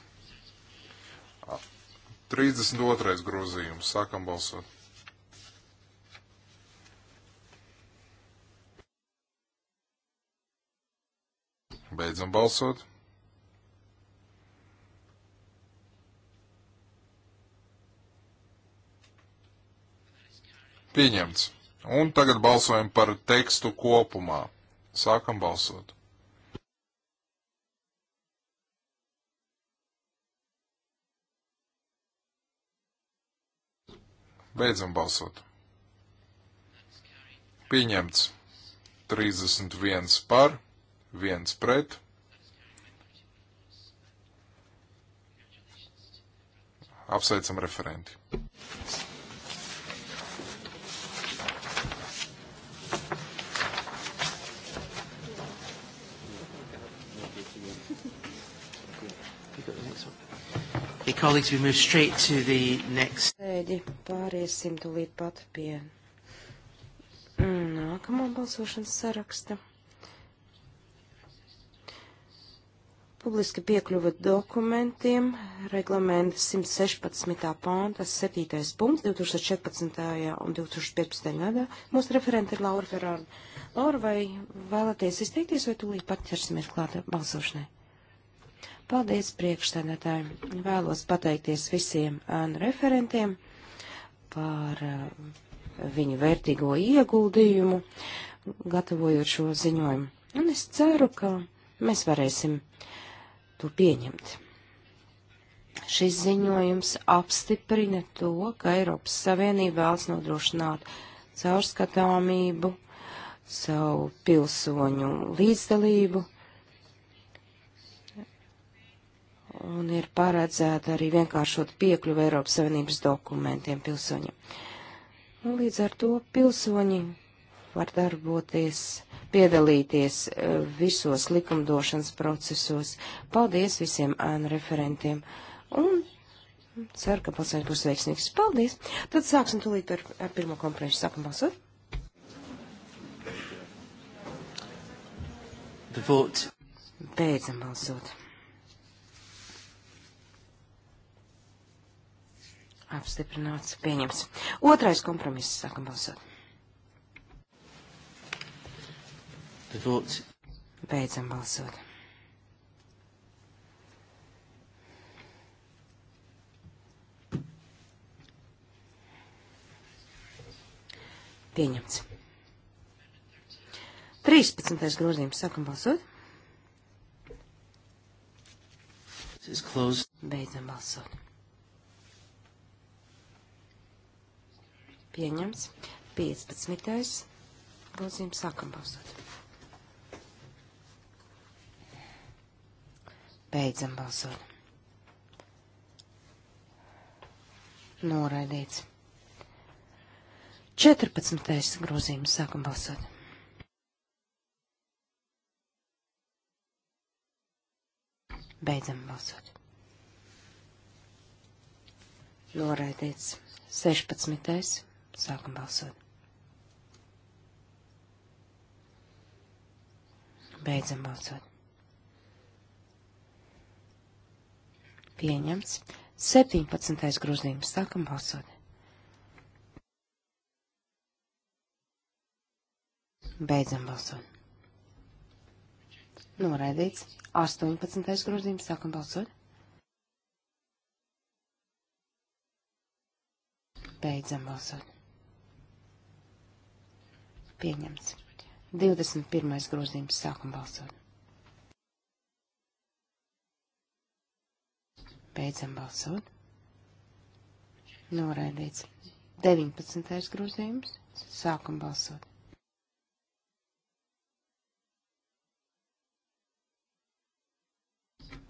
32. grozījums. Sākam balsot. Beidzam balsot. Pieņemts. Un tagad balsojam par tekstu kopumā. Sākam balsot. Beidzam balsot. Pieņemts 31 par, 1 pret. Apsveicam referenti. colleagues, we move straight to the next. Sēdi, pāriesim tūlīt pat pie mm, nākamā balsošanas saraksta. Publiski piekļuva dokumentiem, reglamenta 116. pānta, 7. punkts, 2014. un 2015. gadā. Mūsu referenta ir Laura Ferrāna. Laura, vai vēlaties izteikties, vai tūlīt pat ķersimies klāt balsošanai? Paldies priekšsēdētāji. Vēlos pateikties visiem ānu referentiem par eh, viņu vērtīgo ieguldījumu, gatavojot šo ziņojumu. Un es ceru, ka mēs varēsim to pieņemt. Šis ziņojums apstiprina to, ka Eiropas Savienība vēlas nodrošināt caurskatāmību, savu pilsoņu līdzdalību un ir paredzēta arī vienkāršot piekļuvu Eiropas Savienības dokumentiem pilsoņiem. Un līdz ar to pilsoņi var darboties, piedalīties eh, visos likumdošanas procesos. Paldies visiem ēnu referentiem un ceru, ka balsojums būs veiksmīgs. Paldies! Tad sāksim tūlīt par, ar pirmo kompromisu. Sākam balsot! Beidzam balsot! apstiprināts, pieņems. Otrais kompromiss, sākam balsot. Beidzam balsot. Pieņemts. 13. grozījums, sākam balsot. Beidzam balsot. Pieņems. 15. Grozījums sākam balsot. Beidzam balsot. Noraidīts. 14. grozījums sākam balsot. Beidzam balsot. Noraidīts. 16. Sākam balsot. Beidzam balsot. Pieņemts. 17. grozījums. Sākam balsot. Beidzam balsot. Noraidīts. 18. grozījums. Sākam balsot. Beidzam balsot. Pieņemts. 21. grozījums. Sākam balsot. Beidzam balsot. Noraidīts. 19. grozījums. Sākam balsot.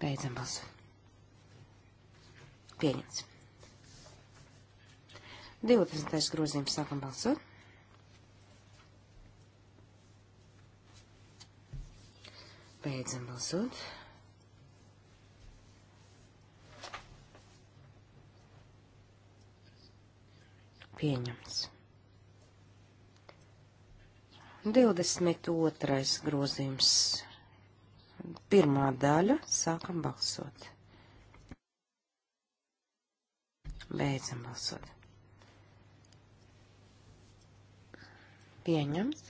Beidzam balsot. Pieņemts. 20. grozījums. Sākam balsot. Beidzam balsot. Pieņems. 22. grozījums. Pirmā daļa. Sākam balsot. Beidzam balsot. Pieņemts.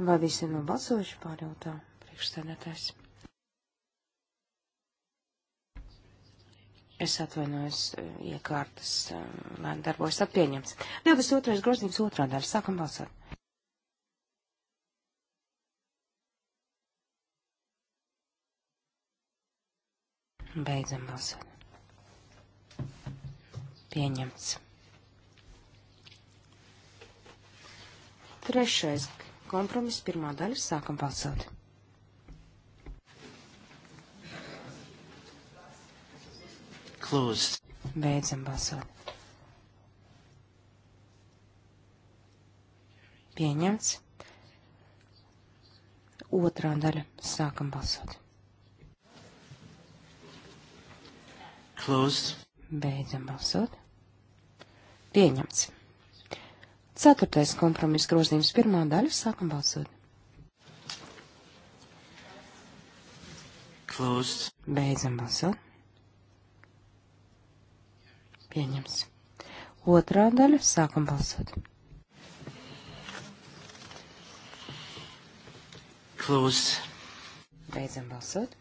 Vai visi nobalsojuši pārjautā priekšsēdētājs? Es atvainojos, eh, iekārtas eh, lēni darbojas atpieņemts. 22. grozījums otrā daļa. Sākam balsot. Beidzam balsot. Pieņemts. Trešais Kompromiss pirmā daļa. Sākam balsot. Closed. Beidzam balsot. Pieņemts. Otrā daļa. Sākam balsot. Closed. Beidzam balsot. Pieņemts. Ceturtais kompromiss grozījums pirmā daļa. Sākam balsot. Closed. Beidzam balsot. Pieņems. Otrā daļa. Sākam balsot. Closed. Beidzam balsot.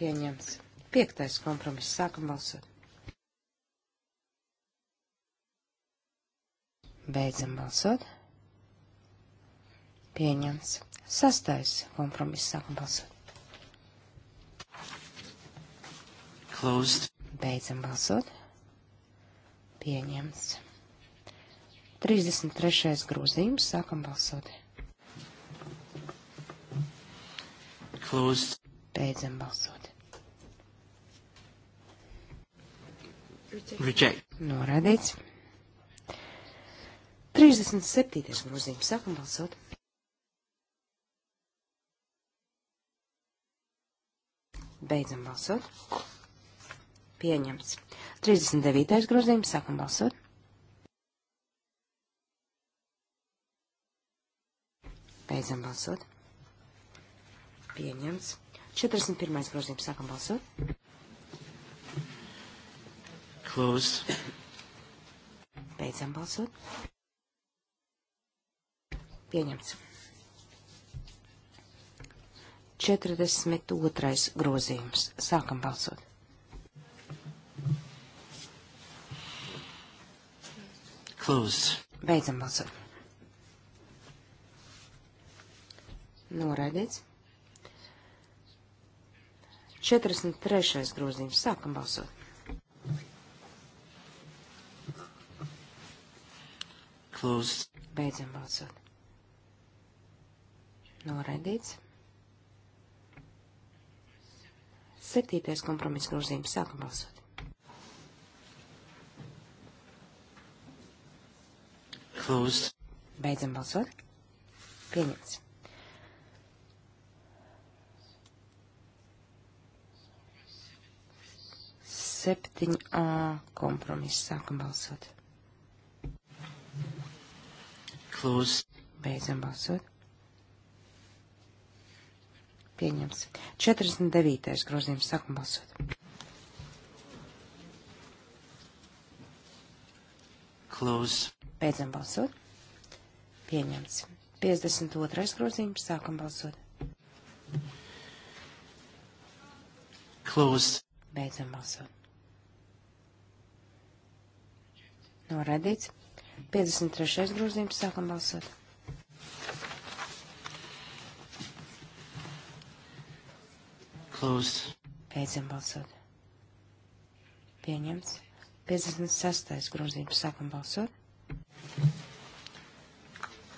Pieņems. Piektais kompromiss. Sākam balsot. Beidzam balsot. Pieņems. Sastais kompromiss sākam balsot. Closed. Beidzam balsot. Pieņems. 33. grozījums sākam balsot. Closed. Beidzam balsot. Reject. Norādīts. 37. grozījums. Sākam balsot. Beidzam balsot. Pieņemts. 39. grozījums. Sākam balsot. Beidzam balsot. Pieņemts. 41. grozījums. Sākam balsot. Closed. Beidzam balsot. Pieņemts. 42. grozījums. Sākam balsot. Closed. Beidzam balsot. Noraidīts. 43. grozījums. Sākam balsot. Closed. Beidzam balsot. Noraidīts. Septītais kompromiss grozījums. Sākam balsot. Closed. Beidzam balsot. Pieņemts. Septiņa A kompromiss. Sākam balsot. Closed. Beidzam balsot. Pieņems. 49. grozījums. Sākam balsot. Close. Beidzam balsot. Pieņemts. 52. grozījums. Sākam balsot. Close. Beidzam balsot. Noraidīts. 53. grozījums. Sākam balsot. closed. Beidzam balsot. Pieņemts. 56. grozījums. Sākam balsot.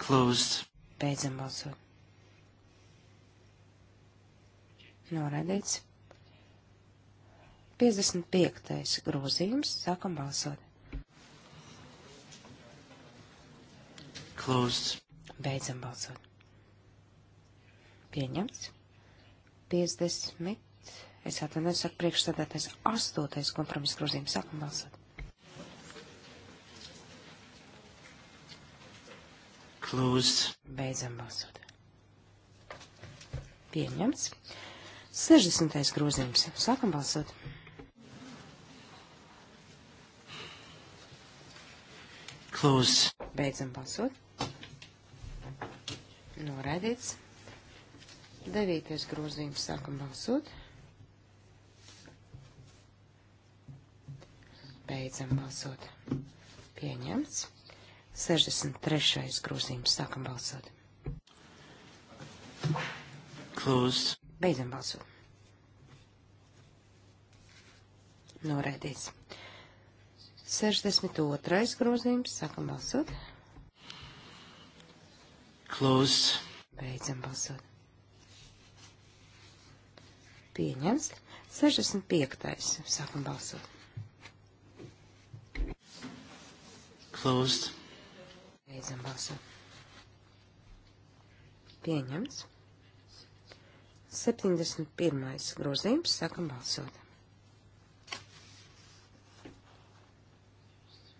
Closed. Beidzam balsot. Noraidīts. 55. grozījums. Sākam balsot. Closed. Beidzam balsot. Pieņemts. 50. Es atvainojos, saka priekšsēdētājs. Astotais kompromiss grozījums. Sākam balsot. Closed. Beidzam balsot. Pieņemts. 60. grozījums. Sākam balsot. Closed. Beidzam balsot. Noraidīts. Devītais grozījums. Sākam balsot. Beidzam balsot. Pieņemts. 63. grozījums. Sākam balsot. Closed. Beidzam balsot. Noraidīts. 62. grozījums. Sākam balsot. Closed. Beidzam balsot pieņems. 65. Sākam balsot. Closed. Beidzam balsot. Pieņems. 71. grozījums. Sākam balsot.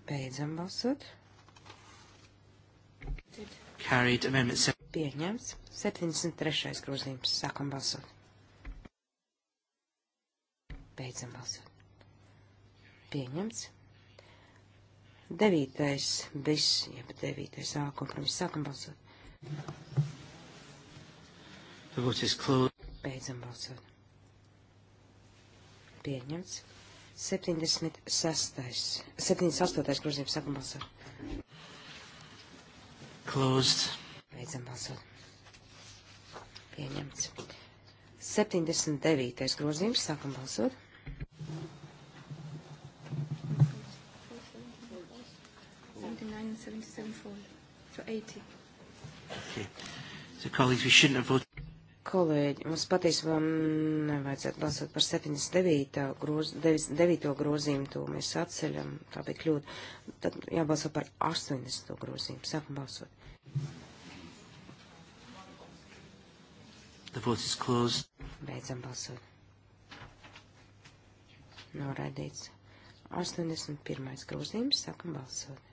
Beidzam balsot. Carried amendment. Pieņemts. 73. grozījums. Sākam balsot. Beidzam balsot. Pieņemts. Devītais bis, jeb devītais A kompromiss. Sākam balsot. Beidzam balsot. Pieņemts. 76. 78. grozījums. Sākam balsot. Closed. Beidzam balsot. Pieņemts. 79. grozījums. Sākam balsot. 74. So 80. Okay. So colleagues, we shouldn't have voted. Kolēģi, mums patiesībā nevajadzētu balsot par 79. Groz, 9. grozījumu, to mēs atceļam, tā bija kļūda. Tad jābalso par 80. grozījumu. Sākam balsot. The vote is closed. Beidzam balsot. Noraidīts. 81. grozījums. Sākam balsot.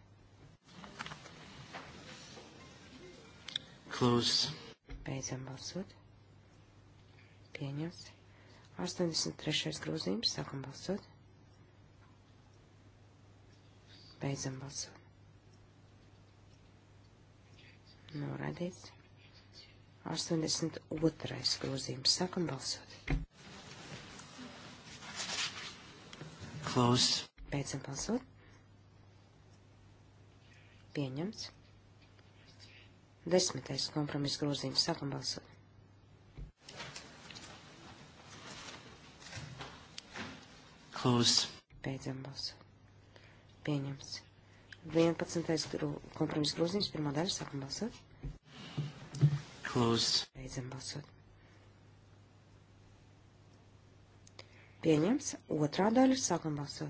Close. Beidzam balsot. Pieņemts. 83. grozījums. Sākam balsot. Beidzam balsot. Norādīts. 82. grozījums. Sākam balsot. Close. Beidzam balsot. Pieņemts. Desmitais kompromiss grozījums. Sākam balsot. Close. Beidzam balsot. Pieņemts. 11. kompromiss grozījums. Pirmā daļa. Sākam balsot. Close. Beidzam balsot. Pieņemts. Otrā daļa. Sākam balsot.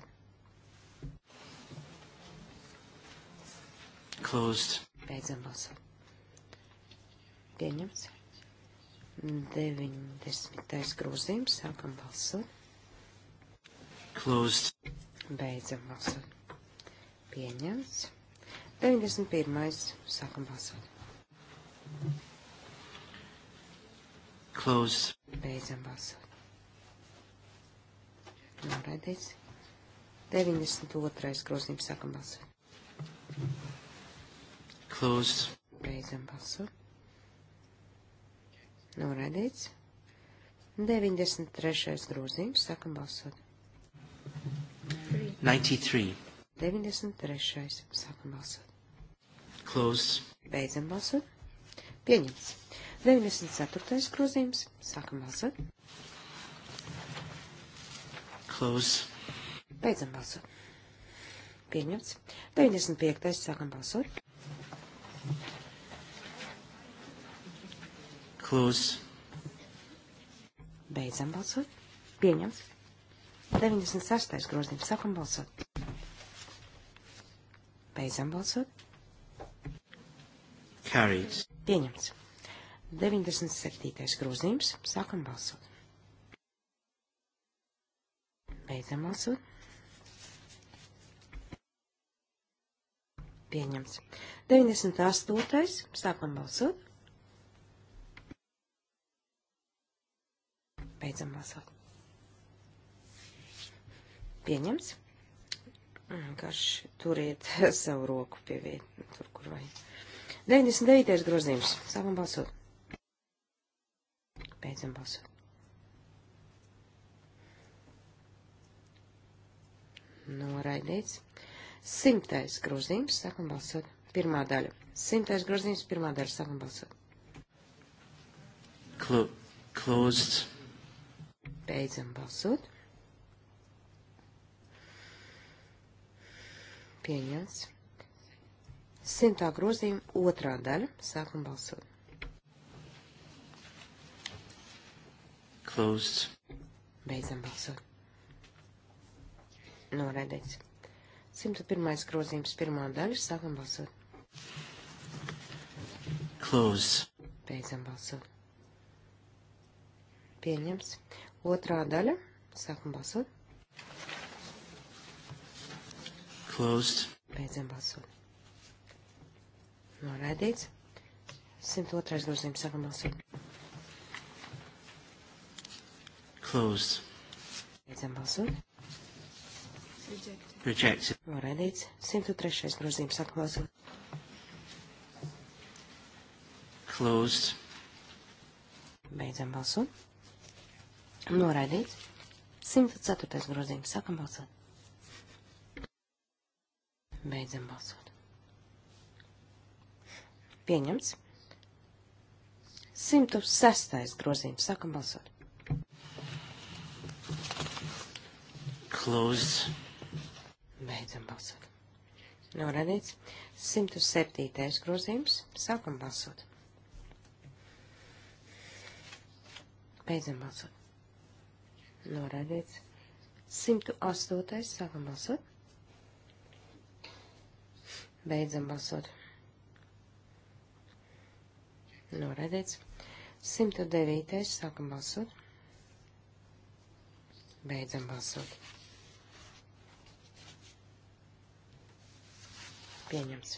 Closed. Beidzam balsot. Pieņemts. 90. grozījums. Sākam balsot. Closed. Beidzam balsot. Pieņemts. 91. Sākam balsot. Closed. Beidzam balsot. Noraidīts. 92. grozījums. Sākam balsot. Closed. Beidzam balsot. Noraidīts. 93. grozījums. Sākam balsot. 93. 93. Sākam balsot. Close. Beidzam balsot. Pieņemts. 94. grozījums. Sākam balsot. Close. Beidzam balsot. Pieņemts. 95. Sākam balsot close. Beidzam balsot. Pieņems. 96. grozījums. Sākam balsot. Beidzam balsot. Carried. Pieņemts. 97. grozījums. Sākam balsot. Beidzam balsot. Pieņemts. 98. Sākam balsot. Beidzam balsot. Pieņems. Karš turiet savu roku pie vietas, tur, kur vajag. 99. grozījums. Sākam balsot. Beidzam balsot. Noraidīts. Simtais grozījums. Sākam balsot. Pirmā daļa. Simtais grozījums. Pirmā daļa. Sākam balsot. Closed. Beidzam balsot. Pieņemts. Simtā grozījuma otrā daļa. Sākam balsot. Closed. Beidzam balsot. Noraidīts. 101. grozījums pirmā daļa. Sākam balsot. Closed. Beidzam balsot. Pieņems. Otrā daļa. Sākam balsot. Closed. Beidzam balsot. Noraidīts. 102. grozījums. Sākam balsot. Closed. Beidzam balsot. Rejected. Noraidīts. 103. grozījums. Sākam balsot. Closed. Beidzam balsot. Noraidīts. 104. grozījums. Sākam balsot. Beidzam balsot. Pieņemts. 106. grozījums. Sākam balsot. Closed. Beidzam balsot. Noraidīts. 107. grozījums. Sākam balsot. Beidzam balsot. Noraidīts. 108. Sākam balsot. Beidzam balsot. Noraidīts. 109. Sākam balsot. Beidzam balsot. Pieņemts.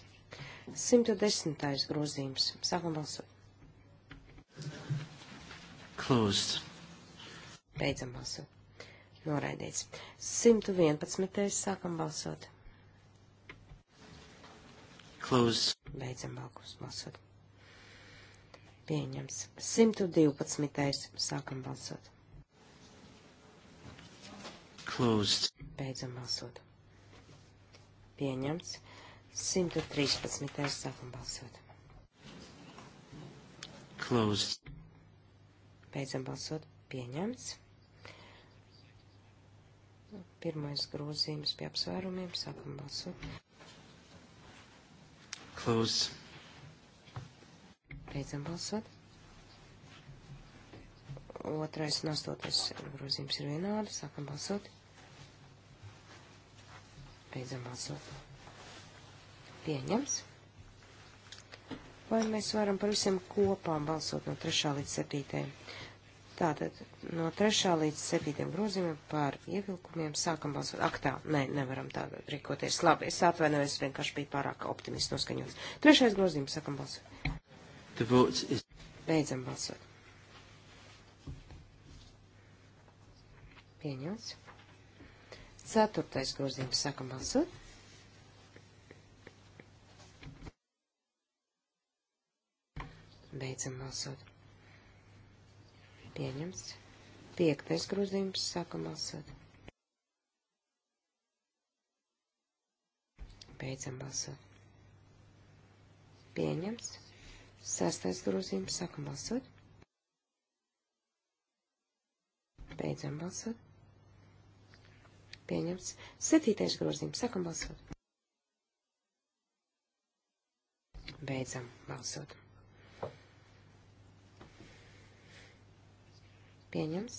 110. grozījums. Sākam balsot. Closed. Beidzam balsot. Noraidīts. 111. Sākam balsot. Close. Beidzam balsot. Pieņems. 112. Sākam balsot. Closed. Beidzam balsot. Pieņems. 113. Sākam balsot. Closed. Beidzam balsot. Pieņemts. Pirmais grozījums pie apsvērumiem. Sākam balsot. Close. Beidzam balsot. Otrais un astotais grozījums ir vienādi. Sākam balsot. Beidzam balsot. Pieņems. Vai mēs varam par visiem kopām balsot no 3. līdz 7. Tātad no 3. līdz 7. grozījumam par ievilkumiem sākam balsot. Ak tā, nē, ne, nevaram tā rīkoties. Labi, es atvainojos, vienkārši biju pārāk optimisti noskaņots. Trešais grozījums sākam balsot. Is... Beidzam balsot. Pieņemts. Ceturtais grozījums sākam balsot. Beidzam balsot pieņemts. Piektais grozījums, sākam balsot. Beidzam balsot. Pieņemts. Sastais grozījums, sākam balsot. Beidzam balsot. Pieņemts. Septītais grozījums. Sākam balsot. Beidzam balsot. Pieņems.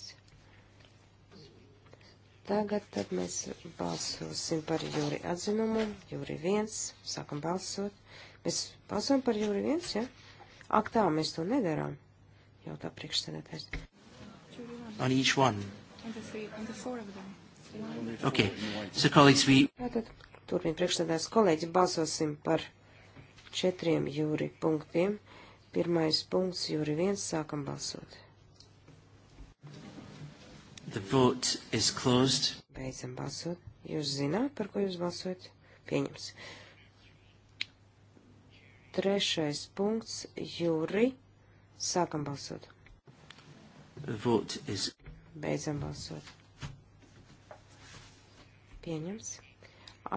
Tagad tad mēs balsosim par jūri atzinumu. Jūri viens. Sākam balsot. Mēs balsojam par jūri viens, ja? Ak tā, mēs to nedarām. Jau tā priekšsēdētājs. On each one. On the three, on the four of them. Okay. So, colleagues, we... Tātad, turpin priekšsēdētājs kolēģi, balsosim par četriem jūri punktiem. Pirmais punkts jūri viens. Sākam balsot. The vote is closed. Beidzam balsot. Jūs zināt, par ko jūs balsot? Pieņems. Trešais punkts, jūri. Sākam balsot. The vote is. Beidzam balsot. Pieņems.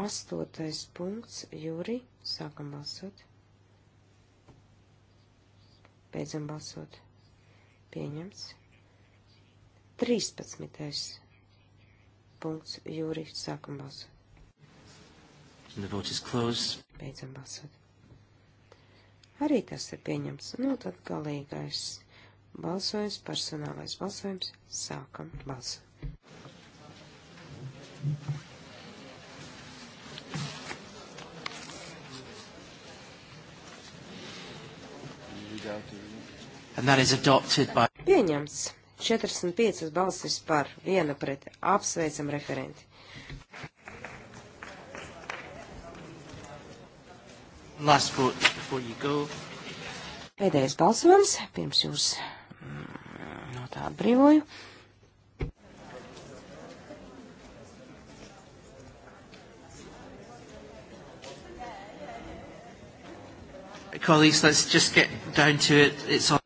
Astotais punkts, jūri. Sākam balsot. Beidzam balsot. Pieņems. 13. punkts jūri sākam balsot. The vote is closed. Beidzam balsot. Arī tas ir pieņemts. Nu, tad galīgais balsojums, personālais balsojums, sākam balsot. And that is adopted by... Pieņemts. 45 balsis par, viena pret. Apsveicam referenti. Last vote before you go. Pēdējais balsojums, pirms jūs mm, no tā atbrīvoju. Colleagues, let's just get down to it. It's all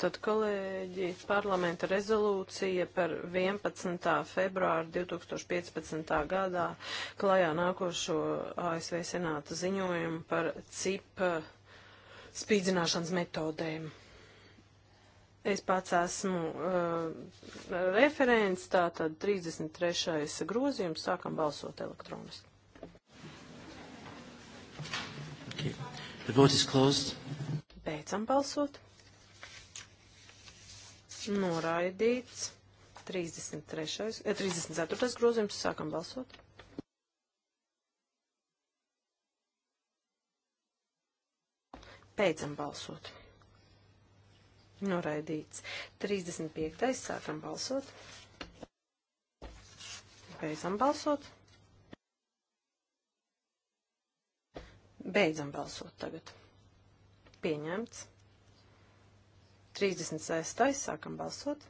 Tātad, kolēģi, parlamenta rezolūcija par 11. februāru 2015. gadā klajā nākošo ASV senāta ziņojumu par CIP spīdzināšanas metodēm. Es pats esmu uh, referents, tātad 33. grozījums, sākam balsot elektroniski. Okay. The vote is closed. Beidzam balsot noraidīts. 33. Eh, 34. grozījums. Sākam balsot. Beidzam balsot. Noraidīts. 35. Sākam balsot. Beidzam balsot. Beidzam balsot tagad. Pieņemts. 36. sākam balsot.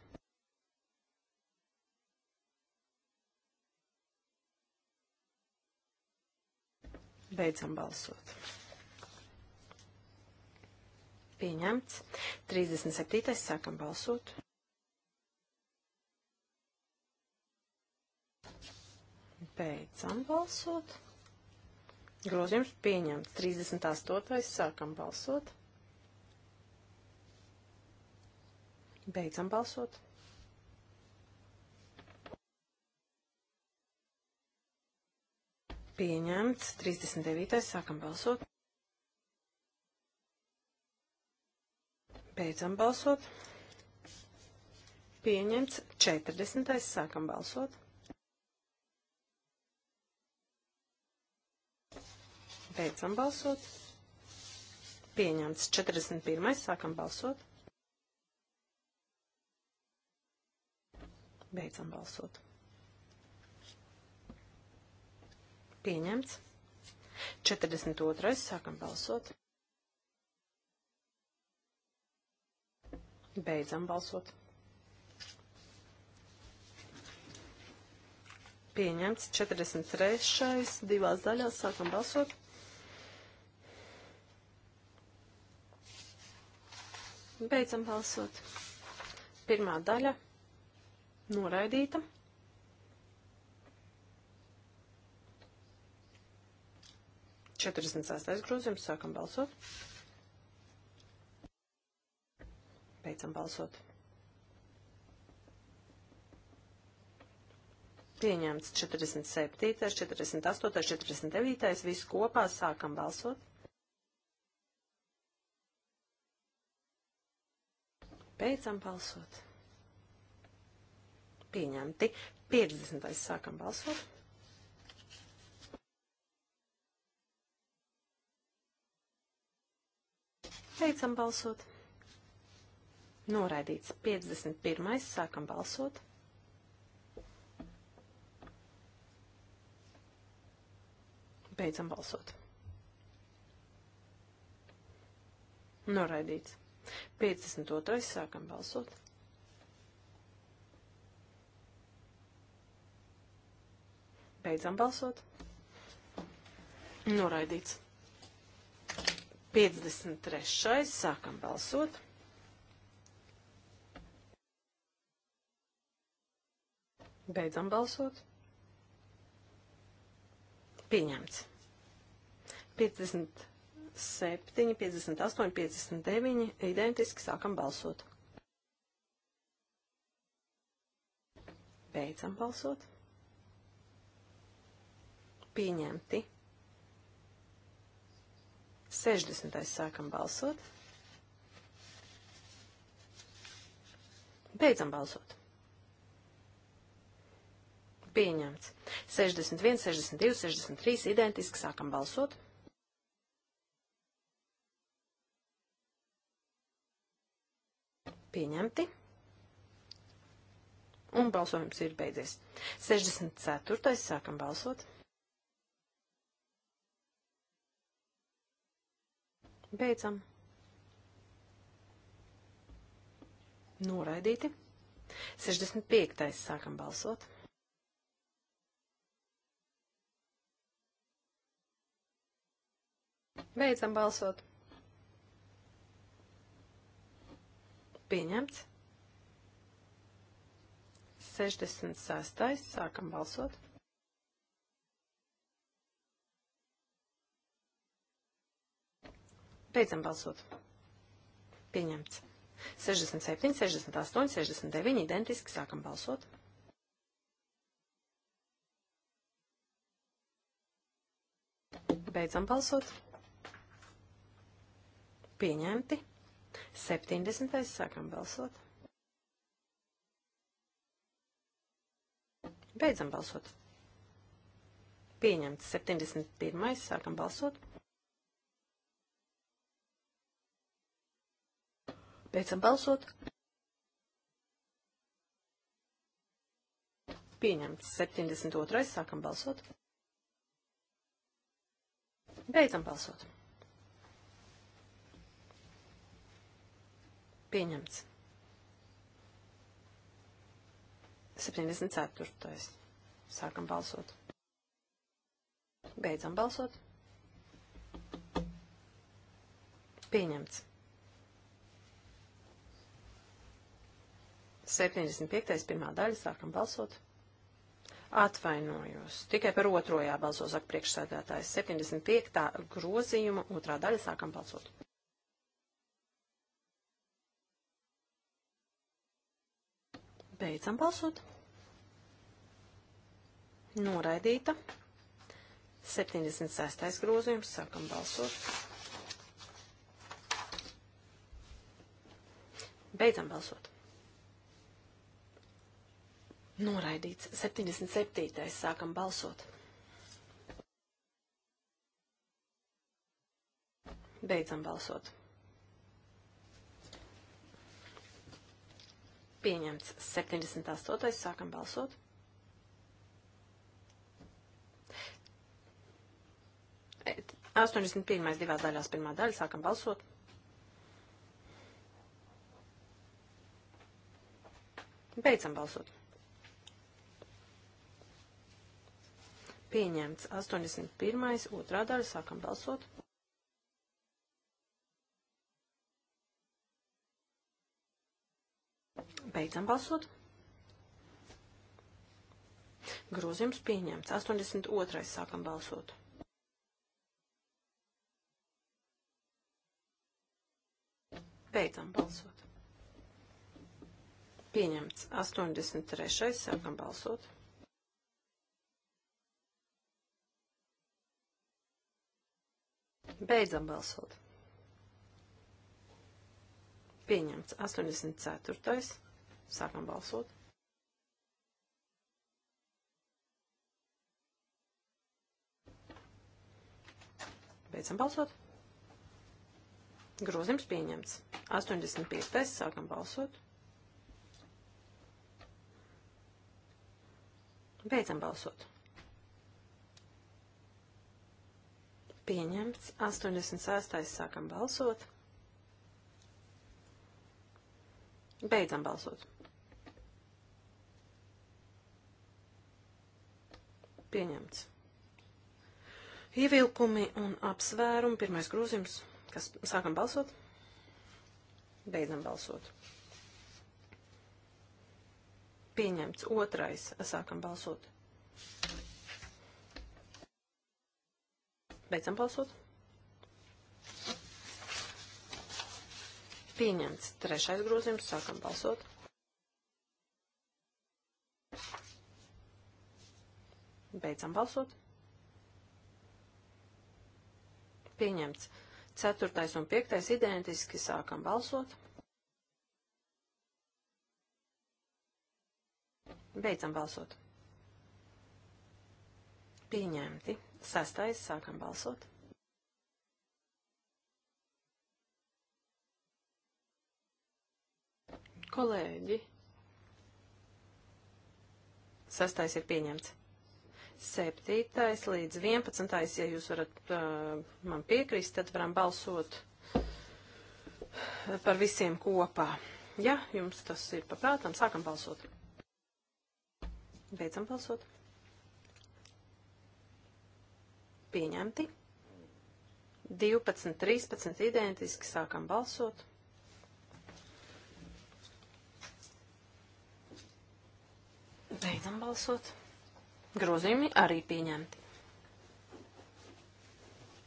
Beidzam balsot. Pieņemts. 37. sākam balsot. Beidzam balsot. Grozījums pieņemts. 38. sākam balsot. Beidzam balsot. Pieņemts. 39. Sākam balsot. Beidzam balsot. Pieņemts. 40. Sākam balsot. Beidzam balsot. Pieņemts. 41. Sākam balsot. Beidzam balsot. Pieņemts. 42. Sākam balsot. Beidzam balsot. Pieņemts 43. divās daļās. Sākam balsot. Beidzam balsot. Pirmā daļa noraidīta. Četrdesmit sastais grozījums, sākam balsot. Beidzam balsot. Pieņemts 47, 48, 49, visu kopā sākam balsot. Beidzam balsot pieņemti. 50. sākam balsot. Beidzam balsot. Noraidīts 51. sākam balsot. Beidzam balsot. Noraidīts. 52. sākam balsot. Beidzam balsot. Noraidīts. 53. Sākam balsot. Beidzam balsot. Pieņemts. 57, 58, 59. Identiski sākam balsot. Beidzam balsot pieņemti. 60. sākam balsot. Beidzam balsot. Pieņemts. 61, 62, 63 identiski sākam balsot. Pieņemti. Un balsojums ir beidzies. 64. sākam balsot. Pieņemti. Beidzam. Noraidīti. 65. sākam balsot. Beidzam balsot. Pieņemts. 66. sākam balsot. Beidzam balsot. Pieņemts. 67, 68, 69 identiski sākam balsot. Beidzam balsot. Pieņemti. 70. sākam balsot. Beidzam balsot. Pieņemts. 71. sākam balsot. Beidzam balsot. Pieņemts 72. Sākam balsot. Beidzam balsot. Pieņemts. 74. Sākam balsot. Beidzam balsot. Pieņemts. 75. pirmā daļa, sākam balsot. Atvainojos. Tikai par otro jābalso, saka priekšsēdētājs. 75. grozījuma otrā daļa, sākam balsot. Beidzam balsot. Noraidīta. 76. grozījums, sākam balsot. Beidzam balsot. Noraidīts. 77. Sākam balsot. Beidzam balsot. Pieņemts 78. Sākam balsot. Et 81. divās daļās pirmā daļa. Sākam balsot. Beidzam balsot. pieņemts. 81. otrā daļa sākam balsot. Beidzam balsot. Grozījums pieņemts. 82. sākam balsot. Beidzam balsot. Pieņemts. 83. sākam balsot. Beidzam balsot. Pieņemts 84. Sākam balsot. Beidzam balsot. Grozījums pieņemts. 85. Sākam balsot. Beidzam balsot. Pieņemts. 86. sākam balsot. Beidzam balsot. Pieņemts. Ievilkumi un apsvērumi. Pirmais grūzījums. Kas sākam balsot? Beidzam balsot. Pieņemts. Otrais. Sākam balsot. Beidzam balsot. Pieņemts. Trešais grozījums. Sākam balsot. Beidzam balsot. Pieņemts. Ceturtais un piektais identiski. Sākam balsot. Beidzam balsot. Pieņemti. Sastais, sākam balsot. Kolēģi, sastais ir pieņemts. Septītais līdz vienpadsmitais, ja jūs varat uh, man piekrist, tad varam balsot par visiem kopā. Ja jums tas ir paprātām, sākam balsot. Beidzam balsot. pieņemti. 12, 13 identiski sākam balsot. Beidzam balsot. Grozījumi arī pieņemti.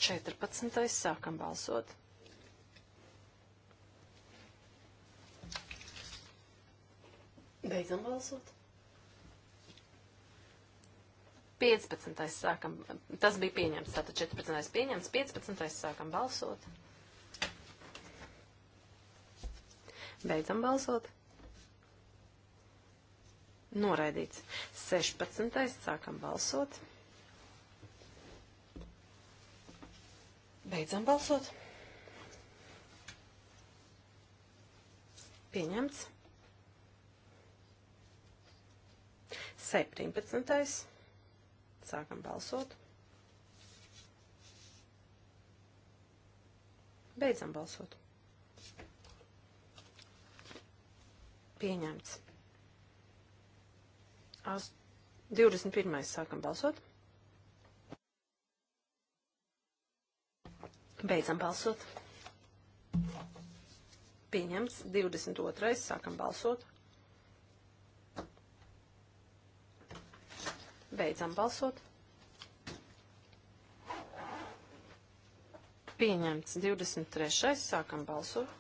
14. sākam balsot. Beidzam balsot. 15. sākam, tas bija pieņemts, tātad 14. pieņemts, 15. sākam balsot. Beidzam balsot. Noraidīts. 16. sākam balsot. Beidzam balsot. Pieņemts. 17. Sākam balsot. Beidzam balsot. Pieņemts. As 21. sākam balsot. Beidzam balsot. Pieņemts. 22. sākam balsot. Beidzam balsot. Pieņemts 23. Sākam balsot.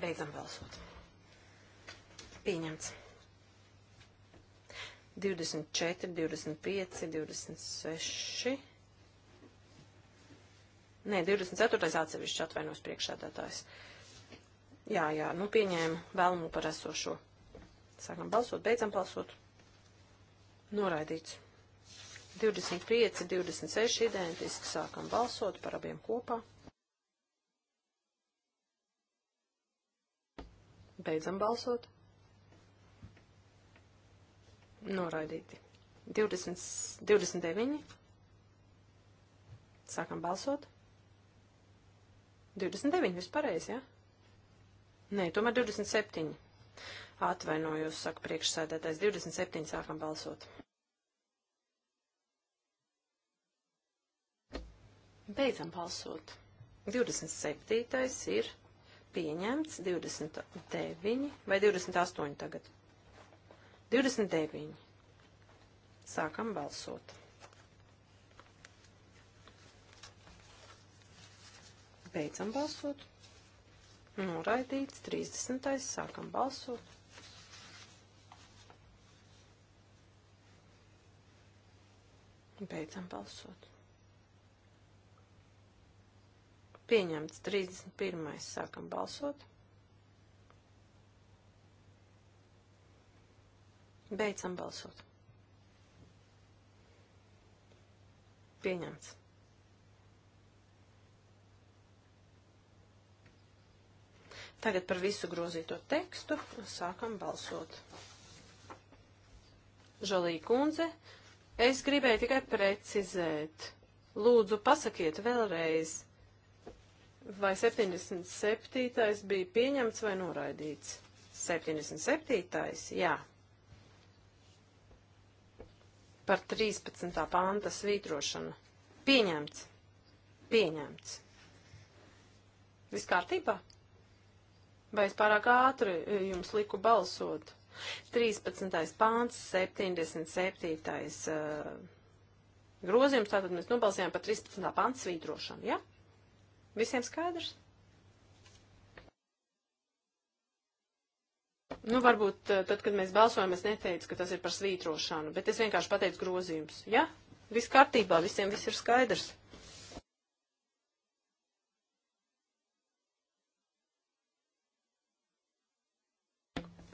Beidzam balsot. Pieņemts. 24, 25, 26. Nē, 24. atsevišķi atvainojas priekšādātājs. Uh, Jā, jā, nu pieņēma vēlmu par esošo. Sākam balsot, beidzam balsot. Noraidīts. 25, 26 identiski sākam balsot par abiem kopā. Beidzam balsot. Noraidīti. 20, 29. Sākam balsot. 29 vispārējais, jā? Ja? Nē, tomēr 27. Atvainojos, saka priekšsēdētājs. 27. sākam balsot. Beidzam balsot. 27. ir pieņemts. 29. vai 28. tagad? 29. Sākam balsot. Beidzam balsot. Noraidīts 30. Sākam balsot. Beidzam balsot. Pieņemts 31. Sākam balsot. Beidzam balsot. Pieņemts. Tagad par visu grozīto tekstu sākam balsot. Žalī kundze, es gribēju tikai precizēt. Lūdzu, pasakiet vēlreiz, vai 77. bija pieņemts vai noraidīts? 77. jā. Par 13. pānta svītrošanu. Pieņemts. Pieņemts. Viss kārtībā? Vai es pārāk ātri e, jums liku balsot? 13. pāns, 77. E, grozījums, tātad mēs nobalsījām par 13. pāns svītrošanu, ja? Visiem skaidrs? Nu, varbūt e, tad, kad mēs balsojam, es neteicu, ka tas ir par svītrošanu, bet es vienkārši pateicu grozījums, ja? Viss kārtībā, visiem viss ir skaidrs.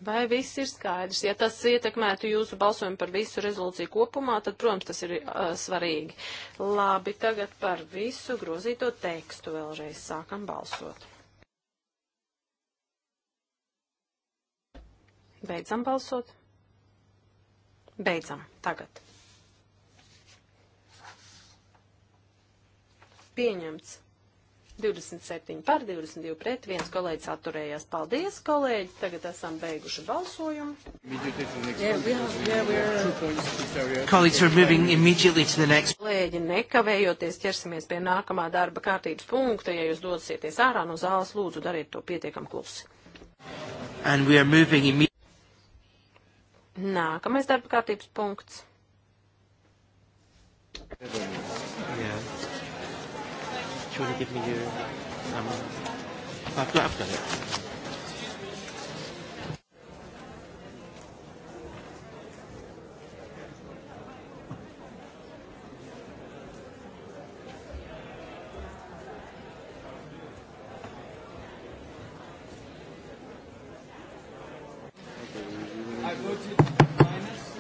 Vai viss ir skaidrs? Ja tas ietekmētu jūsu balsojumu par visu rezolūciju kopumā, tad, protams, tas ir uh, svarīgi. Labi, tagad par visu grozīto tekstu vēlreiz sākam balsot. Beidzam balsot. Beidzam tagad. Pieņemts. 27 par, 22 pret, viens kolēģis atturējās. Paldies, kolēģi! Tagad esam beiguši balsojumu. Kolēģi, nekavējoties ķersimies pie nākamā darba kārtības punkta. Ja jūs dosieties ārā no zāles, lūdzu, dariet to pietiekam klusi. Nākamais darba kārtības punkts. Yeah you want to give me uh, your... Um, I've got, I've got it.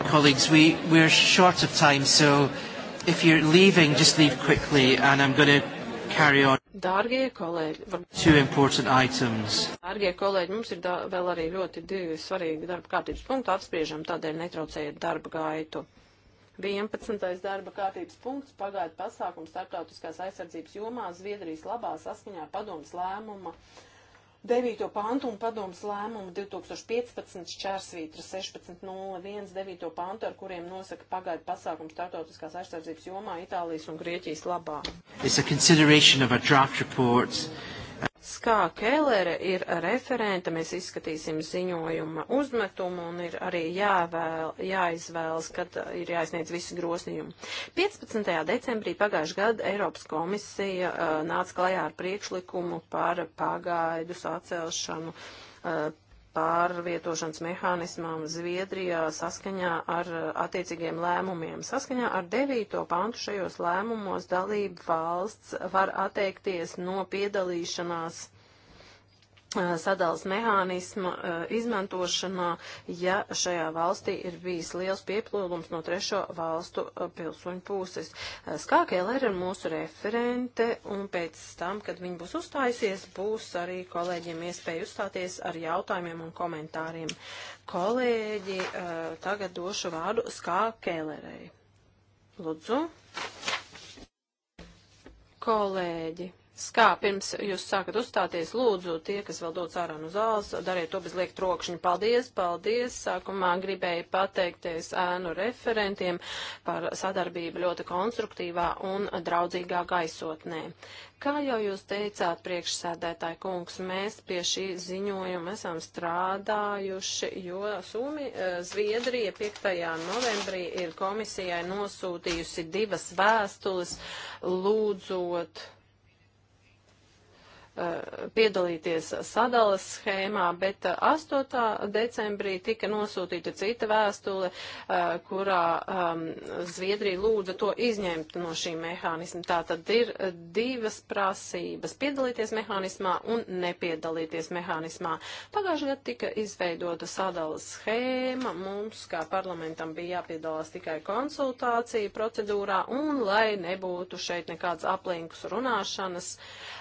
colleagues, we, we're short of time, so if you're leaving, just leave quickly, and I'm going to carry on. Dārgie kolēģi, var... two important items. Dārgie kolēģi, mums ir da, vēl arī ļoti divi svarīgi darba kārtības punkti apspriežam, tādēļ netraucējiet darba gaitu. 11. darba kārtības punkts pagaidu pasākums starptautiskās aizsardzības jomā Zviedrijas labā saskaņā padomas lēmuma 9. pantu un padomas lēmumu 2015 šķērsvītra 16.01 9. pantu, ar kuriem nosaka pagaidu pasākumu startautiskās aizsardzības jomā Itālijas un Grieķijas labā. It's a consideration of a draft report Skā Kellere ir referenta, mēs izskatīsim ziņojuma uzmetumu un ir arī jāvēl, jāizvēlas, kad uh, ir jāizniedz visi grozījumi. 15. decembrī pagājušajā gadā Eiropas komisija uh, nāca klajā ar priekšlikumu par pagaidu sacelšanu uh, pārvietošanas mehānismām Zviedrijā saskaņā ar uh, attiecīgiem lēmumiem. Saskaņā ar 9. pantu šajos lēmumos dalība valsts var atteikties no piedalīšanās Uh, sadalas mehānisma uh, izmantošanā, ja šajā valstī ir bijis liels pieplūdums no trešo valstu uh, pilsoņu puses. Skākēlē ir mūsu referente, un pēc tam, kad viņi būs uzstājusies, būs arī kolēģiem iespēja uzstāties ar jautājumiem un komentāriem. Kolēģi, tagad došu vārdu Skākēlērei. Lūdzu. Kolēģi. Skā, pirms jūs sākat uzstāties, lūdzu, tie, kas vēl dodas ārā no zāles, dariet to bez liekt rokšņa. Paldies, paldies. Sākumā gribēju pateikties ēnu referentiem par sadarbību ļoti konstruktīvā un draudzīgā gaisotnē. Kā jau jūs teicāt, priekšsēdētāji kungs, mēs pie šī ziņojuma esam strādājuši, jo Sumi, eh, Zviedrija 5. novembrī ir komisijai nosūtījusi divas vēstules lūdzot Eh, piedalīties sadalas schēmā, bet 8. Eh, decembrī tika nosūtīta cita vēstule, eh, kurā ehm, Zviedrija lūdza to izņemt no šī mehānisma. Tā tad ir divas prasības - piedalīties mehānismā un nepiedalīties mehānismā. Pagājušajā gadā tika izveidota sadalas schēma, mums kā parlamentam bija jāpiedalās tikai konsultāciju procedūrā un, lai nebūtu šeit nekāds aplinkus runāšanas,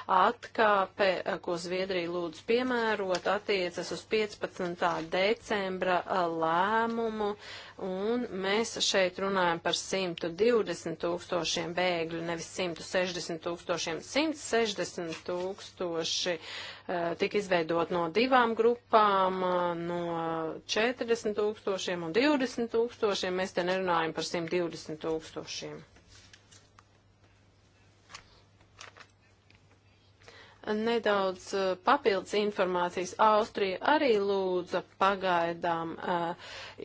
atkā atkāpe, ko Zviedrija lūdz piemērot, attiecas uz 15. decembra lēmumu, un mēs šeit runājam par 120 tūkstošiem bēgļu, nevis 160 tūkstošiem, 160 tūkstoši tika izveidot no divām grupām, no 40 tūkstošiem un 20 tūkstošiem. Mēs te nerunājam par 120 tūkstošiem. nedaudz eh, papildus informācijas. Austrija arī lūdza pagaidām uh,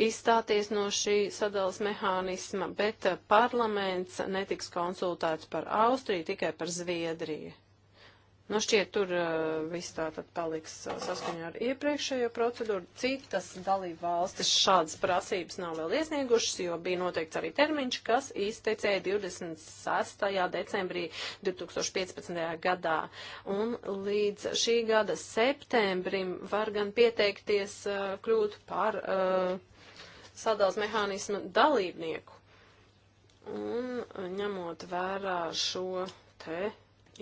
izstāties no šī sadalas mehānisma, bet eh, parlaments netiks konsultēts par Austriju, tikai par Zviedriju. Nu, šķiet, tur uh, viss tā tad paliks uh, saskaņā ar iepriekšējo procedūru. Citas dalība valstis šādas prasības nav vēl iesniegušas, jo bija noteikts arī termiņš, kas izteicēja 26. decembrī 2015. gadā. Un līdz šī gada septembrim var gan pieteikties uh, kļūt par uh, sadals mehānismu dalībnieku. Un ņemot vērā šo te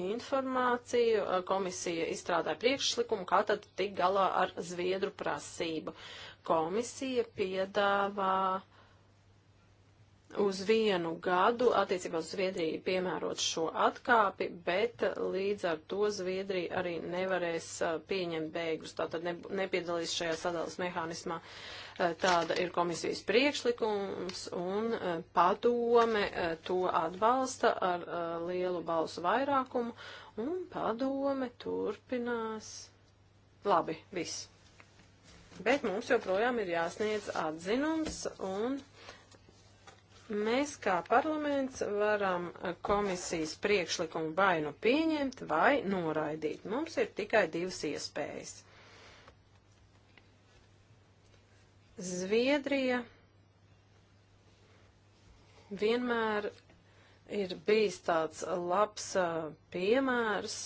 informāciju, komisija izstrādāja priekšlikumu, kā tad tik galā ar Zviedru prasību. Komisija piedāvā uh, uz vienu gadu attiecībā uz Zviedriju piemērot šo atkāpi, bet līdz ar to Zviedrija arī nevarēs uh, pieņemt bēgļus, tātad ne, nepiedalīs šajā sadalas mehānismā. Uh, tāda ir komisijas priekšlikums un uh, padome to atbalsta ar lielu balsu vairākumu un padome turpinās. Labi, viss. Bet mums joprojām ir jāsniedz atzinums un Mēs kā parlaments varam komisijas priekšlikumu vai nu pieņemt, vai noraidīt. Mums ir tikai divas iespējas. Zviedrija vienmēr ir bijis tāds labs uh, piemērs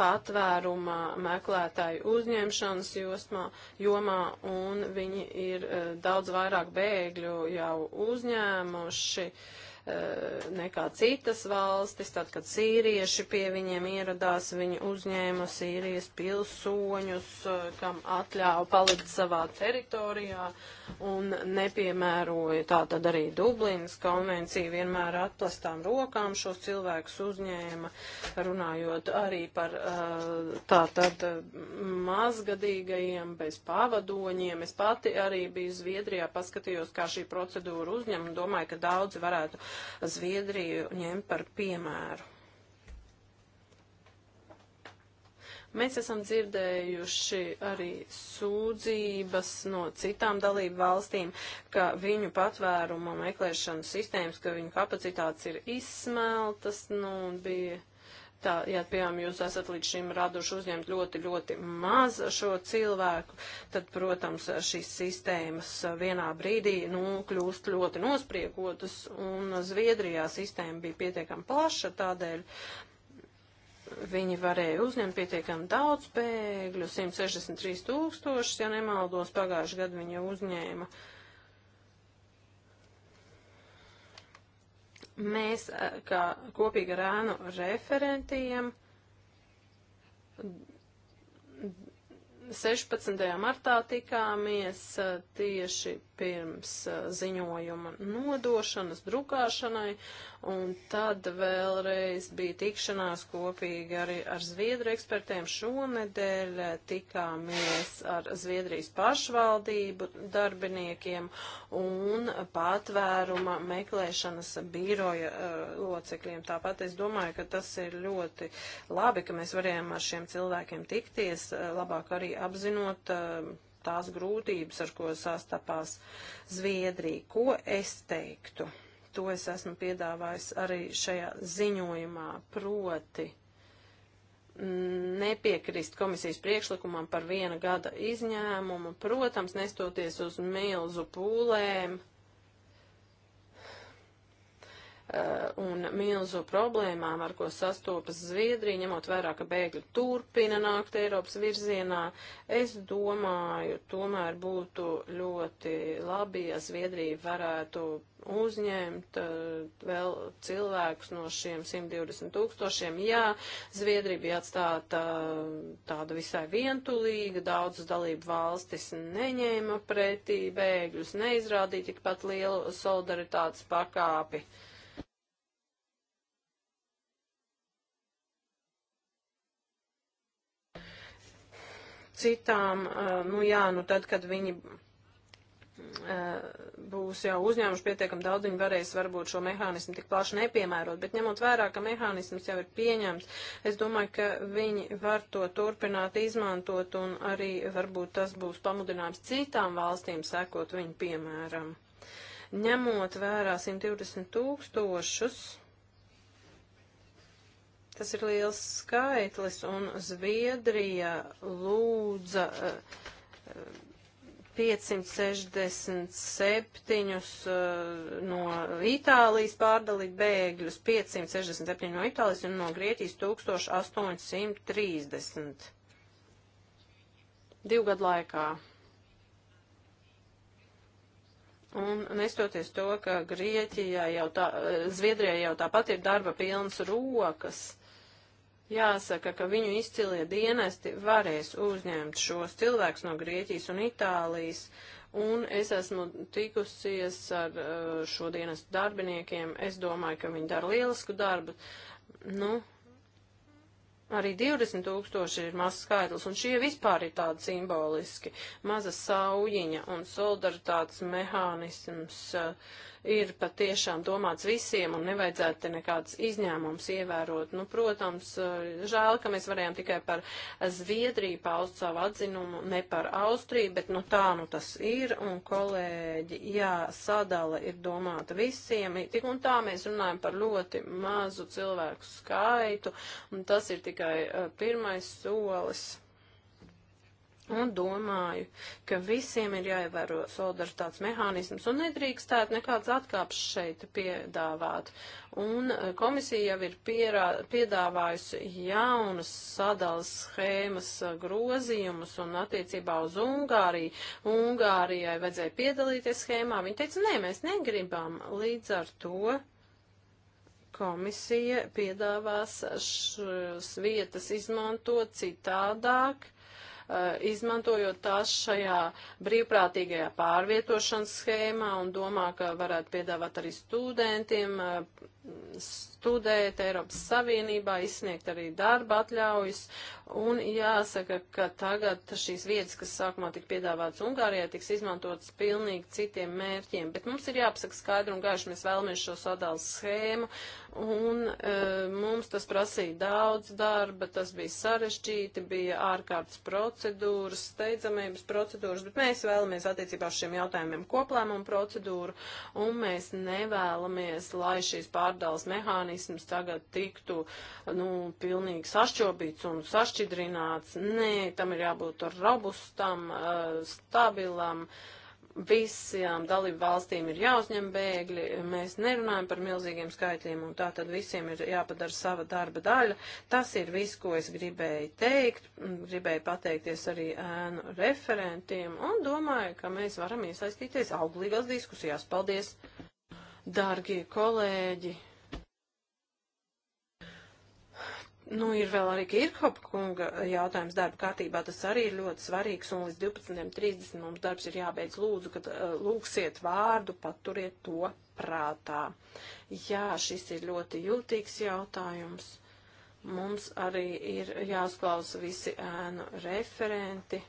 patvēruma meklētāju uzņemšanas josmā, jomā, un viņi ir eh, daudz vairāk bēgļu jau uzņēmuši. Uh, Eh, nekā citas valstis, tad, kad sīrieši pie viņiem ieradās, viņi uzņēma Sīrijas pilsoņus, eh, kam atļāva palikt savā teritorijā un nepiemēroja tā tad arī Dublinas konvencija vienmēr atplastām rokām šos cilvēkus uzņēma, runājot arī par eh, tā tad mazgadīgajiem bez pavadoņiem. Es pati arī biju Zviedrijā, paskatījos, kā šī procedūra uzņem un domāju, ka daudzi varētu Zviedriju ņemt par piemēru. Mēs esam dzirdējuši arī sūdzības no citām dalību valstīm, ka viņu patvērumu meklēšanu sistēmas, ka viņu kapacitātes ir izsmeltas, nu, un bija Tā, ja, piemēram, jūs esat līdz šim raduši uzņemt ļoti, ļoti maz šo cilvēku, tad, protams, šīs sistēmas vienā brīdī, nu, kļūst ļoti nospriekotas, un Zviedrijā sistēma bija pietiekami plaša, tādēļ viņi varēja uzņemt pietiekami daudz bēgļu, 163 tūkstošus, ja nemaldos, pagājuši gadu viņi uzņēma Mēs, kā kopīgi ar ēnu referentiem, 16. martā tikāmies tieši pirms ziņojuma nodošanas, drukāšanai, un tad vēlreiz bija tikšanās kopīgi arī ar Zviedru ekspertiem. Šonedēļ tikāmies ar Zviedrijas pašvaldību darbiniekiem un patvēruma meklēšanas biroja uh, locekļiem. Tāpat es domāju, ka tas ir ļoti labi, ka mēs varējām ar šiem cilvēkiem tikties, labāk arī apzinot uh, tās grūtības, ar ko sastapās Zviedrija. Ko es teiktu? To es esmu piedāvājis arī šajā ziņojumā, proti nepiekrist komisijas priekšlikumam par viena gada izņēmumu, protams, nestoties uz milzu pūlēm, Eh, un milzu problēmām, ar ko sastopas Zviedrija, ņemot vērā, ka bēgļi turpina nākt Eiropas virzienā, es domāju, tomēr būtu ļoti labi, ja Zviedrija varētu uzņemt eh, vēl cilvēkus no šiem 120 tūkstošiem. Jā, Zviedrija bija atstāta eh, tāda visai vientulīga, daudzas dalību valstis neņēma pretī bēgļus, neizrādīja tikpat lielu solidaritātes pakāpi. Uh, citām, nu jā, nu tad, kad viņi būs jau uzņēmuši pietiekami daudz, viņi varēs varbūt šo mehānismu tik plaši nepiemērot, bet ņemot vērā, ka mehānisms jau ir pieņemts, es domāju, ka viņi var to turpināt izmantot un arī varbūt tas būs pamudinājums citām valstīm sekot viņu piemēram. Ņemot vērā 120 tūkstošus Tas ir liels skaitlis, un Zviedrija lūdza 567 eh, eh, no Itālijas pārdalīt bēgļus, 567 no Itālijas un no Grieķijas 1830. Divu gadu laikā. Un nestoties to, ka Grieķijā jau tā, eh, Zviedrijā jau tāpat ir darba pilnas rokas Jāsaka, ka viņu izcilie dienesti varēs uzņemt šos cilvēkus no Grieķijas un Itālijas, un es esmu tikusies ar eh, šo dienestu darbiniekiem. Es domāju, ka viņi dara lielisku darbu. Nu, arī 20 tūkstoši ir mazs skaitlis, un šie vispār ir tādi simboliski. Maza saujiņa un solidaritātes mehānisms. Uh, ir patiešām domāts visiem un nevajadzētu te nekādas izņēmumus ievērot. Nu, protams, eh, žēl, ka mēs varējām tikai par Zviedriju paust savu atzinumu, ne par Austriju, bet nu tā nu tas ir un kolēģi, jā, sadala ir domāta visiem. Tik un tā mēs runājam par ļoti mazu cilvēku skaitu un tas ir tikai uh, pirmais solis. Un domāju, ka visiem ir jāievēro solidaritātes mehānisms un nedrīkstētu nekādas atkāpes šeit piedāvāt. Un e, komisija jau ir pierā, piedāvājusi jaunas sadalas schēmas e, grozījumus un attiecībā uz Ungāriju. Ungārijai vajadzēja piedalīties schēmā. Viņa teica, nē, mēs negribam. Līdz ar to komisija piedāvās šīs vietas izmantot citādāk Eh, izmantojot tās šajā brīvprātīgajā pārvietošanas schēmā un domā, ka varētu piedāvāt arī studentiem eh, studēt Eiropas Savienībā, izsniegt arī darba atļaujas, un jāsaka, ka tagad šīs vietas, kas sākumā tika piedāvātas Ungārijai, tiks izmantotas pilnīgi citiem mērķiem, bet mums ir jāpasaka skaidri un gaiši, mēs vēlamies šo sadalas schēmu, un e, mums tas prasīja daudz darba, tas bija sarežģīti, bija ārkārtas procedūras, steidzamības procedūras, bet mēs vēlamies attiecībā uz šiem jautājumiem koplēmumu procedūru, un mēs nevēlamies, lai šīs pārdomas pārdales mehānisms tagad tiktu, nu, pilnīgi sašķobīts un sašķidrināts. Nē, tam ir jābūt robustam, eh, stabilam. Visām dalību valstīm ir jāuzņem bēgļi, mēs nerunājam par milzīgiem skaitļiem, un tā tad visiem ir jāpadara sava darba daļa. Tas ir viss, ko es gribēju teikt, gribēju pateikties arī ēnu referentiem, un domāju, ka mēs varam iesaistīties auglīgās diskusijās. Paldies! Dārgie kolēģi, Nu, ir vēl arī Kirkhopa kunga jautājums darba kārtībā, tas arī ir ļoti svarīgs, un līdz 12.30 mums darbs ir jābeidz lūdzu, kad eh, lūksiet vārdu, paturiet to prātā. Jā, šis ir ļoti jūtīgs jautājums. Mums arī ir jāuzklausa visi ēnu referenti.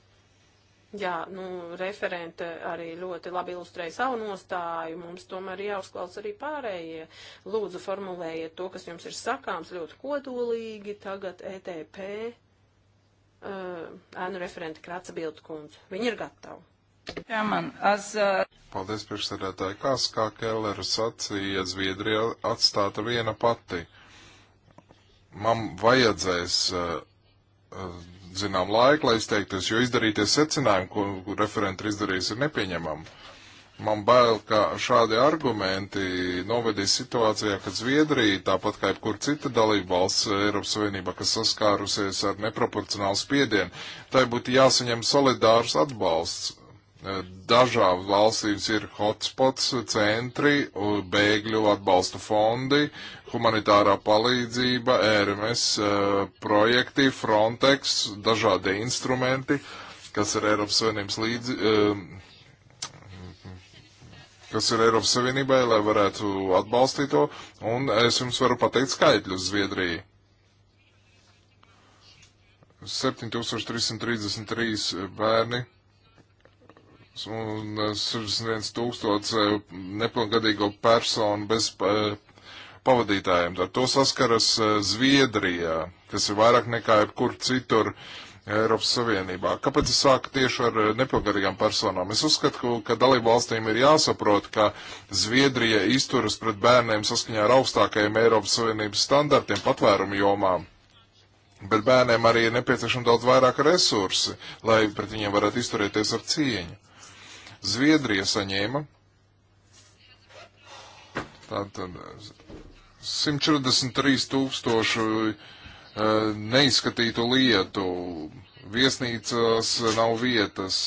Jā, nu, referente arī ļoti labi ilustrēja savu nostāju. Mums tomēr jāuzklausa arī pārējie. Lūdzu, formulējiet to, kas jums ir sakāms ļoti kodolīgi. Tagad ETP uh, ēnu uh, referente Kraca Bildkundze. Viņa ir gatava. Jā, man. Az, uh... Paldies, priekšsēdētāji. Kās, kā Kellera sacīja, Zviedrija atstāta viena pati. Man vajadzēs uh, uh, zinām laiku, lai izteiktos, jo izdarītie secinājumi, ko referenti ir izdarījis, ir nepieņemami. Man bail, ka šādi argumenti novedīs situācijā, ka Zviedrija, tāpat kā jebkur cita dalība valsts Eiropas Savienībā, kas saskārusies ar neproporcionālu spiedienu, tai būtu jāsaņem solidārs atbalsts. Dažās valstīs ir hotspots, centri, bēgļu atbalsta fondi, humanitārā palīdzība, ERMS eh, projekti, Frontex, dažādi instrumenti, kas ir Eiropas Savienības līdzi, eh, kas ir Eiropas Savienībai, lai varētu atbalstīt to. Un es jums varu pateikt skaitļus Zviedrijai. 7333 bērni un 61 tūkstots eh, nepilngadīgo personu bez. Uh, pavadītājiem. Ar to saskaras eh, Zviedrijā, kas ir vairāk nekā jebkur citur eh, Eiropas Savienībā. Kāpēc es sāku tieši ar eh, nepilngadīgām personām? Es uzskatu, ka dalību valstīm ir jāsaprot, ka Zviedrija izturas pret bērniem saskaņā ar augstākajiem Eiropas Savienības standartiem patvērumu jomām. Bet bērniem arī ir nepieciešama daudz vairāk resursi, lai pret viņiem varētu izturēties ar cieņu. Zviedrija saņēma tātad 143 tūkstošu eh, neizskatītu lietu, viesnīcās nav vietas,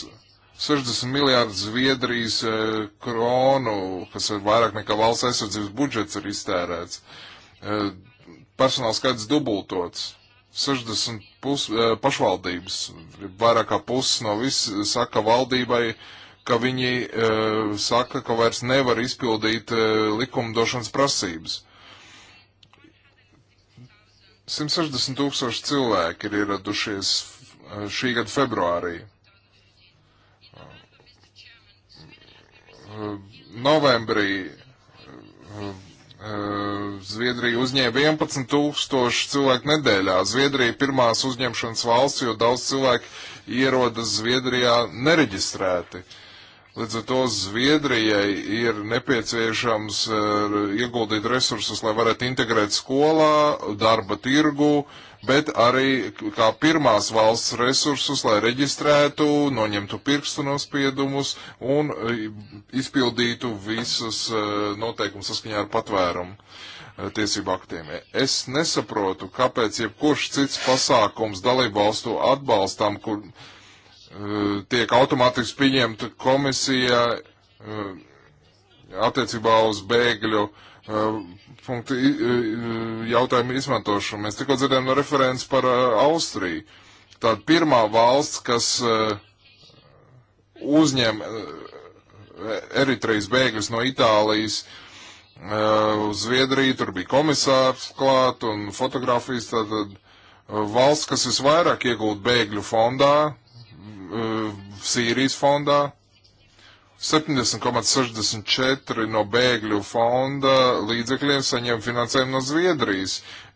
60 miljārdu Zviedrijas eh, kronu, kas ir vairāk nekā valsts aizsardzības budžets, ir iztērēts. Eh, Personāla skaits dubultots. 60 pus, pašvaldības, vairāk kā puses no viss saka valdībai, ka viņi saka, ka vairs nevar izpildīt likumdošanas prasības. 160 tūkstoši cilvēki ir ieradušies eh, šī gada februārī. Eh, novembrī eh, Zviedrija uzņēma 11 tūkstoši cilvēku nedēļā. Zviedrija pirmās uzņemšanas valsts, jo daudz cilvēku ierodas Zviedrijā nereģistrēti. Uh, Līdz ar to Zviedrijai ir nepieciešams uh, ieguldīt resursus, lai varētu integrēt skolā, darba tirgu, bet arī kā pirmās valsts resursus, lai reģistrētu, noņemtu pirkstu nospiedumus un uh, izpildītu visus uh, eh, noteikumus saskaņā ar patvērumu tiesību aktiem. Es nesaprotu, kāpēc jebkurš cits pasākums dalību valstu atbalstam, kur uh, Eh, tiek automātiski pieņemta komisija eh, attiecībā uz bēgļu eh, punktu jautājumu izmantošanu. Mēs tikko dzirdējām no referents par Austriju. Tā pirmā valsts, kas uzņem Eritrejas bēgļus no Itālijas uz Zviedriju, tur bija komisārs klāt un fotografijas, tātad valsts, kas visvairāk iegūt bēgļu fondā, Eh, Sīrijas fondā, 70,64 no bēgļu fonda līdzekļiem saņem finansējumu no Zviedrijas,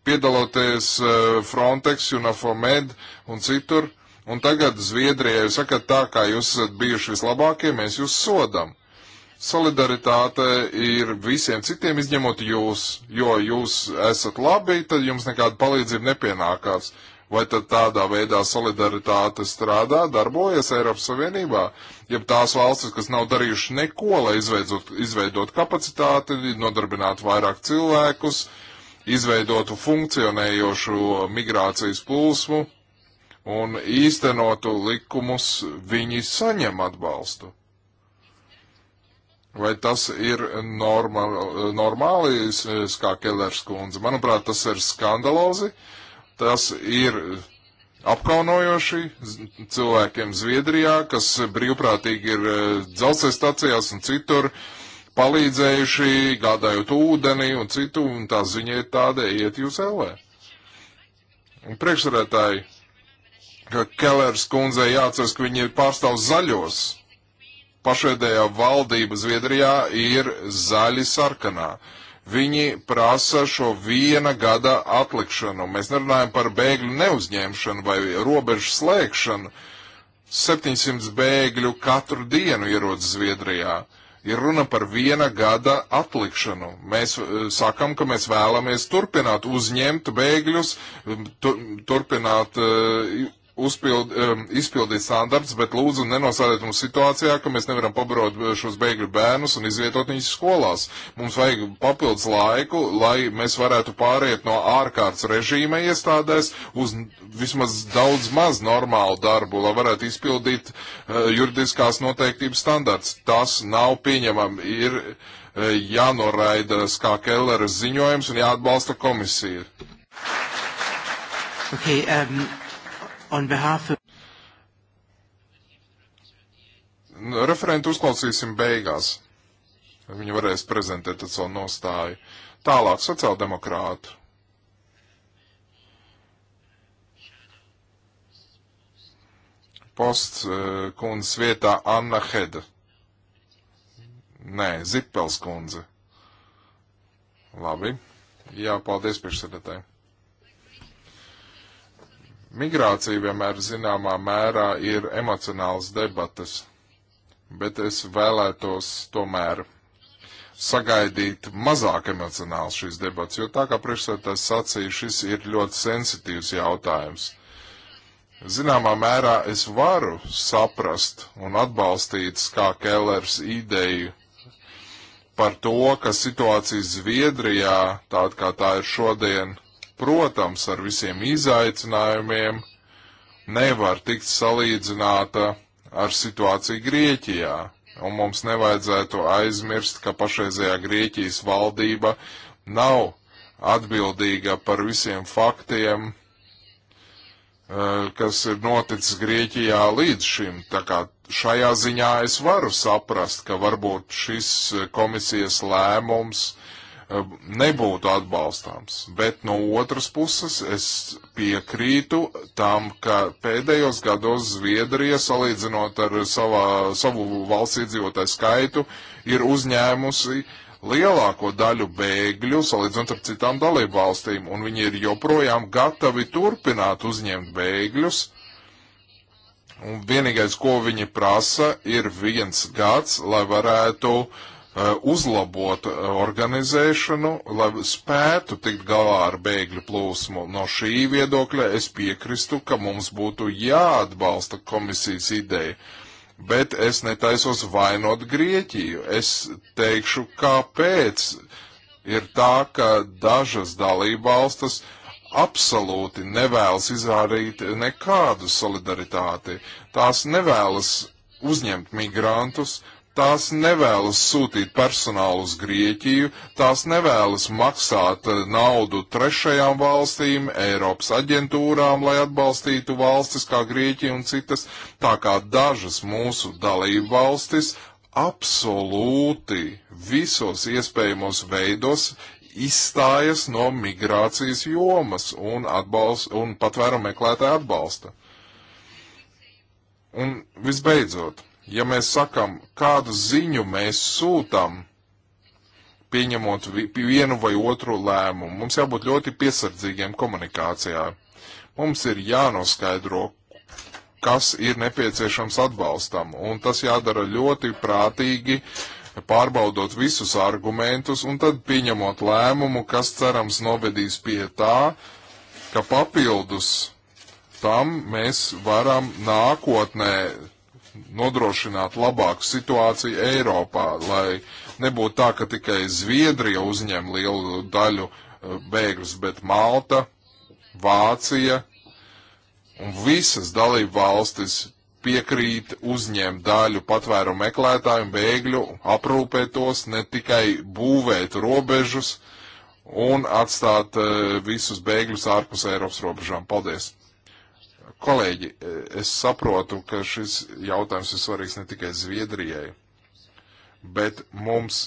piedaloties eh, Frontex, UNAFOMED un citur. Un tagad Zviedrijai jūs sakat, tā kā jūs esat bijuši vislabākie, mēs jūs sodam. Solidaritāte ir visiem citiem izņemot jūs, jo jūs esat labi, tad jums nekāda palīdzība nepienākās. Uh, Vai tad tādā veidā solidaritāte strādā, darbojas Eiropas Savienībā? Ja tās valstis, kas nav darījuši neko, lai izveidot, izveidot kapacitāti, nodarbinātu vairāk cilvēkus, izveidotu funkcionējošu migrācijas plūsmu un īstenotu likumus, viņi saņem atbalstu. Vai tas ir norma, normāli, kā Kellers kundze? Manuprāt, tas ir skandalozi. Uh, Tas ir apkaunojoši cilvēkiem Zviedrijā, kas brīvprātīgi ir e, dzelzceļa stacijās un citur palīdzējuši, gādājot ūdeni un citu, un tā ziņa ir tāda, iet jūs ellē. Un priekšsarētāji, ka Kellers kundze jāatceras, ka viņi pārstāv zaļos. Pašēdējā valdība Zviedrijā ir zaļi sarkanā. Uh, Viņi prasa šo viena gada atlikšanu. Mēs nerunājam par bēgļu neuzņemšanu vai robežu slēgšanu. 700 bēgļu katru dienu ierodas Zviedrijā. Ir runa par viena gada atlikšanu. Mēs eh, sakam, ka mēs vēlamies turpināt uzņemt bēgļus, turpināt uh, uzpild, um, izpildīt standarts, bet lūdzu nenosādiet mums situācijā, ka mēs nevaram pabarot šos bēgļu bērnus un izvietot viņus skolās. Mums vajag papildus laiku, lai mēs varētu pāriet no ārkārtas režīma iestādēs uz vismaz daudz maz normālu darbu, lai varētu izpildīt uh, juridiskās noteiktības standarts. Tas nav pieņemam. Ir uh, jānoraida Skā Kelleres ziņojums un jāatbalsta komisija. Okay, um on behalf of. Nu, referentu uzklausīsim beigās. Viņi varēs prezentēt savu nostāju. Tālāk sociāldemokrātu. Posts eh, kundzes vietā Anna Heda. Nē, Zipels kundze. Labi. Jā, paldies priekšsēdētāji. Migrācija vienmēr zināmā mērā ir emocionāls debatas, bet es vēlētos tomēr sagaidīt mazāk emocionāls šīs debats, jo tā kā priekšsētājs sacīja, šis ir ļoti sensitīvs jautājums. Zināmā mērā es varu saprast un atbalstīt Skā Kellers ideju par to, ka situācija Zviedrijā, tāda kā tā ir šodien, protams, ar visiem izaicinājumiem nevar tikt salīdzināta ar situāciju Grieķijā. Un mums nevajadzētu aizmirst, ka pašreizējā Grieķijas valdība nav atbildīga par visiem faktiem, eh, kas ir noticis Grieķijā līdz šim. Tā kā šajā ziņā es varu saprast, ka varbūt šis eh, komisijas lēmums uh, nebūtu atbalstāms. Bet no otras puses es piekrītu tam, ka pēdējos gados Zviedrija, salīdzinot ar savā, savu valsts iedzīvotāju skaitu, ir uzņēmusi lielāko daļu bēgļu salīdzinot ar citām dalību valstīm, un viņi ir joprojām gatavi turpināt uzņemt bēgļus. Un vienīgais, ko viņi prasa, ir viens gads, lai varētu uh, Eh, uzlabot eh, organizēšanu, lai spētu tikt galā ar bēgļu plūsmu. No šī viedokļa es piekristu, ka mums būtu jāatbalsta komisijas ideja, bet es netaisos vainot Grieķiju. Es teikšu, kāpēc ir tā, ka dažas dalībvalstas absolūti nevēlas izrādīt nekādu solidaritāti. Tās nevēlas uzņemt migrantus, uh, Tās nevēlas sūtīt personālu uz Grieķiju, tās nevēlas maksāt eh, naudu trešajām valstīm, Eiropas aģentūrām, lai atbalstītu valstis kā Grieķija un citas, tā kā dažas mūsu dalību valstis absolūti visos iespējamos veidos izstājas no migrācijas jomas un, atbalst, un patvērumu meklētāju atbalsta. Un visbeidzot, ja mēs sakam, kādu ziņu mēs sūtam, pieņemot vienu vai otru lēmumu, mums jābūt ļoti piesardzīgiem komunikācijā. Mums ir jānoskaidro, kas ir nepieciešams atbalstam, un tas jādara ļoti prātīgi, pārbaudot visus argumentus un tad pieņemot lēmumu, kas cerams novedīs pie tā, ka papildus tam mēs varam nākotnē nodrošināt labāku situāciju Eiropā, lai nebūtu tā, ka tikai Zviedrija uzņem lielu daļu eh, bēgļus, bet Malta, Vācija un visas dalību valstis piekrīt uzņemt daļu patvērumu meklētāju un bēgļu, aprūpēt tos, ne tikai būvēt robežus un atstāt uh, visus bēgļus ārpus Eiropas robežām. Paldies! Kolēģi, e, es saprotu, ka šis jautājums ir svarīgs ne tikai Zviedrijai, bet mums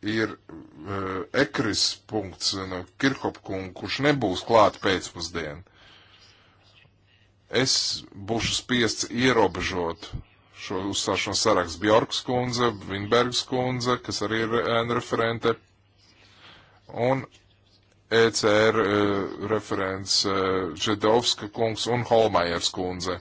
ir uh, ekris punkts e, no Kirhopkunga, kurš nebūs klāt pēcpusdien. Es būšu spiests ierobežot šo uzstāšanos sarakstu Bjorkas kundze, Vinbergs kundze, kas arī ir ēna referente, un ECR e, referents e, Žedovska kungs un Holmajers kundze.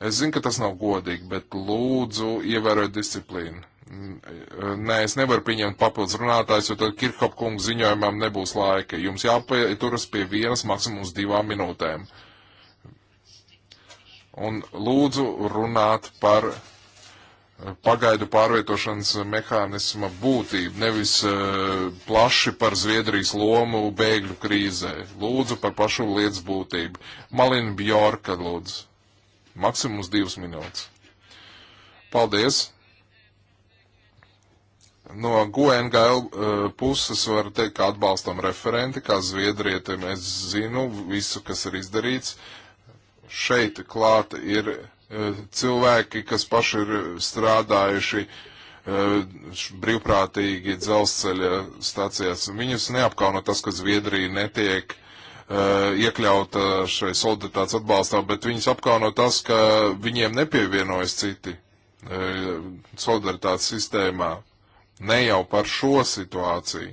Es zinu, ka tas nav godīgi, bet lūdzu ievērojiet disciplīnu. E, nē, es nevaru pieņemt papildus runātājs, jo tad Kirkhop kungu ziņojumam nebūs laika. Jums jāpieturas pie vienas maksimums divām minūtēm. Un lūdzu runāt par pagaidu pārvietošanas mehānisma būtību, nevis uh, plaši par Zviedrijas lomu bēgļu krīzē. Lūdzu par pašu lietas būtību. Malina Bjorka, lūdzu. Maksimums divas minūtes. Paldies! No GNGL uh, e, puses var teikt, ka atbalstam referenti, kā zviedrieti, es zinu visu, kas ir izdarīts. Šeit klāt ir Eh, cilvēki, kas paši ir strādājuši eh, brīvprātīgi dzelzceļa stācijās. Viņus neapkauna tas, ka Zviedrija netiek eh, iekļauta šai solidaritātes atbalstā, bet viņus apkauno tas, ka viņiem nepievienojas citi solidaritātes sistēmā. Ne jau par šo situāciju.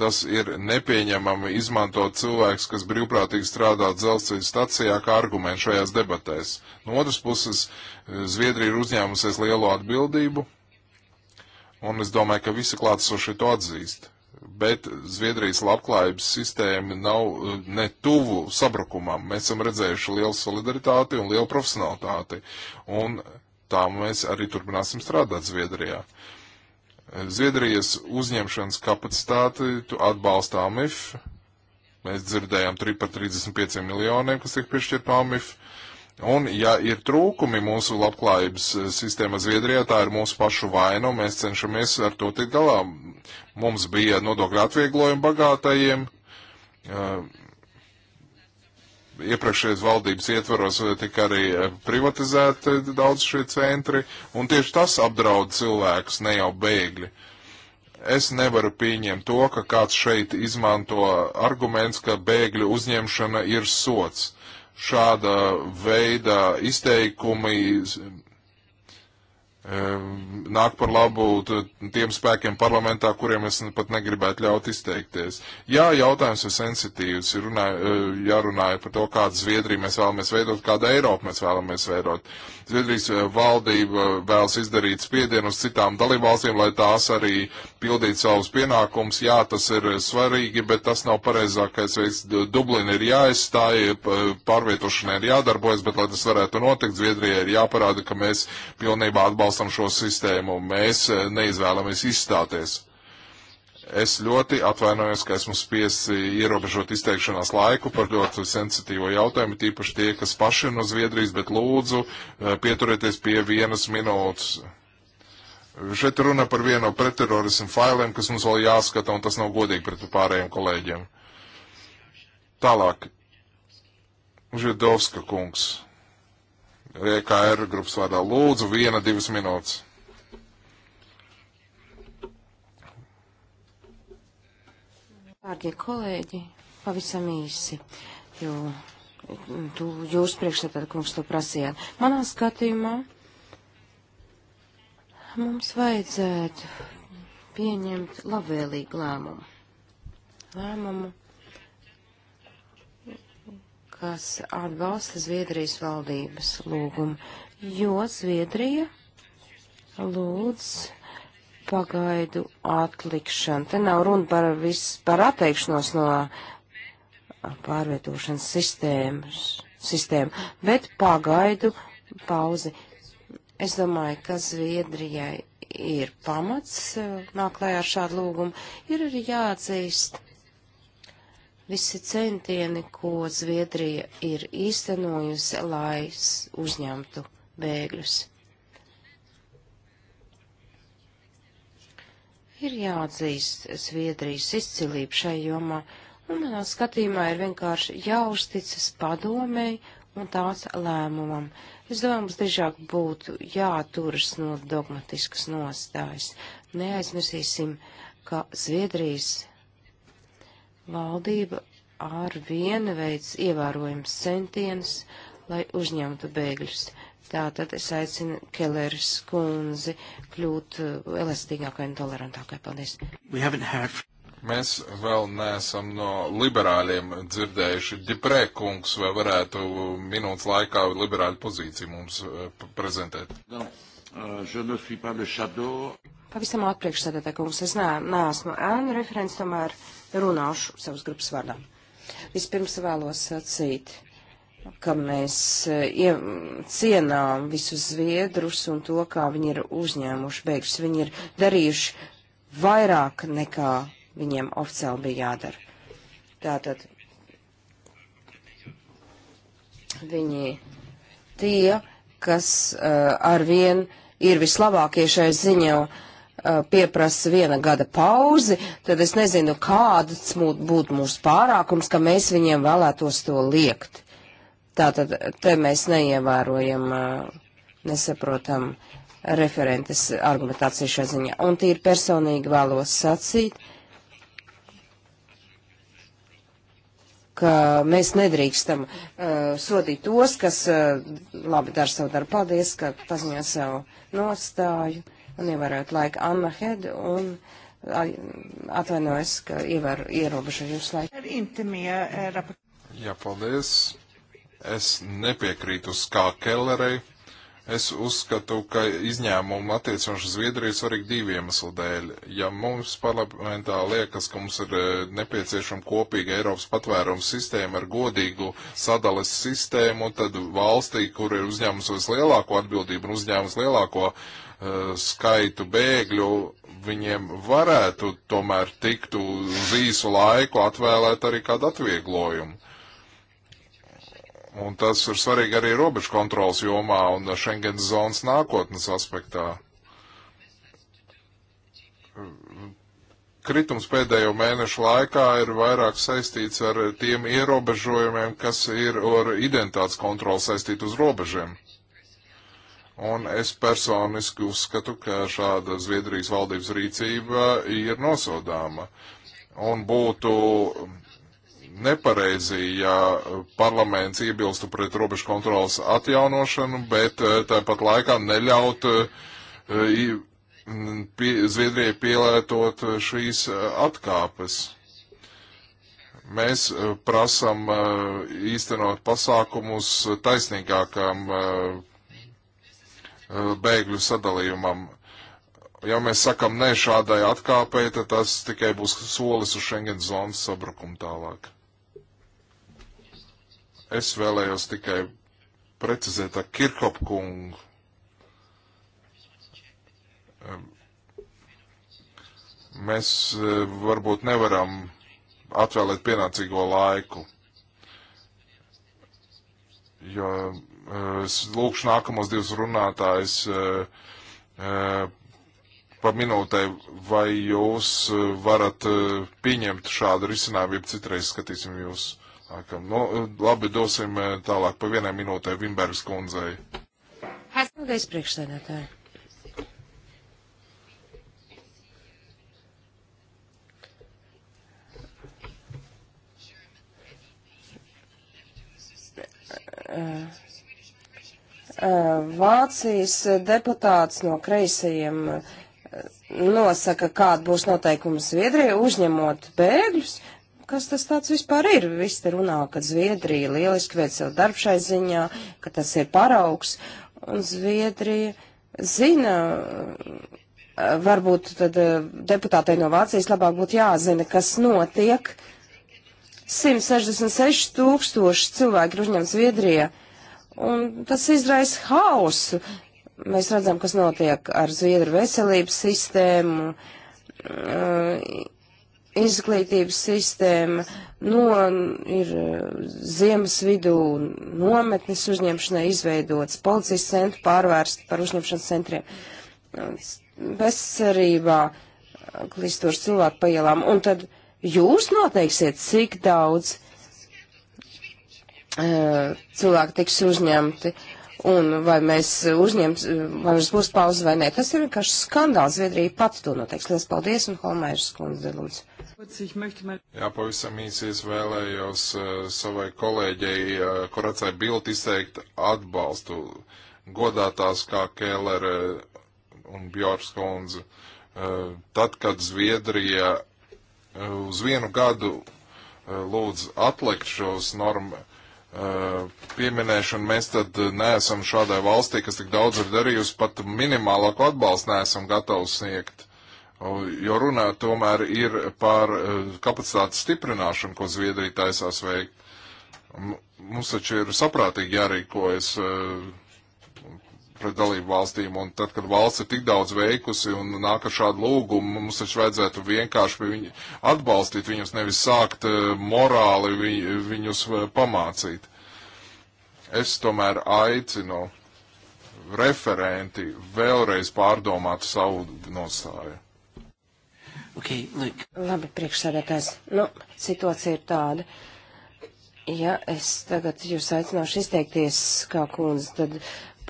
Tas ir nepieņemami izmantot cilvēks, kas brīvprātīgi strādā dzelzceļa stacijā, kā argumentu šajās debatēs. No otras puses, Zviedrija ir uzņēmusies lielo atbildību, un es domāju, ka visi klātsošie to atzīst. Bet Zviedrijas labklājības sistēma nav eh, ne tuvu sabrukumam. Mēs esam redzējuši lielu solidaritāti un lielu profesionalitāti, un tā mēs arī turpināsim strādāt Zviedrijā. Uh, Zviedrijas uzņemšanas kapacitāti atbalsta AMIF. Mēs dzirdējām 3 par 35 miljoniem, kas tiek piešķirt AMIF. Un, ja ir trūkumi mūsu labklājības eh, sistēma Zviedrijā, tā ir mūsu pašu vaina, un mēs cenšamies ar to tikt galā. Mums bija nodokļu atvieglojumi bagātajiem, uh, iepriekšējās valdības ietvaros eh, tika arī eh, privatizēti eh, daudz šie centri, un tieši tas apdraud cilvēkus, ne jau bēgļi. Es nevaru pieņemt to, ka kāds šeit izmanto arguments, ka bēgļu uzņemšana ir sots. Šāda veida izteikumi Ehm, nāk par labu tiem spēkiem parlamentā, kuriem es pat negribētu ļaut izteikties. Jā, jautājums ir sensitīvs, ir runā, eh, jārunāja par to, kādu Zviedriju mēs vēlamies veidot, kādu Eiropu mēs vēlamies veidot. Zviedrijas eh, valdība vēlas izdarīt spiedienu uz citām dalībvalstīm, lai tās arī pildītu savus pienākumus. Jā, tas ir eh, svarīgi, bet tas nav pareizākais veids. Dublina ir jāizstāj, eh, pārvietošanai ir jādarbojas, bet, lai tas varētu notikt, Zviedrijai ir jāparāda, ka mēs pilnībā atbalstam šo sistēmu. Mēs neizvēlamies izstāties. Es ļoti atvainojos, ka esmu spiests e, ierobežot izteikšanās laiku par ļoti sensitīvo jautājumu, tīpaši tie, kas paši no Zviedrijas, bet lūdzu e, pieturieties pie vienas minūtes. Šeit runa par vienu no pretterorismu failiem, kas mums vēl jāskata, un tas nav godīgi pret pārējiem kolēģiem. Tālāk. Žiedovska kungs. EKR grupas vārdā lūdzu viena, divas minūtes. Vārgie kolēģi, pavisam īsi, jo mm, tu, jūs priekšsētāda kungs to prasījāt. Manā skatījumā mums vajadzētu pieņemt labvēlīgu lēmumu. Lēmumu, kas atbalsta Zviedrijas valdības lūgumu, jo Zviedrija lūdz pagaidu atlikšanu. Te nav runa par, vis, par atteikšanos no pārvietošanas sistēmas, sistēma, bet pagaidu pauzi. Es domāju, ka Zviedrijai ir pamats nāklājā ar šādu lūgumu. Ir arī jāatzīst visi centieni, ko Zviedrija ir īstenojusi, lai uzņemtu bēgļus. Ir jāatzīst Zviedrijas izcilība šai jomā, un manā skatījumā ir vienkārši jāuzticas padomēji un tās lēmumam. Es domāju, mums drīzāk būtu jāturas no dogmatiskas nostājas. Neaizmirsīsim, ka Zviedrijas valdība ar vienu veids ievērojams centienus, lai uzņemtu bēgļus. Tātad es aicinu Kelleris kundzi kļūt uh, elastīgākai un tolerantākai. Paldies. Mēs vēl neesam no liberāļiem dzirdējuši. Diprē kungs vai varētu minūtes laikā liberāļu pozīciju mums uh, prezentēt? No. Uh, Pavisam atpriekšsēdētā kungs, es neesmu ēnu referents, tomēr runāšu savas grupas vārdā. Vispirms vēlos sacīt. Uh, ka mēs eh, ie, cienām visus zviedrus un to, kā viņi ir uzņēmuši bēgļus. Viņi ir darījuši vairāk nekā viņiem oficiāli bija jādara. Tātad viņi tie, kas uh, eh, ar vien ir vislabākie šai ziņā, uh, pieprasa viena gada pauzi, tad es nezinu, kāds būtu mūsu pārākums, ka mēs viņiem vēlētos to liekt. Tātad te mēs neievērojam, nesaprotam referentes argumentāciju šajā ziņā. Un tīri personīgi vēlos sacīt, ka mēs nedrīkstam uh, sodīt tos, kas uh, labi dara savu darbu. Paldies, ka paziņo savu nostāju un ievērojot laiku Anna Hed un atvainojos, ka ievēru ierobežu jūsu laiku. Jā, paldies. Es nepiekrītu Skā Kellerei. Es uzskatu, ka izņēmumu attiecinoši Zviedriju svarīgi divi iemesli dēļ. Ja mums parlamentā liekas, ka mums ir eh, nepieciešama kopīga Eiropas patvērums sistēma ar godīgu sadales sistēmu, tad valstī, kur ir uzņēmums vislielāko atbildību un uzņēmums lielāko uh, skaitu bēgļu, viņiem varētu tomēr tiktu uz īsu laiku atvēlēt arī kādu atvieglojumu Un tas ir svarīgi arī robežu kontrolas jomā un Schengens zonas nākotnes aspektā. Kritums pēdējo mēnešu laikā ir vairāk saistīts ar tiem ierobežojumiem, kas ir ar identitātes kontroli saistīt uz robežiem. Un es personiski uzskatu, ka šāda Zviedrijas valdības rīcība ir nosodāma. Un būtu nepareizi, ja parlaments iebilstu pret robežu kontrolas atjaunošanu, bet eh, tāpat laikā neļaut eh, pie, Zviedrijai pielietot eh, šīs atkāpes. Mēs prasam īstenot pasākumus taisnīgākam bēgļu sadalījumam ja mēs sakam nē šādai atkāpēji, tad tas tikai būs solis uz Schengen zonas sabrukumu tālāk. Es vēlējos tikai precizēt ar Kirkopkungu. Mēs e, varbūt nevaram atvēlēt pienācīgo laiku, jo e, es lūkšu nākamos divus runātājus e, pa minūtē, vai jūs varat pieņemt šādu risinājumu, ja citreiz skatīsim jūs. No, nu, labi, dosim eh, tālāk pa vienai minūtē Vimbergas kundzei. Paldies, priekšsēdētāji. Eh, eh, Vācijas deputāts no kreisajiem nosaka, kāda būs noteikuma Zviedrija uzņemot bēgļus, kas tas tāds vispār ir. Viss te runā, ka Zviedrija lieliski veic savu darbu šai ziņā, ka tas ir paraugs, un Zviedrija zina. Varbūt tad eh, deputātei no Vācijas labāk būtu jāzina, kas notiek. 166 tūkstoši cilvēki ir uzņemts Zviedrijā, un tas izraisa hausu. Mēs redzam, kas notiek ar Zviedru veselības sistēmu. Uh, izglītības sistēma no, ir eh, ziemas vidū nometnes uzņemšanai izveidots, policijas centru pārvērst par uzņemšanas centriem. Bezcerībā klistūrs cilvēku pa ielām. Un tad jūs noteiksiet, cik daudz uh, cilvēku tiks uzņemti. Un vai mēs uzņemt, vai mums būs pauze vai nē. Tas ir vienkārši skandāls. Zviedrija pati to noteiks. Lielas paldies un Holmēžas kundze, lūdzu. Jā, pavisam īsi es vēlējos uh, savai kolēģei uh, Koracai Bilt izteikt atbalstu godātās kā Kēlere eh, un Bjorskundze. Uh, tad, kad Zviedrija uz vienu gadu lūdz atlikt šos normu pieminēšanu, mēs tad neesam šādai valstī, kas tik daudz ir darījusi, pat minimālāko atbalstu neesam gatavi sniegt jo runā tomēr ir par eh, kapacitātes stiprināšanu, ko Zviedrija taisās veikt. Mums taču ir saprātīgi jārīkojas eh, pret dalību valstīm, un tad, kad valsts ir tik daudz veikusi un nāk ar šādu lūgumu, mums taču vajadzētu vienkārši viņu atbalstīt viņus, nevis sākt eh, morāli viņ, viņus pamācīt. Es tomēr aicinu referenti vēlreiz pārdomāt savu nostāju. Okay, look. Labi, priekšsēdētājs. Nu, situācija ir tāda. Ja es tagad jūs aicināšu izteikties kā kundze, tad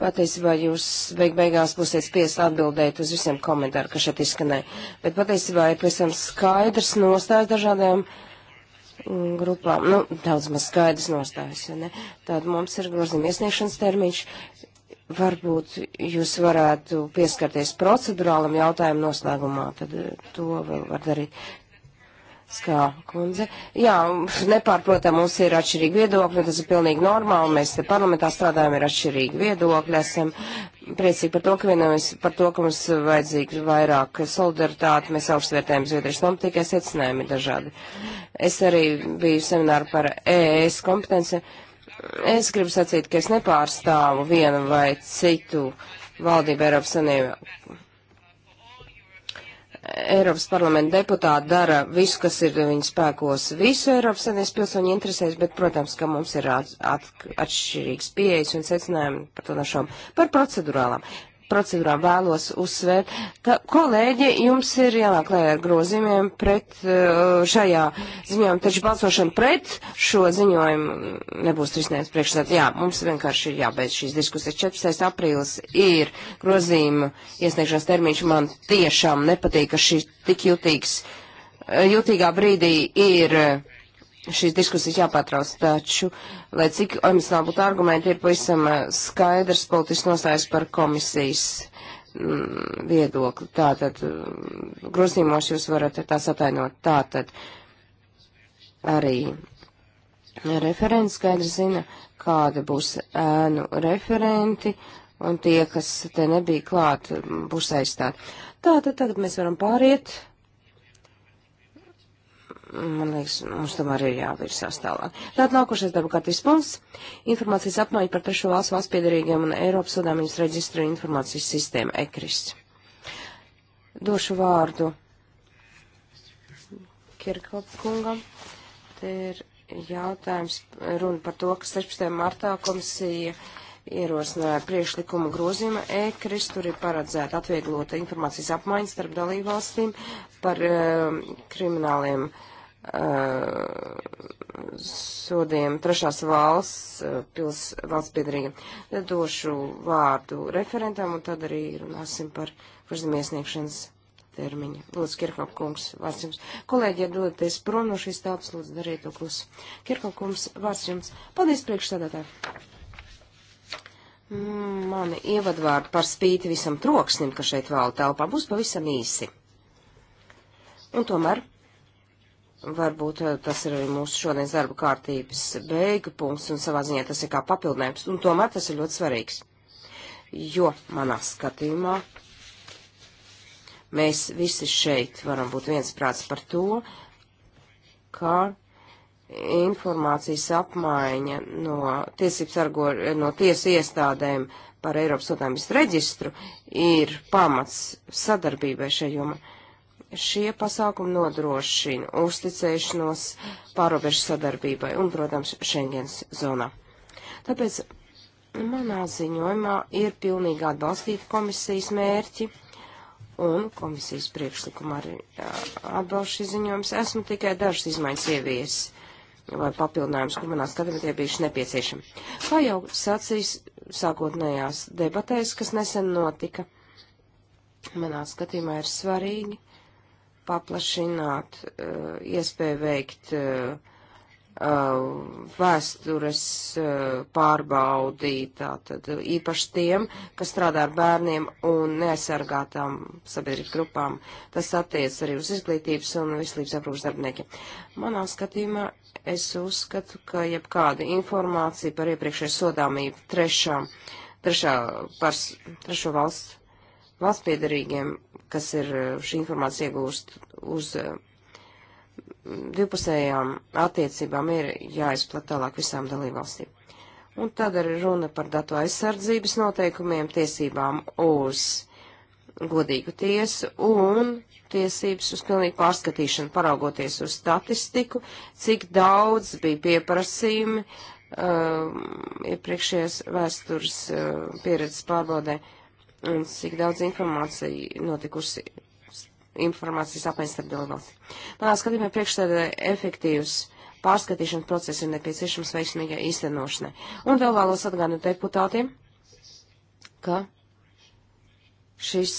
patiesībā jūs beig beigās būsiet spiest atbildēt uz visiem komentāru, kas šeit izskanēja. Bet patiesībā ir pavisam skaidrs nostājas dažādajām mm, grupām. Nu, daudz maz skaidrs nostājas, ja ne? Tātad mums ir grozījuma iesniegšanas termiņš Varbūt jūs varētu pieskarties procedurālam jautājumam noslēgumā, tad eh, to vēl var darīt. Skā, kundze. Jā, nepārprotam, mums ir atšķirīgi viedokļi, tas ir pilnīgi normāli, mēs te parlamentā strādājam, ir atšķirīgi viedokļi, esam priecīgi par to, ka vienojamies par to, ka mums vajadzīga vairāk solidaritāte, mēs augstvērtējam Zviedrijas lomu, tikai secinājumi ir dažādi. Es arī biju semināru par ES e kompetenci. Uh, Es gribu sacīt, ka es nepārstāvu vienu vai citu valdību Eiropas Savienībā. Eiropas parlamenta deputāti dara visu, kas ir viņu spēkos, visu Eiropas Savienības pilsoņu interesēs, bet, protams, ka mums ir at, at, atšķirīgs pieejas un secinājumi par to našām, par procedurālām procedūrām vēlos uzsvērt, ka kolēģi jums ir jānāk lēr ar grozījumiem pret uh, šajā ziņojumu, taču balsošana pret šo ziņojumu nebūs risinājums priekšstādā. Jā, mums vienkārši ir jābeidz šīs diskusijas. 14. aprīlis ir grozījuma iesniegšanas termiņš. Man tiešām nepatīk, ka šī tik jutīgs, uh, jutīgā brīdī ir uh, šīs diskusijas jāpārtrauc, taču, lai cik emocionāli būtu argumenti, ir pavisam eh, skaidrs politisks nostājs par komisijas m, mm, viedokli. Tātad mm, grozījumos jūs varat tās atainot. Tātad arī referents skaidrs zina, kāda būs ēnu referenti, un tie, kas te nebija klāt, mm, būs aizstāti. Tātad tagad mēs varam pāriet man liekas, mums tomēr ir jāvirsās tālāk. Tātad nākošais darba kārtības punkts - informācijas apmaiņa par trešo valstu valsts piedarīgiem un Eiropas sodāmības reģistru informācijas sistēmu ECRIS. Došu vārdu Kirkopu kungam. Te ir jautājums runa par to, ka 16. martā komisija ierosināja priekšlikuma grozījuma e-kris, tur ir paredzēta atvieglota informācijas apmaiņa starp dalībvalstīm par uh, krimināliem uh, Eh, sodiem trešās valsts, eh, pils, valsts piedarīgiem. Došu vārdu referentam un tad arī runāsim par virzumiesniegšanas termiņu. Lūdzu, Kirkop kungs, vārds jums. Kolēģi, ja dodaties prom no šīs tāpas, lūdzu, dariet to klusu. Kirkop kungs, vārds jums. Paldies priekšstādātāji. Mani ievadvārdi par spīti visam troksnim, ka šeit vēl telpā būs pavisam īsi. Un tomēr Varbūt eh, tas ir arī mūsu šodienas darba kārtības beiga punkts, un savā ziņā tas ir kā papildinājums, un tomēr tas ir ļoti svarīgs. Jo manā skatījumā mēs visi šeit varam būt viensprāts par to, ka informācijas apmaiņa no tiesības argo, no tiesu iestādēm par Eiropas sūtājumības reģistru ir pamats sadarbībai šajomā šie pasākumi nodrošina uzticēšanos pārobežu sadarbībai un, protams, Schengens zonā. Tāpēc manā ziņojumā ir pilnīgi atbalstīti komisijas mērķi un komisijas priekšlikuma arī atbalsts šis ziņojums. Esmu tikai dažas izmaiņas ievies vai papildinājums, kur manā skatījumā tie bijuši nepieciešami. Kā jau sacīs sākotnējās debatēs, kas nesen notika, manā skatījumā ir svarīgi paplašināt uh, iespēju veikt uh, vēstures pārbaudī, tātad īpaši tiem, kas strādā ar bērniem un neaizsargātām sabiedrības grupām. Tas attiec arī uz izglītības un veselības aprūpas darbiniekiem. Manā skatījumā es uzskatu, ka jebkāda informācija par iepriekšēju sodāmību trešā, trešā pars, trešo valstu valsts piedarīgiem, kas ir eh, šī informācija iegūst uz eh, divpusējām attiecībām, ir jāizplat tālāk visām dalībvalstīm. Un tad arī runa par datu aizsardzības noteikumiem, tiesībām uz godīgu tiesu un tiesības uz pilnīgu pārskatīšanu, paraugoties uz statistiku, cik daudz bija pieprasījumi uh, iepriekšējās vēstures uh, pieredzes pārbaudē. Uh, un cik daudz informācija notikusi informācijas apmaiņas starp dalībvalstīm. Manā skatījumā priekšstādā efektīvs pārskatīšanas process ir nepieciešams veiksmīgai īstenošanai. Un vēl vēlos atgādināt deputātiem, ka Šis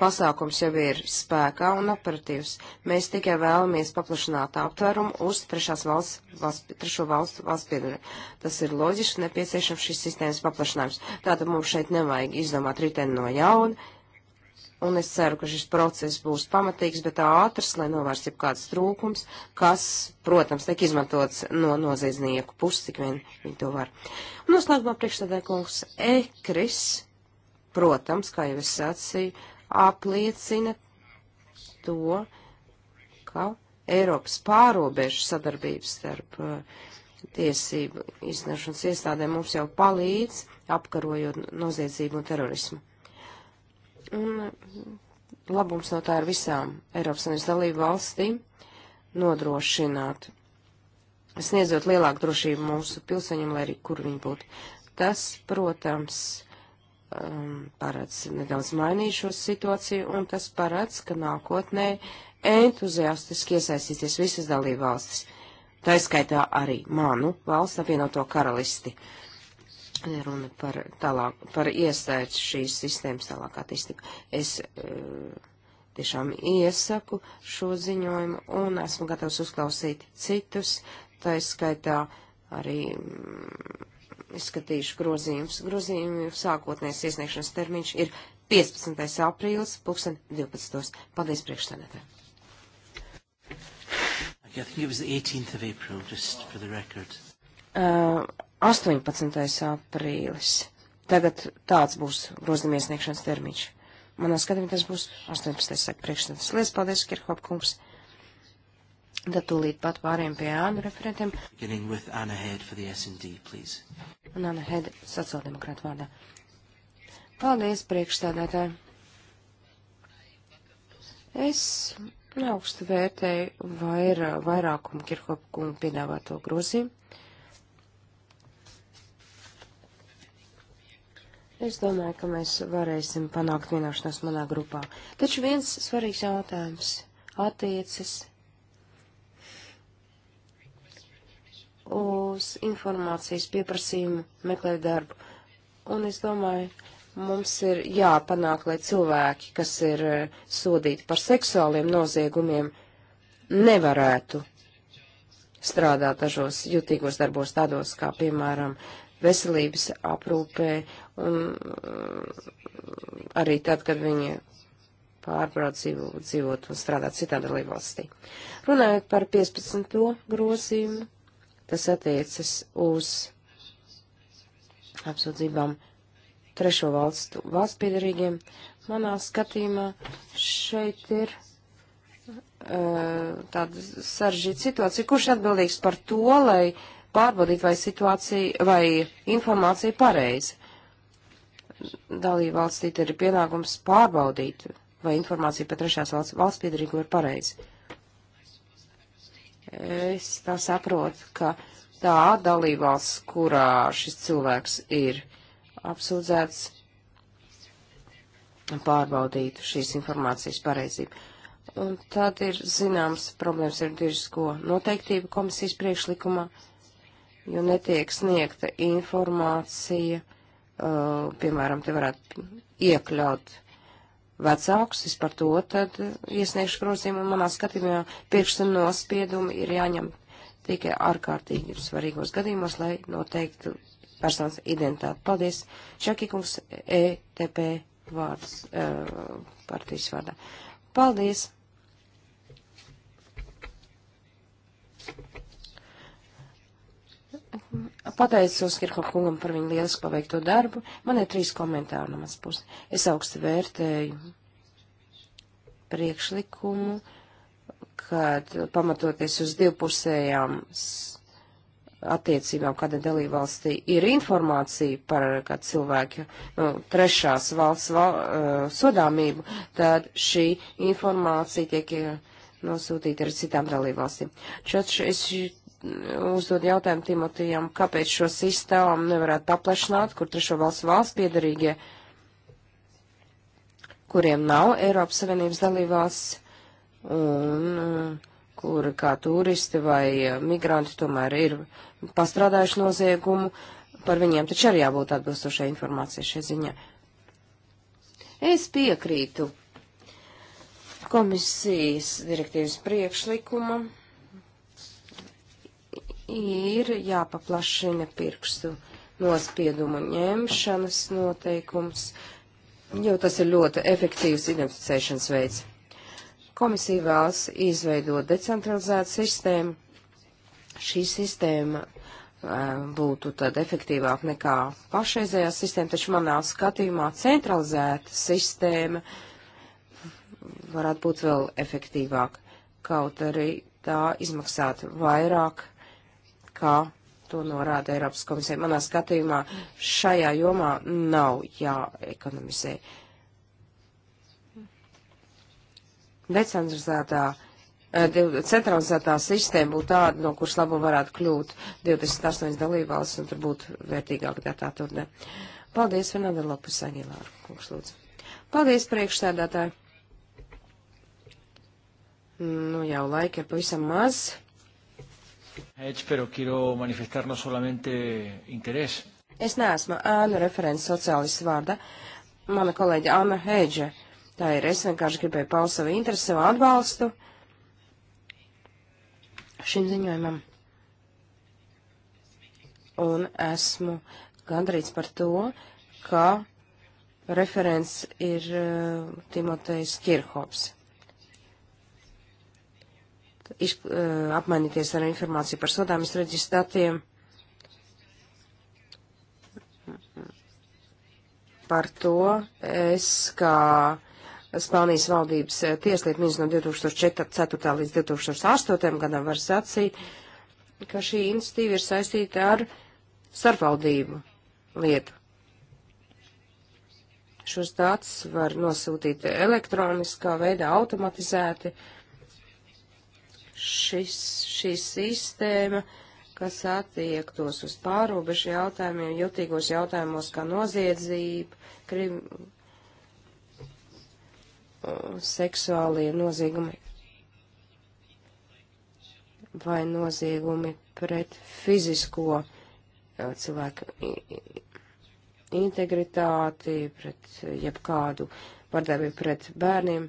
pasākums jau ir spēkā un operatīvs. Mēs tikai vēlamies paplašināt aptvērumu uz trešās valsts, valsts, trešo valstu valsts piedara. Tas ir loģiski nepieciešams šis sistēmas paplašinājums. Tātad mums šeit nevajag izdomāt riteni no jauna. Un es ceru, ka šis process būs pamatīgs, bet ātrs, lai novērst jau kāds trūkums, kas, protams, tiek izmantots no noziedznieku puses, cik vien viņi to var. Un noslēgumā priekšstādē kungs Ekris protams, kā jau es sacīju, apliecina to, ka Eiropas pārobežu sadarbības starp uh, tiesību iznāšanas iestādēm mums jau palīdz apkarojot noziedzību un terorismu. Un uh, labums no tā ir visām Eiropas Savienības dalību valstīm nodrošināt, sniedzot lielāku drošību mūsu pilsoņiem, lai arī kur viņi būtu. Tas, protams, um, paredz nedaudz mainīšos situāciju, un tas paredz, ka nākotnē entuziastiski iesaistīsies visas dalībvalstis, tā skaitā arī manu valsts apvienoto karalisti. Runa par, tālāk, par iestādes šīs sistēmas tālāk attīstību. Es uh, tiešām iesaku šo ziņojumu un esmu gatavs uzklausīt citus, tā skaitā arī. Mm, izskatīšu grozījumus. Grozījumu sākotnēs iesniegšanas termiņš ir 15. aprīlis, 2012. Paldies priekšsēdētē. I think it was the 18th of April, just for the record. Uh, 18. aprīlis. Tagad tāds būs grozījuma iesniegšanas termiņš. Manā skatījumā tas būs 18. priekšsēdētājs. Lies, paldies, Kirkhop kungs. Tad tūlīt pat pāriem pie ānu referentiem. Anna Head, SND, Un Anna Head, sociāldemokrāta vārdā. Paldies, priekšstādātāji. Es augstu vērtēju vair, vairākumu Kirkopu kungu piedāvāto grozījumu. Es domāju, ka mēs varēsim panākt vienošanos manā grupā. Taču viens svarīgs jautājums attiecas uz informācijas pieprasījumu meklēt darbu. Un es domāju, mums ir jāpanāk, lai cilvēki, kas ir eh, sodīti par seksuāliem noziegumiem, nevarētu strādāt dažos jutīgos darbos tādos kā, piemēram, veselības aprūpē un mm, arī tad, kad viņi pārbrauc dzīvo, dzīvot un strādāt citā dalībvalstī. Runājot par 15. grozījumu, kas attiecas uz apsūdzībām trešo valstu valsts piedarīgiem. Manā skatījumā šeit ir uh, tāda saržģīta situācija. Kurš atbildīgs par to, lai pārbaudītu, vai situācija vai informācija pareizi? Dalība valstī ir pienākums pārbaudīt, vai informācija par trešās valsts, valsts piedarīgo ir pareizi. Es tā saprotu, ka tā dalībvalsts, kurā šis cilvēks ir apsūdzēts, pārbaudītu šīs informācijas pareizību. Un tad ir zināms problēmas ar tiesisko noteiktību komisijas priekšlikumā, jo netiek sniegta informācija, uh, piemēram, te varētu iekļaut vecākus, es par to tad iesniegšu grozījumu, un manā skatījumā pirkstenu nospiedumi ir jāņem tikai ārkārtīgi svarīgos gadījumos, lai noteiktu personas identitāti. Paldies, Čakikungs, ETP vārds, uh, partijas vārdā. Paldies! Pateicos Kirkopa kungam par viņu lielisku paveikto darbu. Man ir trīs komentāri no mans puses. Es augstu vērtēju priekšlikumu, kad pamatoties uz divpusējām attiecībām, kāda dalībvalstī ir informācija par kādu cilvēku nu, trešās valsts val, uh, sodāmību, tad šī informācija tiek eh, nosūtīta arī citām dalībvalstīm. Četš, es uzdod jautājumu Timotijam, kāpēc šo sistēmu nevarētu paplašināt, kur trešo valstu valsts piedarīgie, kuriem nav Eiropas Savienības dalībās un uh, kuri kā turisti vai uh, migranti tomēr ir pastrādājuši noziegumu, par viņiem taču arī jābūt atbilstošai informācijai šajā ziņā. Es piekrītu komisijas direktīvas priekšlikumam ir jāpaplašina pirkstu nospiedumu ņemšanas noteikums, jo tas ir ļoti efektīvs identificēšanas veids. Komisija vēlas izveidot decentralizētu sistēmu. Šī sistēma būtu tad efektīvāk nekā pašreizējā sistēma, taču manā skatījumā centralizēta sistēma varētu būt vēl efektīvāk, kaut arī tā izmaksātu vairāk kā to norāda Eiropas komisija. Manā skatījumā šajā jomā nav jāekonomizē. Decentralizētā, eh, centralizētā sistēma būtu tāda, no kuras labu varētu kļūt 28 dalībvalsts, un tur būtu vērtīgāk datā tur ne. Paldies, Fernanda Lopes Aņilāra, kungs lūdzu. Paldies, priekšstādātāji. Nu, jau laika ir pavisam maz. Es neesmu ēnu referents sociālistu vārda. Mana kolēģa Anna Heidža. Tā ir, es vienkārši gribēju paust savu interesi, savu atbalstu šim ziņojumam. Un esmu gandrīz par to, ka referents ir uh, Timotejs Kirhops iz, uh, apmainīties ar informāciju par sodāmas reģistratiem, par to es kā Spānijas valdības tieslietu ministrs no 2004. līdz 2008. gadam var sacīt, ka šī institīva ir saistīta ar starpvaldību lietu. Šos datus var nosūtīt elektroniskā veidā automatizēti. Uh, šis, šī sistēma, kas attiektos uz pārobežu jautājumiem, jutīgos jautājumos kā noziedzība, krim, uh, seksuālie noziegumi vai noziegumi pret fizisko uh, cilvēku integritāti, pret jebkādu vardarbību pret bērniem.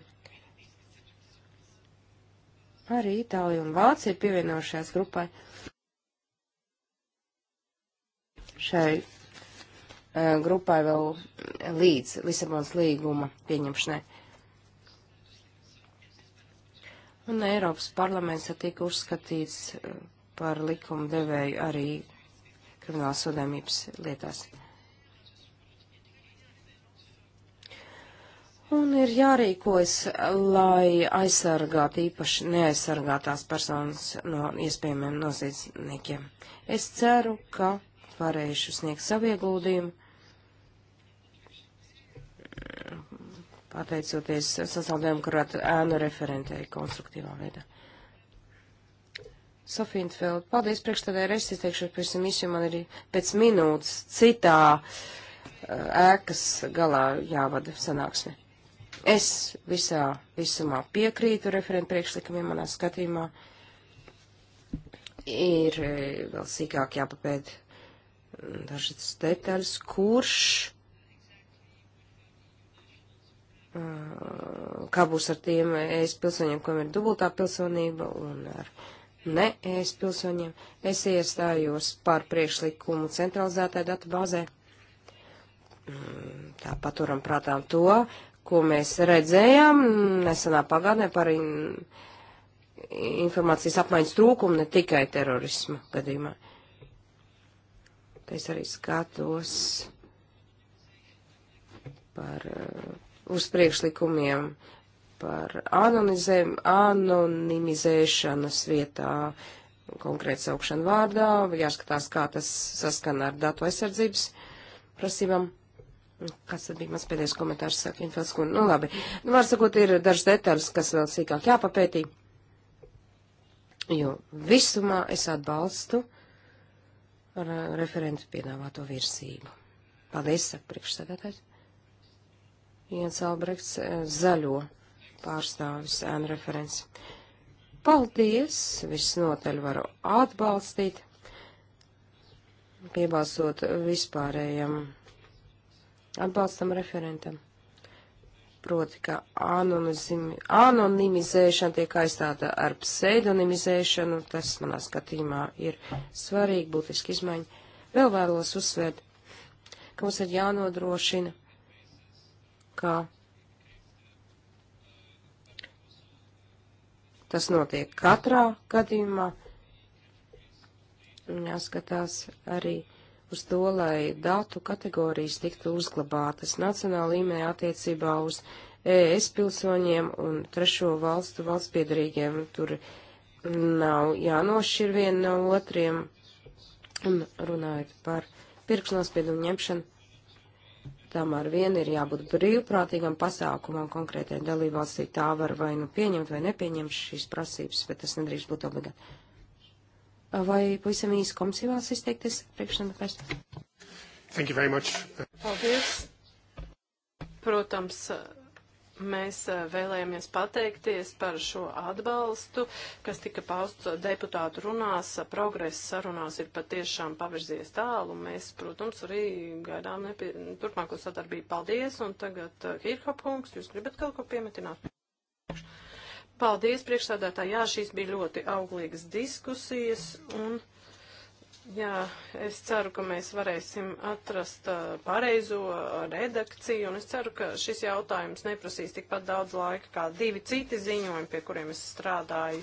Arī Itālija un Vācija ir pievienojušās grupai. Šai uh, grupai vēl līdz Lisabonas līguma pieņemšanai. Un Eiropas parlaments tika uzskatīts e, par likumdevēju arī kriminālas sodāmības lietās. Un ir jārīkojas, lai aizsargātu īpaši neaizsargātās personas no iespējamiem noziedzniekiem. Es ceru, ka varēšu sniegt savu ieguldījumu, pateicoties sasaldējumu ēnu referentei konstruktīvā veidā. Sofija Feld, paldies priekšstādēju, es izteikšu pēc misiju, man ir pēc minūtes citā ēkas galā jāvada sanāksme. Es visā visumā piekrītu referentu priekšlikumiem manā skatījumā. Ir e, vēl sīkāk jāpapēd mm, dažas detaļas, kurš, e, kā būs ar tiem ES pilsoņiem, kam ir dubultā pilsonība un ar ne ES pilsoņiem. Es iestājos par priekšlikumu centralizētāju datu bāzē. Mm, tā paturam prātām to, ko mēs redzējām nesenā pagātnē par in, informācijas apmaiņas trūkumu ne tikai terorismu gadījumā. Te es arī skatos par uh, uz priekšlikumiem par anonizē, anonimizēšanas vietā konkrēti saukšanu vārdā, jāskatās, kā tas saskana ar datu aizsardzības prasībām. Kas tad bija mans pēdējais komentārs, saka Infels kundze? Nu, labi. Nu, var sakot, ir dažas detaļas, kas vēl sīkāk jāpapētī. Jo visumā es atbalstu ar referentu piedāvāto virsību. Paldies, saka priekšsēdētājs. Jens Albrechts e, zaļo pārstāvis ēnu referents. Paldies, visnotaļ varu atbalstīt, piebalsot vispārējam atbalstam referentam. Proti, ka anonimizēšana tiek aizstāta ar pseidonimizēšanu, tas manā skatījumā ir svarīgi, būtiski izmaiņa. Vēl vēlos uzsvērt, ka mums ir jānodrošina, ka tas notiek katrā gadījumā. Jāskatās arī uz to, lai datu kategorijas tiktu uzglabātas nacionāla līmenī attiecībā uz ES pilsoņiem un trešo valstu valsts piedarīgiem. Tur nav jānošķir viena no otriem. Un runājot par pirkšnospiedumu ņemšanu, tam ar vienu ir jābūt brīvprātīgam pasākumam konkrētai dalībvalstī. Tā var vai nu pieņemt vai nepieņemt šīs prasības, bet tas nedrīkst būt obligāti. Vai pavisam īsi komisija vēlas izteikties priekšsēdētājs? Thank you very much. Paldies. Protams, mēs eh, vēlējāmies pateikties par šo atbalstu, kas tika pausts deputātu runās. Progress sarunās ir patiešām pavirzies tālu. Mēs, protams, arī gaidām nepie... turpmāko sadarbību. Paldies. Un tagad Hirhop eh, kungs, jūs gribat kaut ko piemetināt? Paldies, priekšsādātāji. Jā, šīs bija ļoti auglīgas diskusijas. Un, jā, es ceru, ka mēs varēsim atrast uh, pareizo redakciju. Un es ceru, ka šis jautājums neprasīs tikpat daudz laika kā divi citi ziņojumi, pie kuriem es strādāju.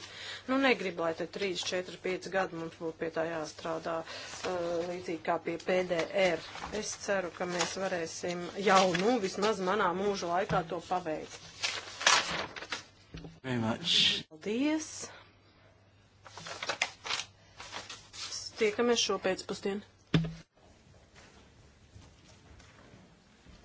Nu, negribu, lai te 3, 4, 5 gadi mums būtu pie tā jāstrādā uh, līdzīgi kā pie PDR. Es ceru, ka mēs varēsim jau, nu, vismaz manā mūža laikā to paveikt. Paldies! Tiekamies šo pēcpusdienu.